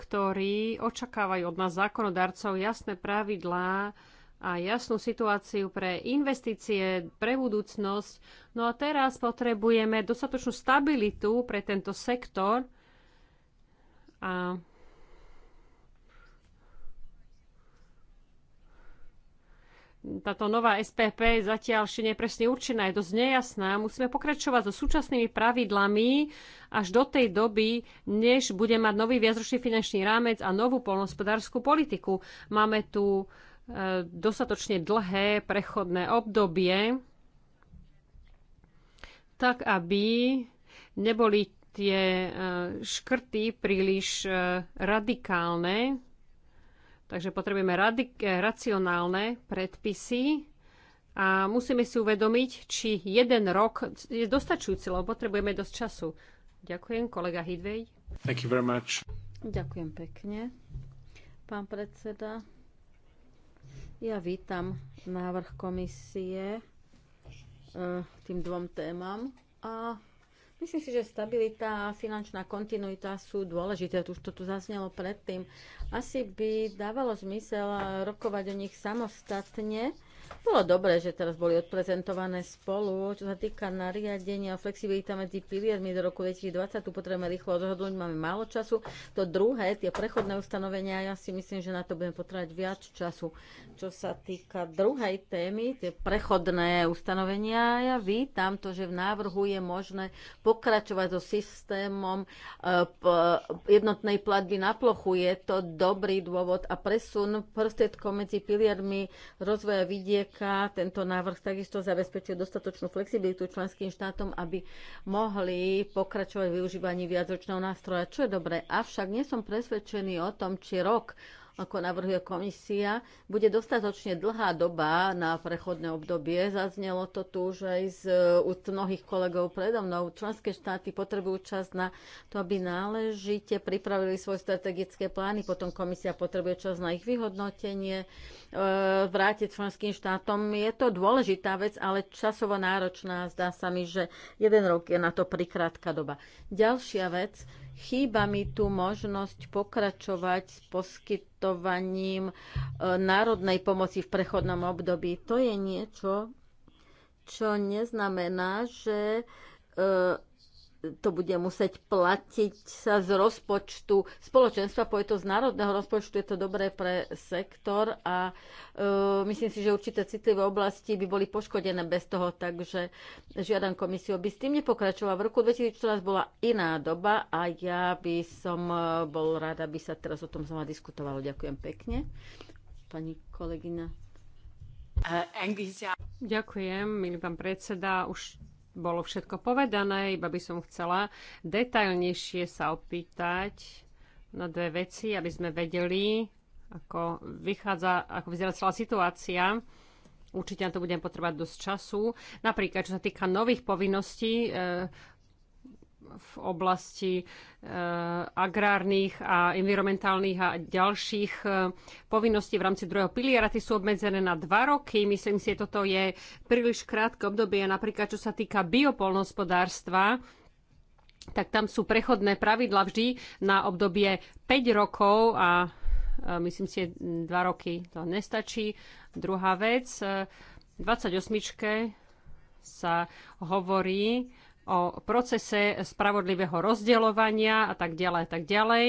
ktorí očakávajú od nás zákonodarcov jasné pravidlá a jasnú situáciu pre investície, pre budúcnosť. No a teraz potrebujeme dostatočnú stabilitu pre tento sektor a táto nová SPP je zatiaľ ešte nepresne určená, je dosť nejasná. Musíme pokračovať so súčasnými pravidlami až do tej doby, než bude mať nový viacročný finančný rámec a novú polnospodárskú politiku. Máme tu e, dostatočne dlhé prechodné obdobie, tak aby neboli tie e, škrty príliš e, radikálne, Takže potrebujeme eh, racionálne predpisy a musíme si uvedomiť, či jeden rok je dostačujúci, lebo potrebujeme dosť času. Ďakujem, kolega Hidvej. Thank you very much. Ďakujem pekne, pán predseda. Ja vítam návrh komisie eh, k tým dvom témam a Myslím si, že stabilita a finančná kontinuita sú dôležité, už to tu zaznelo predtým. Asi by dávalo zmysel rokovať o nich samostatne, bolo dobré, že teraz boli odprezentované spolu. Čo sa týka nariadenia a flexibilita medzi piliermi do roku 2020, tu potrebujeme rýchlo rozhodnúť, máme málo času. To druhé, tie prechodné ustanovenia, ja si myslím, že na to budeme potrebovať viac času. Čo sa týka druhej témy, tie prechodné ustanovenia, ja vítam to, že v návrhu je možné pokračovať so systémom eh, jednotnej platby na plochu. Je to dobrý dôvod a presun prostriedkov medzi piliermi rozvoja vidie vidieka. Tento návrh takisto zabezpečuje dostatočnú flexibilitu členským štátom, aby mohli pokračovať využívaní viacročného nástroja, čo je dobré. Avšak nie som presvedčený o tom, či rok ako navrhuje komisia, bude dostatočne dlhá doba na prechodné obdobie. Zaznelo to tu už aj z úd mnohých kolegov predo mnou. Členské štáty potrebujú čas na to, aby náležite pripravili svoje strategické plány. Potom komisia potrebuje čas na ich vyhodnotenie. E, vrátiť členským štátom je to dôležitá vec, ale časovo náročná. Zdá sa mi, že jeden rok je na to prikrátka doba. Ďalšia vec, Chýba mi tu možnosť pokračovať s poskytovaním e, národnej pomoci v prechodnom období. To je niečo, čo neznamená, že e, to bude musieť platiť sa z rozpočtu spoločenstva, poje to z národného rozpočtu, je to dobré pre sektor a uh, myslím si, že určité citlivé oblasti by boli poškodené bez toho, takže žiadam komisiu, aby s tým nepokračovala. V roku 2014 bola iná doba a ja by som e, bol rád, aby sa teraz o tom znova diskutovalo. Ďakujem pekne. Pani kolegyňa. Ďakujem, milý pán predseda. Už bolo všetko povedané, iba by som chcela detailnejšie sa opýtať na dve veci, aby sme vedeli, ako vychádza, ako vyzerá celá situácia. Určite na to budem potrebať dosť času. Napríklad, čo sa týka nových povinností, e, v oblasti eh, agrárnych a environmentálnych a ďalších eh, povinností v rámci druhého piliera. Tie sú obmedzené na dva roky. Myslím si, že toto je príliš krátke obdobie, napríklad čo sa týka biopolnospodárstva tak tam sú prechodné pravidla vždy na obdobie 5 rokov a eh, myslím si, že 2 roky to nestačí. Druhá vec, v 28. sa hovorí, o procese spravodlivého rozdeľovania a tak ďalej a tak ďalej.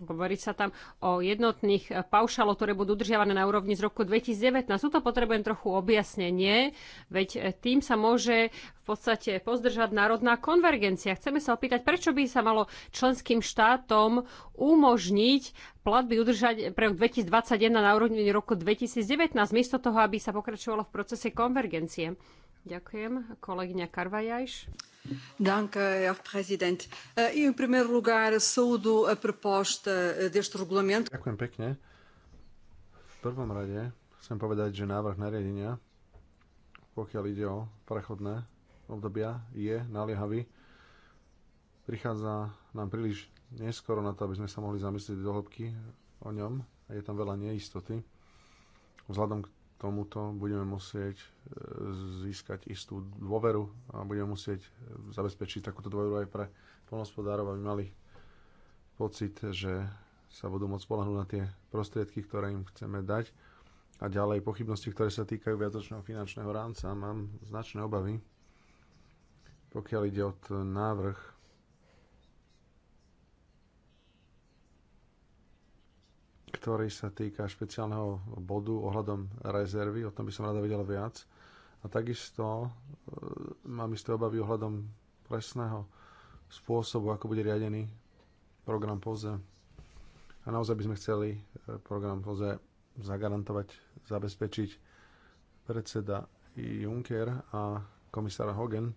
Hovorí sa tam o jednotných paušaloch, ktoré budú udržiavané na úrovni z roku 2019. Tuto potrebujem trochu objasnenie, veď tým sa môže v podstate pozdržať národná konvergencia. Chceme sa opýtať, prečo by sa malo členským štátom umožniť platby udržať pre rok 2021 na úrovni roku 2019, miesto toho, aby sa pokračovalo v procese konvergencie. Ďakujem. Kolegyňa Karvajajš. Ďakujem pekne. V prvom rade chcem povedať, že návrh nariadenia, pokiaľ ide o prechodné obdobia, je naliehavý. Prichádza nám príliš neskoro na to, aby sme sa mohli zamyslieť do hĺbky o ňom. Je tam veľa neistoty. Vzhľadom k tomuto budeme musieť e, získať istú dôveru a budeme musieť zabezpečiť takúto dôveru aj pre polnospodárov, aby mali pocit, že sa budú môcť spolahnúť na tie prostriedky, ktoré im chceme dať. A ďalej pochybnosti, ktoré sa týkajú viacročného finančného rámca. Mám značné obavy, pokiaľ ide o návrh ktorý sa týka špeciálneho bodu ohľadom rezervy, o tom by som rada vedela viac. A takisto e, mám isté obavy ohľadom presného spôsobu, ako bude riadený program POZE. A naozaj by sme chceli e, program POZE zagarantovať, zabezpečiť predseda Juncker a komisára Hogan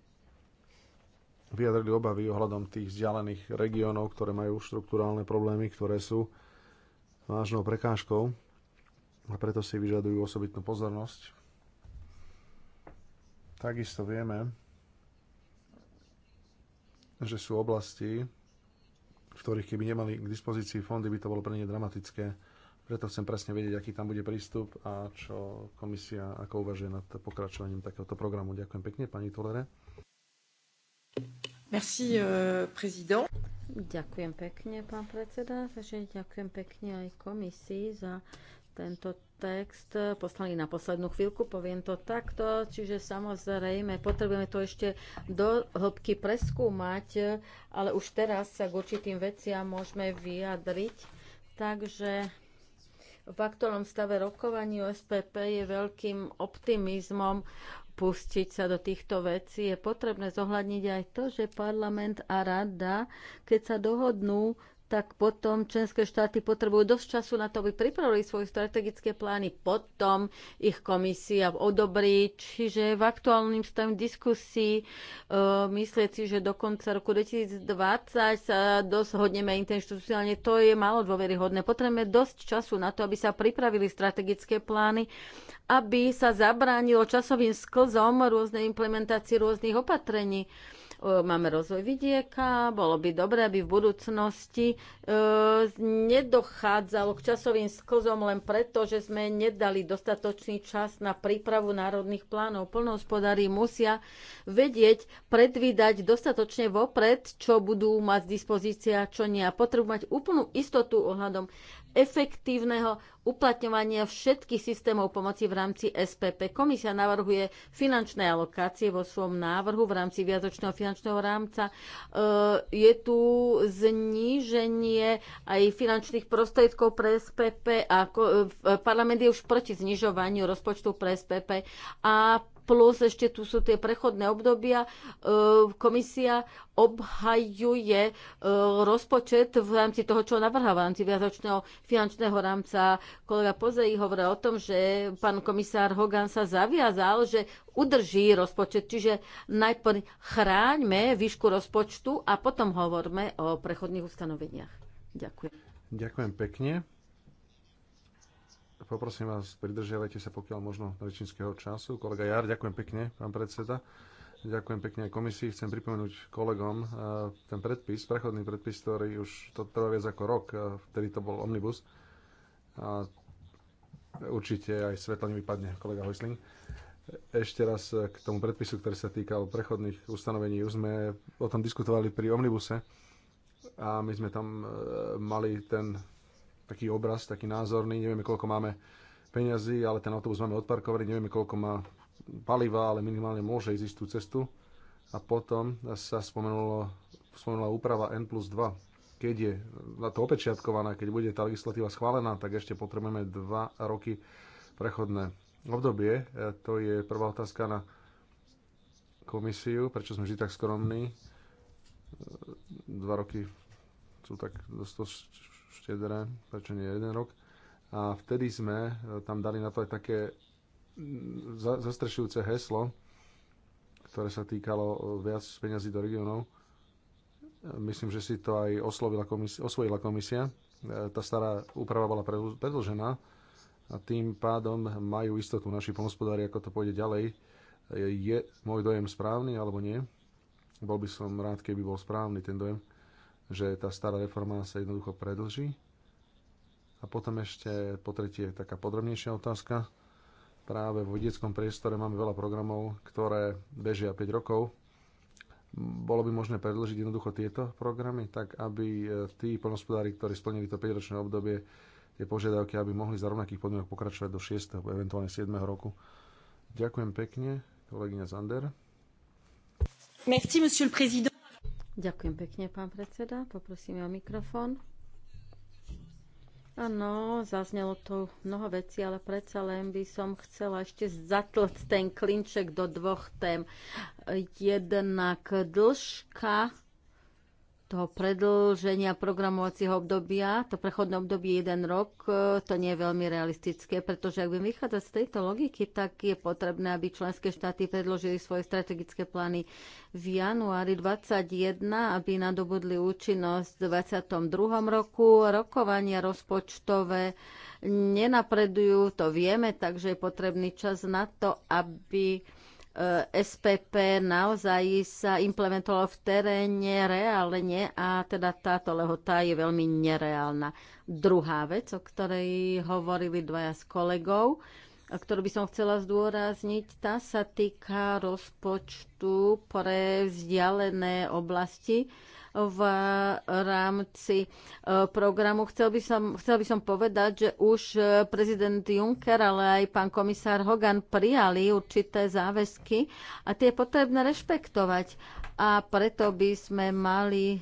vyjadrili obavy ohľadom tých vzdialených regiónov, ktoré majú štruktúrálne problémy, ktoré sú vážnou prekážkou a preto si vyžadujú osobitnú pozornosť. Takisto vieme, že sú oblasti, v ktorých keby nemali k dispozícii fondy, by to bolo pre ne dramatické. Preto chcem presne vedieť, aký tam bude prístup a čo komisia ako uvažuje nad pokračovaním takéhoto programu. Ďakujem pekne, pani Tolere. Merci, euh, président. Ďakujem pekne, pán predseda. Takže ďakujem pekne aj komisii za tento text. Poslali na poslednú chvíľku, poviem to takto. Čiže samozrejme, potrebujeme to ešte do hĺbky preskúmať, ale už teraz sa k určitým veciam môžeme vyjadriť. Takže v aktuálnom stave rokovaní o SPP je veľkým optimizmom pustiť sa do týchto vecí, je potrebné zohľadniť aj to, že parlament a rada, keď sa dohodnú tak potom členské štáty potrebujú dosť času na to, aby pripravili svoje strategické plány, potom ich komisia odobrí. Čiže v aktuálnym stave diskusí uh, myslieť si, že do konca roku 2020 sa dosť hodneme intenštitucionálne, to je málo dôveryhodné. Potrebujeme dosť času na to, aby sa pripravili strategické plány, aby sa zabránilo časovým sklzom rôznej implementácii rôznych opatrení. Uh, E, máme rozvoj vidieka, bolo by dobré, aby v budúcnosti e, nedochádzalo k časovým sklzom len preto, že sme nedali dostatočný čas na prípravu národných plánov. Plnohospodári musia vedieť, predvídať dostatočne vopred, čo budú mať z dispozícia, čo nie. A potrebujú mať úplnú istotu ohľadom efektívneho uplatňovania všetkých systémov pomoci v rámci SPP. Komisia navrhuje finančné alokácie vo svojom návrhu v rámci viacočného finančného rámca. E, je tu zníženie aj finančných prostriedkov pre SPP a e, e, parlament je už proti znižovaniu rozpočtu pre SPP a plus ešte tu sú tie prechodné obdobia. E, komisia obhajuje e, rozpočet v rámci toho, čo navrhá v rámci viacročného finančného rámca. Kolega Pozej hovorí o tom, že pán komisár Hogan sa zaviazal, že udrží rozpočet. Čiže najprv chráňme výšku rozpočtu a potom hovorme o prechodných ustanoveniach. Ďakujem. Ďakujem pekne. Poprosím vás, pridržiavajte sa pokiaľ možno rečníckého času. Kolega Jar, ďakujem pekne, pán predseda. Ďakujem pekne aj komisii. Chcem pripomenúť kolegom eh, ten predpis, prechodný predpis, ktorý už to trvá viac ako rok, eh, vtedy to bol omnibus. A určite aj svetlo nevypadne, kolega Hojsling. Ešte raz eh, k tomu predpisu, ktorý sa týkal prechodných ustanovení. Už sme o tom diskutovali pri omnibuse a my sme tam mali ten taký obraz, taký názorný, nevieme koľko máme peňazí, ale ten autobus máme odparkovaný, nevieme koľko má paliva, ale minimálne môže ísť istú cestu. A potom sa spomenulo, spomenula úprava N plus 2. Keď je na to opečiatkovaná, keď bude tá legislatíva schválená, tak ešte potrebujeme 2 roky prechodné obdobie. E, to je prvá otázka na komisiu, prečo sme vždy tak skromní. E, dva roky sú tak dosť štedré, prečo nie jeden rok. A vtedy sme e, tam dali na to aj také zastrešujúce heslo, ktoré sa týkalo e, viac peňazí do regionov. E, myslím, že si to aj oslovila komisia, osvojila komisia. Tá stará úprava bola predlžená a tým pádom majú istotu naši pomospodári, ako to pôjde ďalej. Je môj dojem správny alebo nie? Bol by som rád, keby bol správny ten dojem že tá stará reforma sa jednoducho predlží. A potom ešte po tretie taká podrobnejšia otázka. Práve v vodeckom priestore máme veľa programov, ktoré bežia 5 rokov. Bolo by možné predlžiť jednoducho tieto programy, tak aby e, tí polnospodári, ktorí splnili to 5-ročné obdobie, tie požiadavky, aby mohli za rovnakých podmienok pokračovať do 6. eventuálne 7. roku. Ďakujem pekne, kolegyňa Zander. Merci, monsieur le président. Ďakujem pekne, pán predseda. Poprosím o mikrofón. Áno, zaznelo tu mnoho vecí, ale predsa len by som chcela ešte zatlcť ten klinček do dvoch tém. Jednak dĺžka toho predlženia programovacieho obdobia, to prechodné obdobie jeden rok, e, to nie je veľmi realistické, pretože ak by vychádzať z tejto logiky, tak je potrebné, aby členské štáty predložili svoje strategické plány v januári 2021, aby nadobudli účinnosť v 22. roku. Rokovania rozpočtové nenapredujú, to vieme, takže je potrebný čas na to, aby E, SPP naozaj sa implementovalo v teréne reálne a teda táto lehota je veľmi nereálna. Druhá vec, o ktorej hovorili dvaja z kolegov, a ktorú by som chcela zdôrazniť, tá sa týka rozpočtu pre vzdialené oblasti v rámci e, programu. Chcel by som, chcel by som povedať, že už e, prezident Juncker, ale aj pán komisár Hogan prijali určité záväzky a tie je potrebné rešpektovať. A preto by sme mali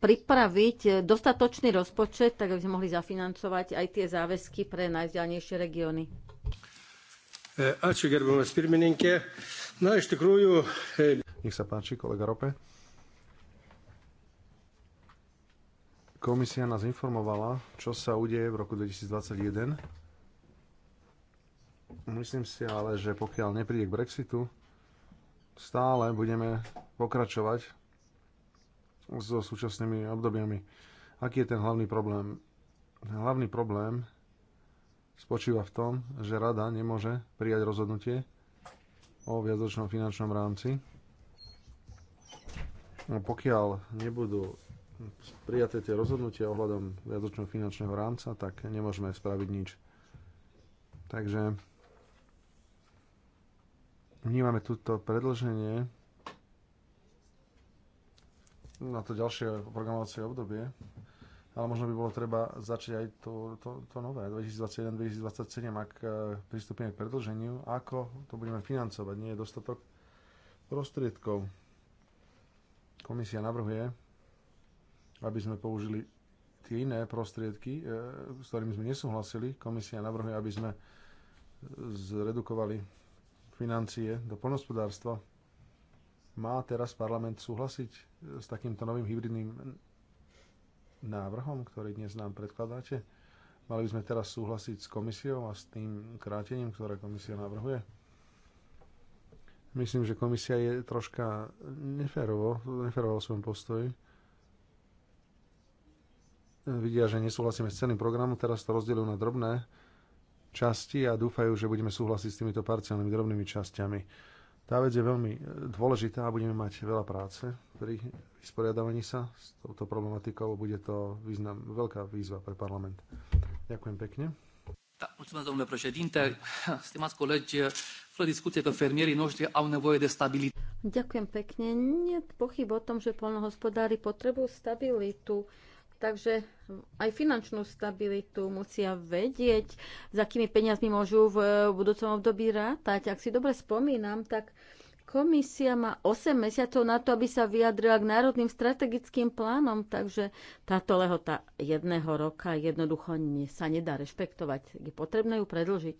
pripraviť dostatočný rozpočet, tak aby sme mohli zafinancovať aj tie záväzky pre najvzdialnejšie regióny. E, ačiū gerbiamas pirmininkė. Na, iš tikrųjų. Nech sa páči, kolega Rope. Komisia nás informovala, čo sa udeje v roku 2021. Myslím si ale, že pokiaľ nepríde k Brexitu, stále budeme pokračovať so súčasnými obdobiami. Aký je ten hlavný problém? Ten hlavný problém spočíva v tom, že rada nemôže prijať rozhodnutie o viacročnom finančnom rámci. No pokiaľ nebudú prijaté tie rozhodnutia ohľadom viacročného finančného rámca, tak nemôžeme spraviť nič. Takže vnímame túto predlženie na to ďalšie programovacie obdobie, ale možno by bolo treba začať aj to, to, to nové, 2021-2027, ak e, pristúpime k predlženiu, ako to budeme financovať, nie je dostatok prostriedkov. Komisia navrhuje aby sme použili tie iné prostriedky, e, s ktorými sme nesúhlasili. Komisia navrhuje, aby sme zredukovali financie do poľnohospodárstva. Má teraz parlament súhlasiť e, s takýmto novým hybridným návrhom, ktorý dnes nám predkladáte? Mali by sme teraz súhlasiť s komisiou a s tým krátením, ktoré komisia navrhuje? Myslím, že komisia je troška neférovo, neférovo v svojom postoji vidia, že nesúhlasíme s celým programom, teraz to rozdielujú na drobné časti a dúfajú, že budeme súhlasiť s týmito parciálnymi drobnými časťami. Tá vec je veľmi e, dôležitá a budeme mať veľa práce pri vysporiadavaní sa s touto problematikou. Bude to význam, veľká výzva pre parlament. Ďakujem pekne. Da, mulțumesc, domnule președinte. Stimați colegi, e, fără discuție că fermierii noștri au nevoie de stabilitate. Ďakujem pekne. Nie pochyb o tom, že polnohospodári potrebujú stabilitu Takže aj finančnú stabilitu musia vedieť, s akými peniazmi môžu v budúcom období rátať. Ak si dobre spomínam, tak komisia má 8 mesiacov na to, aby sa vyjadrila k národným strategickým plánom, takže táto lehota jedného roka jednoducho sa nedá rešpektovať. Je potrebné ju predlžiť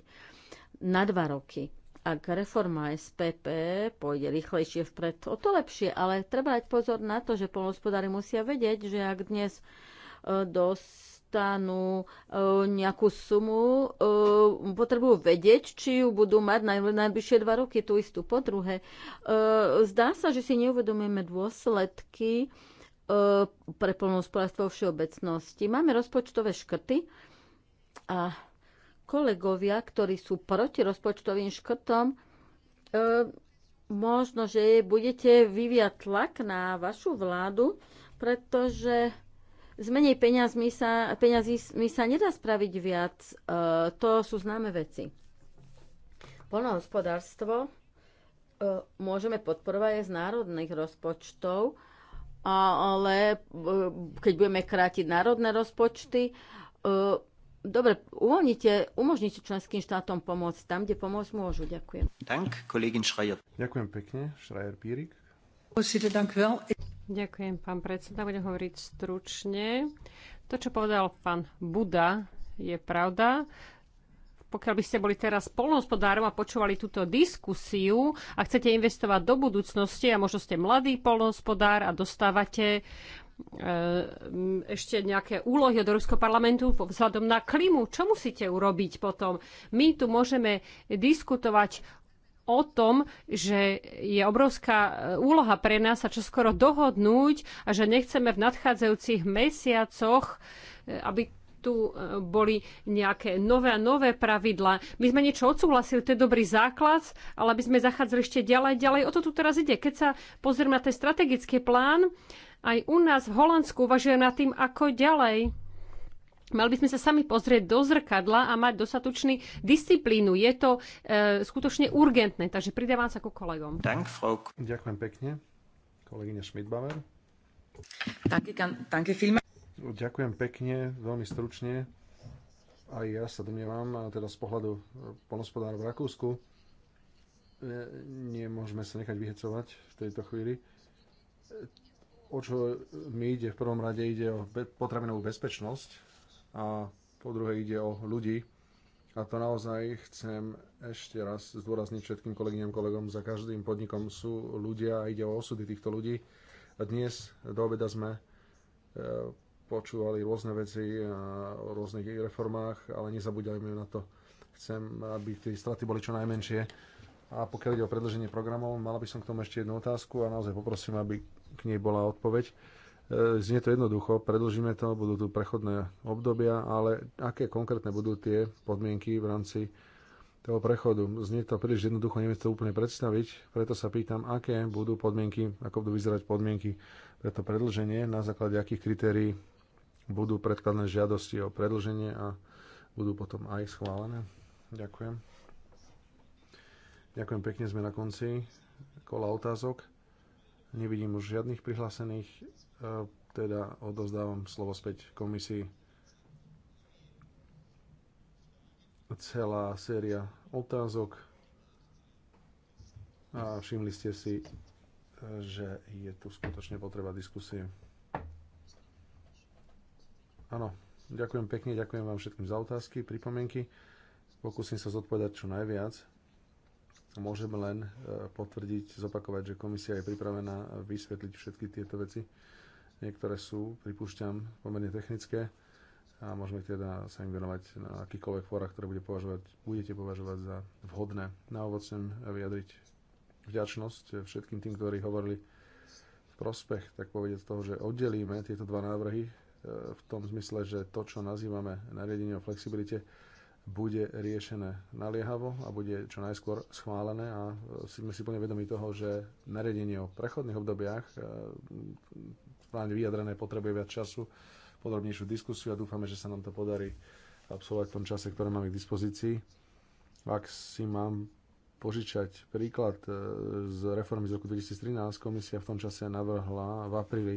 na dva roky ak reforma SPP pôjde rýchlejšie vpred, o to lepšie, ale treba dať pozor na to, že polnospodári musia vedieť, že ak dnes e, dostanú e, nejakú sumu, e, potrebujú vedieť, či ju budú mať najbližšie dva roky, tú istú. Po druhé, zdá sa, že si neuvedomujeme dôsledky pre polnospodárstvo všeobecnosti. Máme rozpočtové škrty a kolegovia, ktorí sú proti rozpočtovým škrtom, e, možno, že budete vyviať tlak na vašu vládu, pretože z menej peňazí sa, peňazí mi sa nedá spraviť viac. E, to sú známe veci. Polnohospodárstvo e, môžeme podporovať aj z národných rozpočtov, ale e, keď budeme krátiť národné rozpočty, e, Dobre, uvoľnite, umožnite členským štátom pomôcť tam, kde pomôcť môžu. Ďakujem. Dank, kolegin Schreier. Ďakujem pekne, Schreier Pírik. Ďakujem, pán predseda. Budem hovoriť stručne. To, čo povedal pán Buda, je pravda pokiaľ by ste boli teraz polnohospodárom a počúvali túto diskusiu a chcete investovať do budúcnosti a možno ste mladý polnohospodár a dostávate Ehm, ešte nejaké úlohy od Európskeho parlamentu vzhľadom na klimu. Čo musíte urobiť potom? My tu môžeme diskutovať o tom, že je obrovská e, úloha pre nás sa čoskoro dohodnúť a že nechceme v nadchádzajúcich mesiacoch, e, aby tu e, boli nejaké nové a nové pravidlá. My sme niečo odsúhlasili, to je dobrý základ, ale aby sme zachádzali ešte ďalej, ďalej, o to tu teraz ide. Keď sa pozrieme na ten strategický plán, aj u nás v Holandsku uvažuje nad tým, ako ďalej. Mali by sme sa sami pozrieť do zrkadla a mať dostatočný disciplínu. Je to e, skutočne urgentné, takže pridávam sa ku kolegom. Dank, Ďakujem pekne. Kolegyňa Schmidbauer. Ďakujem pekne, veľmi stručne. Aj ja sa domnievam, teda z pohľadu e, polnospodára v Rakúsku, e, nemôžeme sa nechať vyhecovať v tejto chvíli o čo mi ide, v prvom rade ide o potravinovú bezpečnosť a po druhé ide o ľudí. A to naozaj chcem ešte raz zdôrazniť všetkým kolegyňam, kolegom, za každým podnikom sú ľudia a ide o osudy týchto ľudí. Dnes do obeda sme e, počúvali rôzne veci e, o rôznych reformách, ale nezabúdajme na to. Chcem, aby tie straty boli čo najmenšie. A pokiaľ ide o predlženie programov, mala by som k tomu ešte jednu otázku a naozaj poprosím, aby k nej bola odpoveď. E, znie to jednoducho, predlžíme to, budú tu prechodné obdobia, ale aké konkrétne budú tie podmienky v rámci toho prechodu? Znie to príliš jednoducho, neviem to úplne predstaviť, preto sa pýtam, aké budú podmienky, ako budú vyzerať podmienky pre to predlženie, na základe akých kritérií budú predkladné žiadosti o predlženie a budú potom aj schválené. Ďakujem. Ďakujem pekne, sme na konci kola otázok. Nevidím už žiadnych prihlásených, e, teda odozdávam slovo späť komisii. Celá séria otázok. A všimli ste si, e, že je tu skutočne potreba diskusie. Áno, ďakujem pekne, ďakujem vám všetkým za otázky, pripomienky. Pokúsim sa zodpovedať čo najviac. Môžem len e, potvrdiť, zopakovať, že komisia je pripravená vysvetliť všetky tieto veci. Niektoré sú, pripúšťam, pomerne technické a môžeme teda sa im venovať na akýkoľvek fórach, ktoré bude považovať, budete považovať za vhodné. Na ovod chcem vyjadriť vďačnosť všetkým tým, ktorí hovorili v prospech, tak povedať toho, že oddelíme tieto dva návrhy e, v tom zmysle, že to, čo nazývame nariadenie o flexibilite, bude riešené naliehavo a bude čo najskôr schválené a e, sme si plne vedomi toho, že nariadenie o prechodných obdobiach správne e, vyjadrené potrebuje viac času, podrobnejšiu diskusiu a dúfame, že sa nám to podarí absolvovať v tom čase, ktoré máme k dispozícii. Ak si mám požičať príklad e, z reformy z roku 2013, komisia v tom čase navrhla v apríli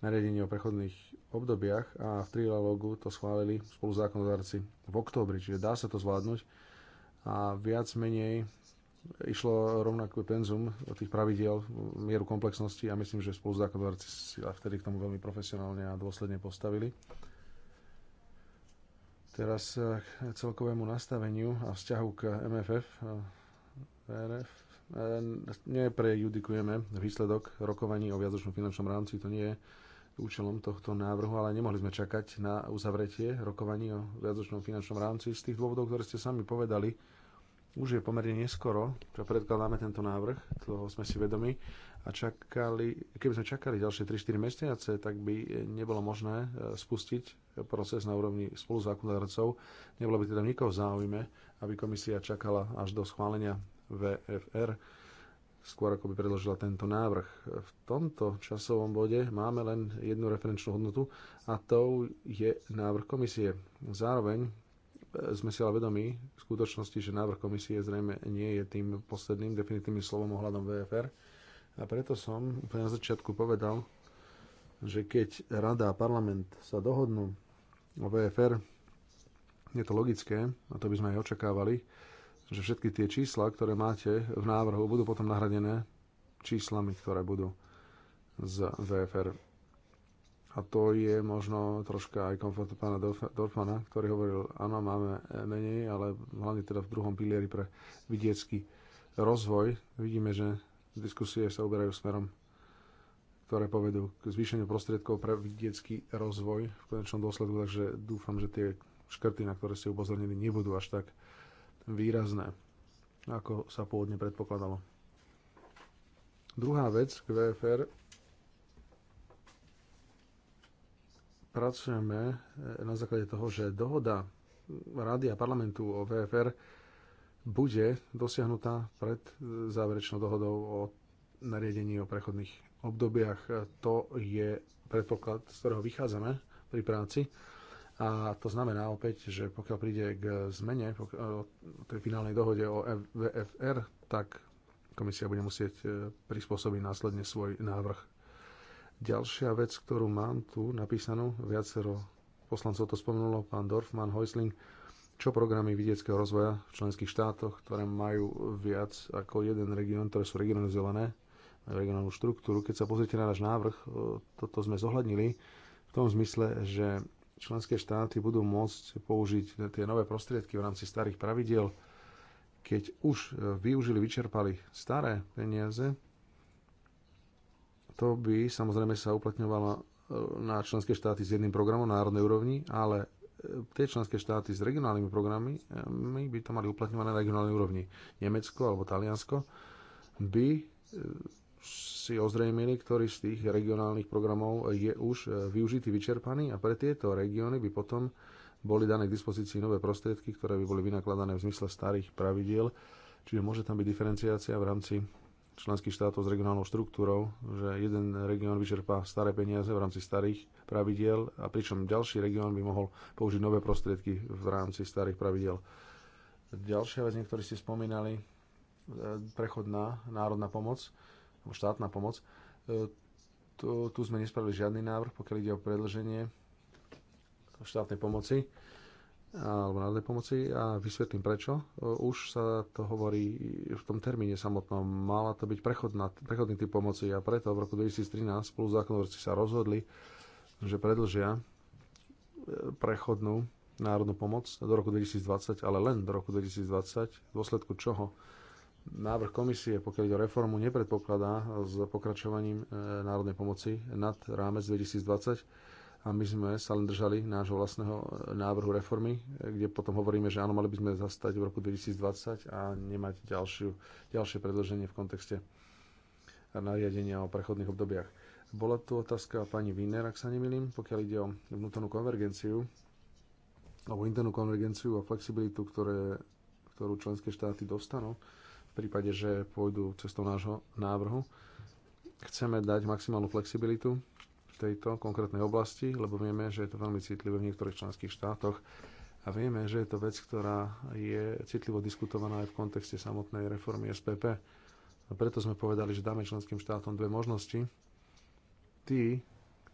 nariadenie o prechodných obdobiach a v trilógu to schválili zákonodárci v októbri, čiže dá sa to zvládnuť a viac menej išlo rovnako penzum od tých pravidiel, mieru komplexnosti a myslím, že si sa vtedy k tomu veľmi profesionálne a dôsledne postavili. Teraz k celkovému nastaveniu a vzťahu k MFF, RF, eh, neprejudikujeme výsledok rokovaní o viacočnom finančnom rámci, to nie je účelom tohto návrhu, ale nemohli sme čakať na uzavretie rokovaní o viacročnom finančnom rámci. Z tých dôvodov, ktoré ste sami povedali, už je pomerne neskoro, čo predkladáme tento návrh, toho sme si vedomi. A čakali, keby sme čakali ďalšie 3-4 mesiace, tak by nebolo možné e, spustiť proces na úrovni spoluzákonodarcov. Nebolo by teda nikoho v záujme, aby komisia čakala až do schválenia VFR skôr ako by predložila tento návrh. V tomto časovom bode máme len jednu referenčnú hodnotu a to je návrh komisie. Zároveň e, sme si ale vedomi v skutočnosti, že návrh komisie zrejme nie je tým posledným definitívnym slovom ohľadom VFR. A preto som úplne na začiatku povedal, že keď rada a parlament sa dohodnú o VFR, je to logické, a to by sme aj očakávali, že všetky tie čísla, ktoré máte v návrhu, budú potom nahradené číslami, ktoré budú z VFR. A to je možno troška aj komfort pána Dorfana, ktorý hovoril, áno, máme eh, menej, ale hlavne teda v druhom pilieri pre vidiecký rozvoj. Vidíme, že diskusie sa uberajú smerom, ktoré povedú k zvýšeniu prostriedkov pre vidiecký rozvoj v konečnom dôsledku, takže dúfam, že tie škrty, na ktoré ste upozornili, nebudú až tak výrazné, ako sa pôvodne predpokladalo. Druhá vec k VFR pracujeme eh, na základe toho, že dohoda Rady a parlamentu o VFR bude dosiahnutá pred eh, záverečnou dohodou o nariadení o prechodných obdobiach. To je predpoklad, z ktorého vychádzame pri práci. A to znamená opäť, že pokiaľ príde k zmene, o tej finálnej dohode o e VFR, tak komisia bude musieť e, prispôsobiť následne svoj návrh. Ďalšia vec, ktorú mám tu napísanú, viacero poslancov to spomenulo, pán Dorfman, Heusling, čo programy vidieckého rozvoja v členských štátoch, ktoré majú viac ako jeden región, ktoré sú regionalizované, majú regionálnu štruktúru. Keď sa pozrite na náš návrh, e, toto sme zohľadnili v tom zmysle, že členské štáty budú môcť použiť tie nové prostriedky v rámci starých pravidiel, keď už e, využili, vyčerpali staré peniaze, to by samozrejme sa uplatňovalo e, na členské štáty s jedným programom na národnej úrovni, ale e, tie členské štáty s regionálnymi programmi my by to mali uplatňované na regionálnej úrovni. Nemecko alebo Taliansko by si ozrejmili, ktorý z tých regionálnych programov je už e, využitý, vyčerpaný a pre tieto regióny by potom boli dané k dispozícii nové prostriedky, ktoré by boli vynakladané v zmysle starých pravidiel. Čiže môže tam byť diferenciácia v rámci členských štátov s regionálnou štruktúrou, že jeden región vyčerpá staré peniaze v rámci starých pravidiel a pričom ďalší región by mohol použiť nové prostriedky v rámci starých pravidiel. Ďalšia vec, niektorí ste spomínali, e, prechodná národná pomoc alebo štátna pomoc. E, tu, tu sme nespravili žiadny návrh, pokiaľ ide o predlženie štátnej pomoci alebo národnej pomoci a vysvetlím prečo. E, už sa to hovorí v tom termíne samotnom. Mala to byť prechodná, prechodný typ pomoci a preto v roku 2013 spolu zákonodarci sa rozhodli, že predlžia e, prechodnú národnú pomoc do roku 2020, ale len do roku 2020, v dôsledku čoho návrh komisie, pokiaľ ide o reformu, nepredpokladá s pokračovaním e, národnej pomoci nad rámec 2020 a my sme sa len držali nášho vlastného e, návrhu reformy, e, kde potom hovoríme, že áno, mali by sme zastať v roku 2020 a nemať ďalšiu, ďalšie predloženie v kontexte nariadenia o prechodných obdobiach. Bola tu otázka pani Wiener, ak sa nemýlim, pokiaľ ide o vnútornú konvergenciu alebo internú konvergenciu a flexibilitu, ktoré, ktorú členské štáty dostanú v prípade, že pôjdu cestou nášho návrhu. Chceme dať maximálnu flexibilitu v tejto konkrétnej oblasti, lebo vieme, že je to veľmi citlivé v niektorých členských štátoch a vieme, že je to vec, ktorá je citlivo diskutovaná aj v kontexte samotnej reformy SPP. A preto sme povedali, že dáme členským štátom dve možnosti. Tí,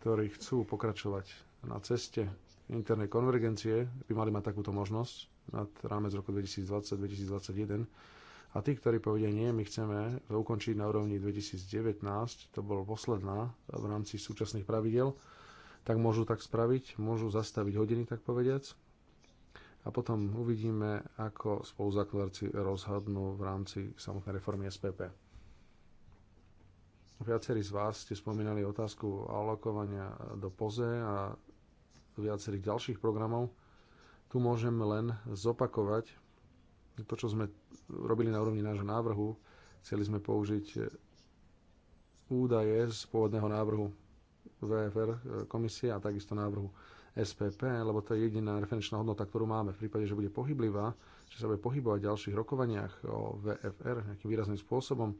ktorí chcú pokračovať na ceste internej konvergencie, by mali mať takúto možnosť nad rámec roku 2020-2021 a tí, ktorí povedia nie, my chceme to ukončiť na úrovni 2019, to bolo posledná v rámci súčasných pravidel, tak môžu tak spraviť, môžu zastaviť hodiny, tak povediac. A potom uvidíme, ako spoluzakladáci rozhodnú v rámci samotnej reformy SPP. Viacerí z vás ste spomínali otázku alokovania do POZE a viacerých ďalších programov. Tu môžem len zopakovať to, čo sme robili na úrovni nášho návrhu, chceli sme použiť údaje z pôvodného návrhu VFR e, komisie a takisto návrhu SPP, lebo to je jediná referenčná hodnota, ktorú máme. V prípade, že bude pohyblivá, že sa bude pohybovať v ďalších rokovaniach o VFR nejakým výrazným spôsobom,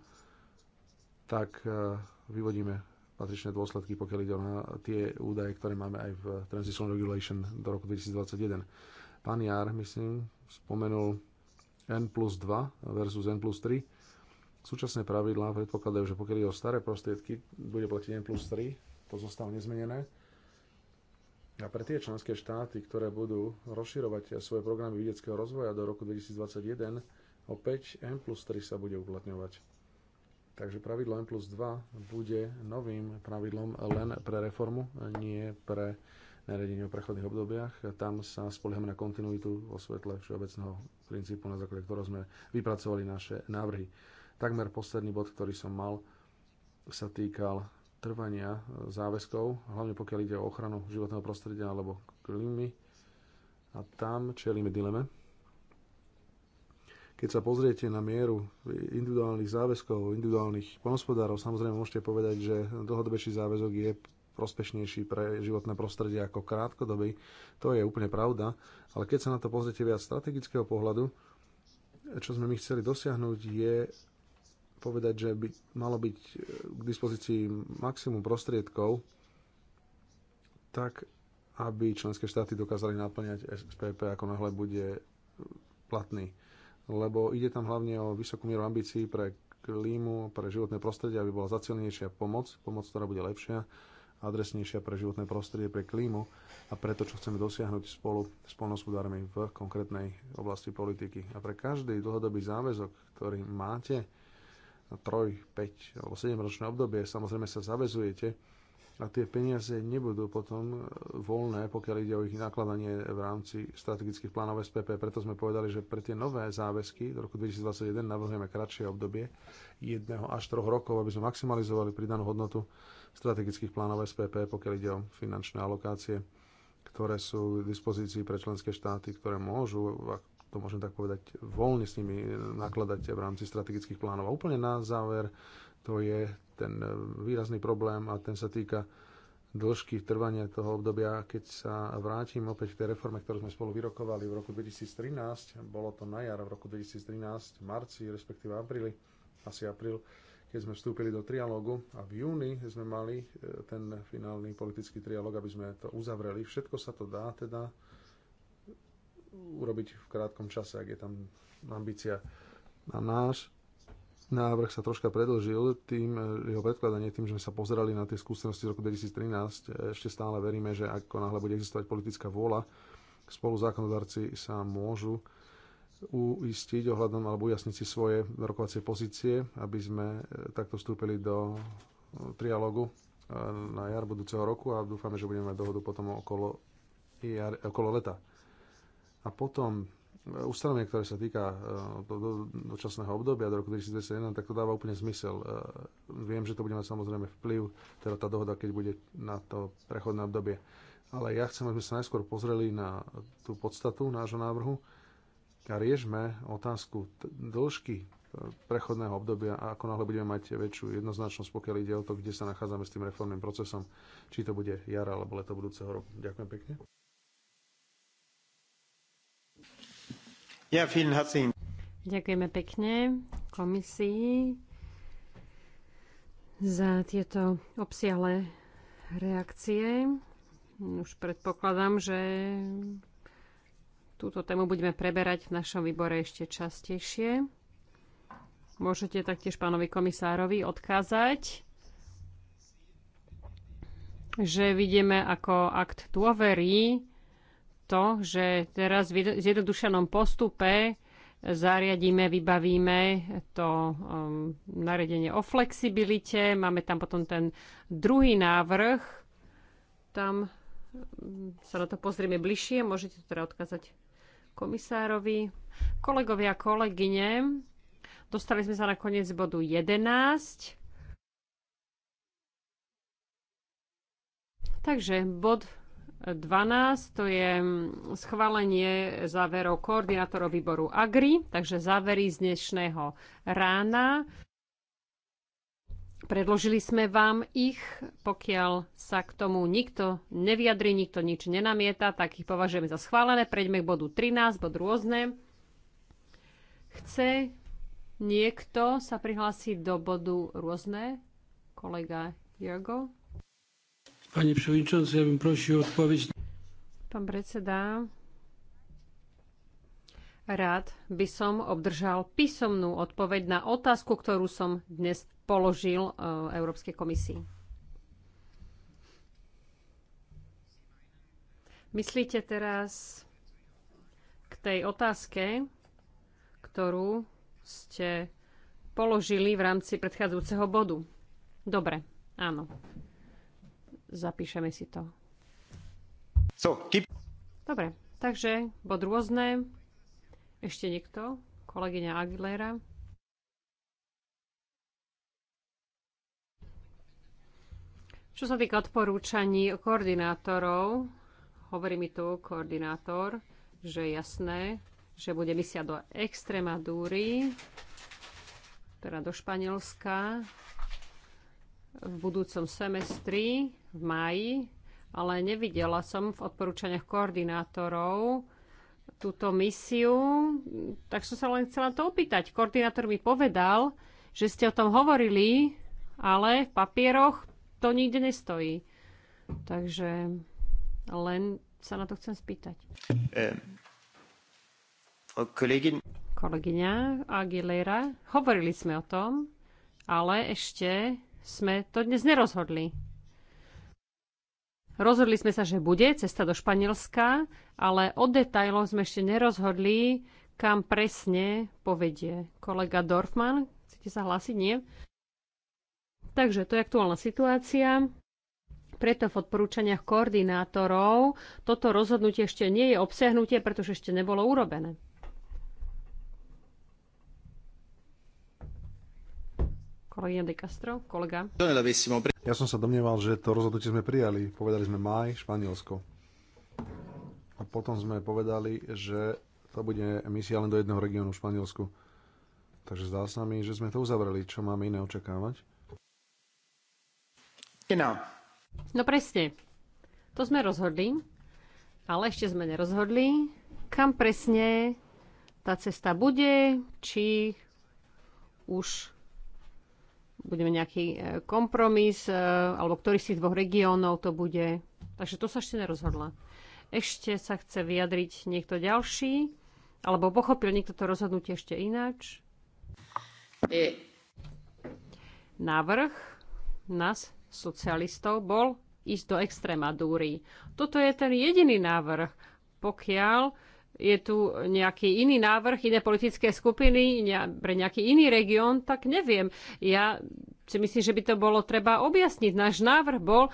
tak e, vyvodíme patričné dôsledky, pokiaľ ide o tie údaje, ktoré máme aj v Transition Regulation do roku 2021. Pán Jar, myslím, spomenul N plus 2 versus N plus 3. Súčasné pravidlá predpokladajú, že pokiaľ je o staré prostriedky, bude platiť N plus 3, to zostáva nezmenené. A pre tie členské štáty, ktoré budú rozširovať svoje programy vedeckého rozvoja do roku 2021, opäť N plus 3 sa bude uplatňovať. Takže pravidlo N plus 2 bude novým pravidlom len pre reformu, nie pre nariadenie o prechodných obdobiach. Tam sa spoliehame na kontinuitu vo svetle všeobecného princípu, na základe ktorého sme vypracovali naše návrhy. Takmer posledný bod, ktorý som mal, sa týkal trvania e, záväzkov, hlavne pokiaľ ide o ochranu životného prostredia alebo klímy. A tam čelíme dileme. Keď sa pozriete na mieru individuálnych záväzkov, individuálnych ponospodárov, samozrejme môžete povedať, že dlhodobejší záväzok je prospešnejší pre životné prostredie ako krátkodobý. To je úplne pravda, ale keď sa na to pozrite viac strategického pohľadu, čo sme my chceli dosiahnuť je povedať, že by malo byť e, k dispozícii maximum prostriedkov, tak aby členské štáty dokázali naplňať SPP, ako náhle bude platný. Lebo ide tam hlavne o vysokú mieru ambícií pre klímu, pre životné prostredie, aby bola zacielnejšia pomoc, pomoc, ktorá bude lepšia adresnejšia pre životné prostredie, pre klímu a pre to, čo chceme dosiahnuť spolu s polnospodármi v konkrétnej oblasti politiky. A pre každý dlhodobý záväzok, ktorý máte na 3, 5 alebo 7 ročné obdobie, samozrejme sa zavezujete a tie peniaze nebudú potom e, voľné, pokiaľ ide o ich nakladanie v rámci strategických plánov SPP. Preto sme povedali, že pre tie nové záväzky do roku 2021 navrhujeme kratšie obdobie jedného až troch rokov, aby sme maximalizovali pridanú hodnotu strategických plánov SPP, pokiaľ ide o finančné alokácie, ktoré sú k dispozícii pre členské štáty, ktoré môžu, ak to môžem tak povedať, voľne s nimi nakladať v rámci strategických plánov. A úplne na záver, to je ten eh, výrazný problém a ten sa týka dĺžky trvania toho obdobia. Keď sa vrátim opäť k tej reforme, ktorú sme spolu vyrokovali v roku 2013, bolo to na jar v roku 2013, v marci, respektíve apríli, asi apríl, keď sme vstúpili do trialógu a v júni sme mali eh, ten finálny politický trialóg, aby sme to uzavreli. Všetko sa to dá teda urobiť v krátkom čase, ak je tam ambícia. na náš návrh sa troška predlžil tým, e, jeho predkladanie tým, že sme sa pozerali na tie skúsenosti z roku 2013. E, Ešte stále veríme, že ako náhle bude existovať politická vôľa, spolu zákonodarci sa môžu uistiť ohľadom alebo ujasniť si svoje rokovacie pozície, aby sme e, takto vstúpili do trialógu na jar budúceho roku a dúfame, že budeme mať dohodu potom okolo, okolo leta. A potom ustanovenie, ktoré sa týka e, dočasného obdobia do roku 2021, tak to dáva úplne zmysel. E, viem, že to bude mať samozrejme vplyv, teda tá dohoda, keď bude na to prechodné obdobie. Ale ja chcem, aby sme sa najskôr pozreli na tú podstatu nášho návrhu a riešme otázku dĺžky e, prechodného obdobia a ako náhle budeme mať väčšiu jednoznačnosť, pokiaľ ide o to, kde sa nachádzame s tým reformným procesom, či to bude jara alebo leto budúceho roku. Ďakujem pekne. Ja, vielen herzlichen. Ďakujeme pekne komisii za tieto obsiahle reakcie. Už predpokladám, že túto tému budeme preberať v našom výbore ešte častejšie. Môžete taktiež pánovi komisárovi odkázať, že vidíme ako akt dôvery to, že teraz v zjednodušenom postupe zariadíme, vybavíme to um, naredenie o flexibilite. Máme tam potom ten druhý návrh. Tam mm, sa na to pozrieme bližšie. Môžete to teda odkázať komisárovi. Kolegovia a kolegyne, dostali sme sa na koniec bodu 11. Takže bod 12, to je schválenie záverov koordinátorov výboru AGRI, takže závery z dnešného rána. Predložili sme vám ich, pokiaľ sa k tomu nikto neviadri, nikto nič nenamieta, tak ich považujeme za schválené. Prejdeme k bodu 13, bod rôzne. Chce niekto sa prihlásiť do bodu rôzne? Kolega Jurgo? Pani przewodnicząca, ja bym prosił o odpowiedź. Pán predseda, rád by som obdržal písomnú odpoveď na otázku, ktorú som dnes položil e, Európskej komisii. Myslíte teraz k tej otázke, ktorú ste položili v rámci predchádzajúceho bodu? Dobre, áno. Zapíšeme si to. So, keep... Dobre, takže bod rôzne. Ešte niekto? Kolegyňa Aguilera. Čo sa týka odporúčaní koordinátorov, hovorí mi tu koordinátor, že je jasné, že bude misia do Extremadúry, teda do Španielska, v budúcom semestri v máji, ale nevidela som v odporúčaniach koordinátorov túto misiu, tak som sa len chcela to opýtať. Koordinátor mi povedal, že ste o tom hovorili, ale v papieroch to nikde nestojí. Takže len sa na to chcem spýtať. Um. Kolegyňa Aguilera, hovorili sme o tom, ale ešte sme to dnes nerozhodli. Rozhodli sme sa, že bude cesta do Španielska, ale o detailoch sme ešte nerozhodli, kam presne povedie kolega Dorfman. Chcete sa hlásiť? Nie? Takže to je aktuálna situácia. Preto v odporúčaniach koordinátorov toto rozhodnutie ešte nie je obsiahnutie, pretože ešte nebolo urobené. Kolegyňa De Castro, kolega. Ja som sa domnieval, že to rozhodnutie sme prijali. Povedali sme maj, Španielsko. A potom sme povedali, že to bude misia len do jedného regiónu v Španielsku. Takže zdá sa mi, že sme to uzavreli. Čo máme iné očakávať? No presne. To sme rozhodli, ale ešte sme nerozhodli, kam presne tá cesta bude, či už budeme nejaký e, kompromis, e, alebo ktorý z tých dvoch regiónov to bude. Takže to sa ešte nerozhodla. Ešte sa chce vyjadriť niekto ďalší, alebo pochopil niekto to rozhodnutie ešte ináč. Je. Návrh nás, socialistov, bol ísť do extremadúry. Toto je ten jediný návrh, pokiaľ je tu nejaký iný návrh, iné politické skupiny pre nejaký iný región, tak neviem. Ja si myslím, že by to bolo treba objasniť. Náš návrh bol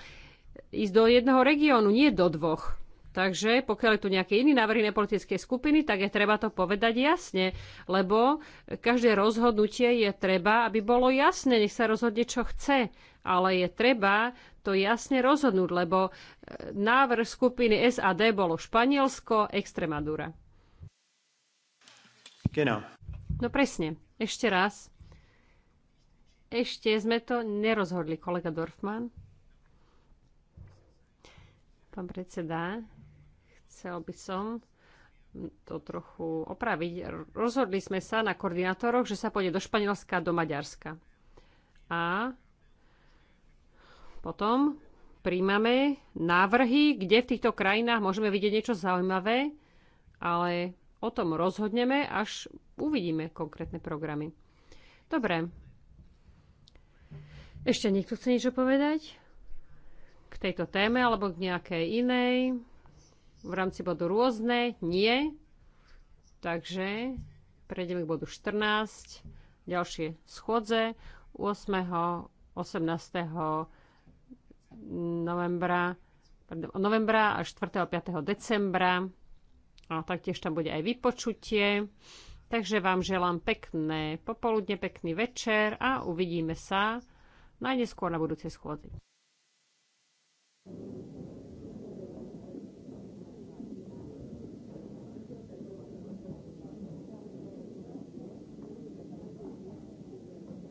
ísť do jedného regiónu, nie do dvoch. Takže pokiaľ je tu nejaké iný návrh iné politické skupiny, tak je treba to povedať jasne, lebo každé rozhodnutie je treba, aby bolo jasné, nech sa rozhodne, čo chce. Ale je treba to jasne rozhodnúť, lebo e, návrh skupiny SAD bolo Španielsko, Extremadura. Genau. No presne, ešte raz. Ešte sme to nerozhodli, kolega Dorfman. Pán predseda, chcel by som to trochu opraviť. Rozhodli sme sa na koordinátoroch, že sa pôjde do Španielska a do Maďarska. A potom príjmame návrhy, kde v týchto krajinách môžeme vidieť niečo zaujímavé, ale o tom rozhodneme, až uvidíme konkrétne programy. Dobre. Ešte niekto chce niečo povedať? K tejto téme alebo k nejakej inej? V rámci bodu rôzne? Nie. Takže prejdeme k bodu 14. Ďalšie schodze 8. 18 novembra, pardon, novembra až 4. a 5. decembra. A taktiež tam bude aj vypočutie. Takže vám želám pekné popoludne, pekný večer a uvidíme sa najneskôr na budúcej schôdzi.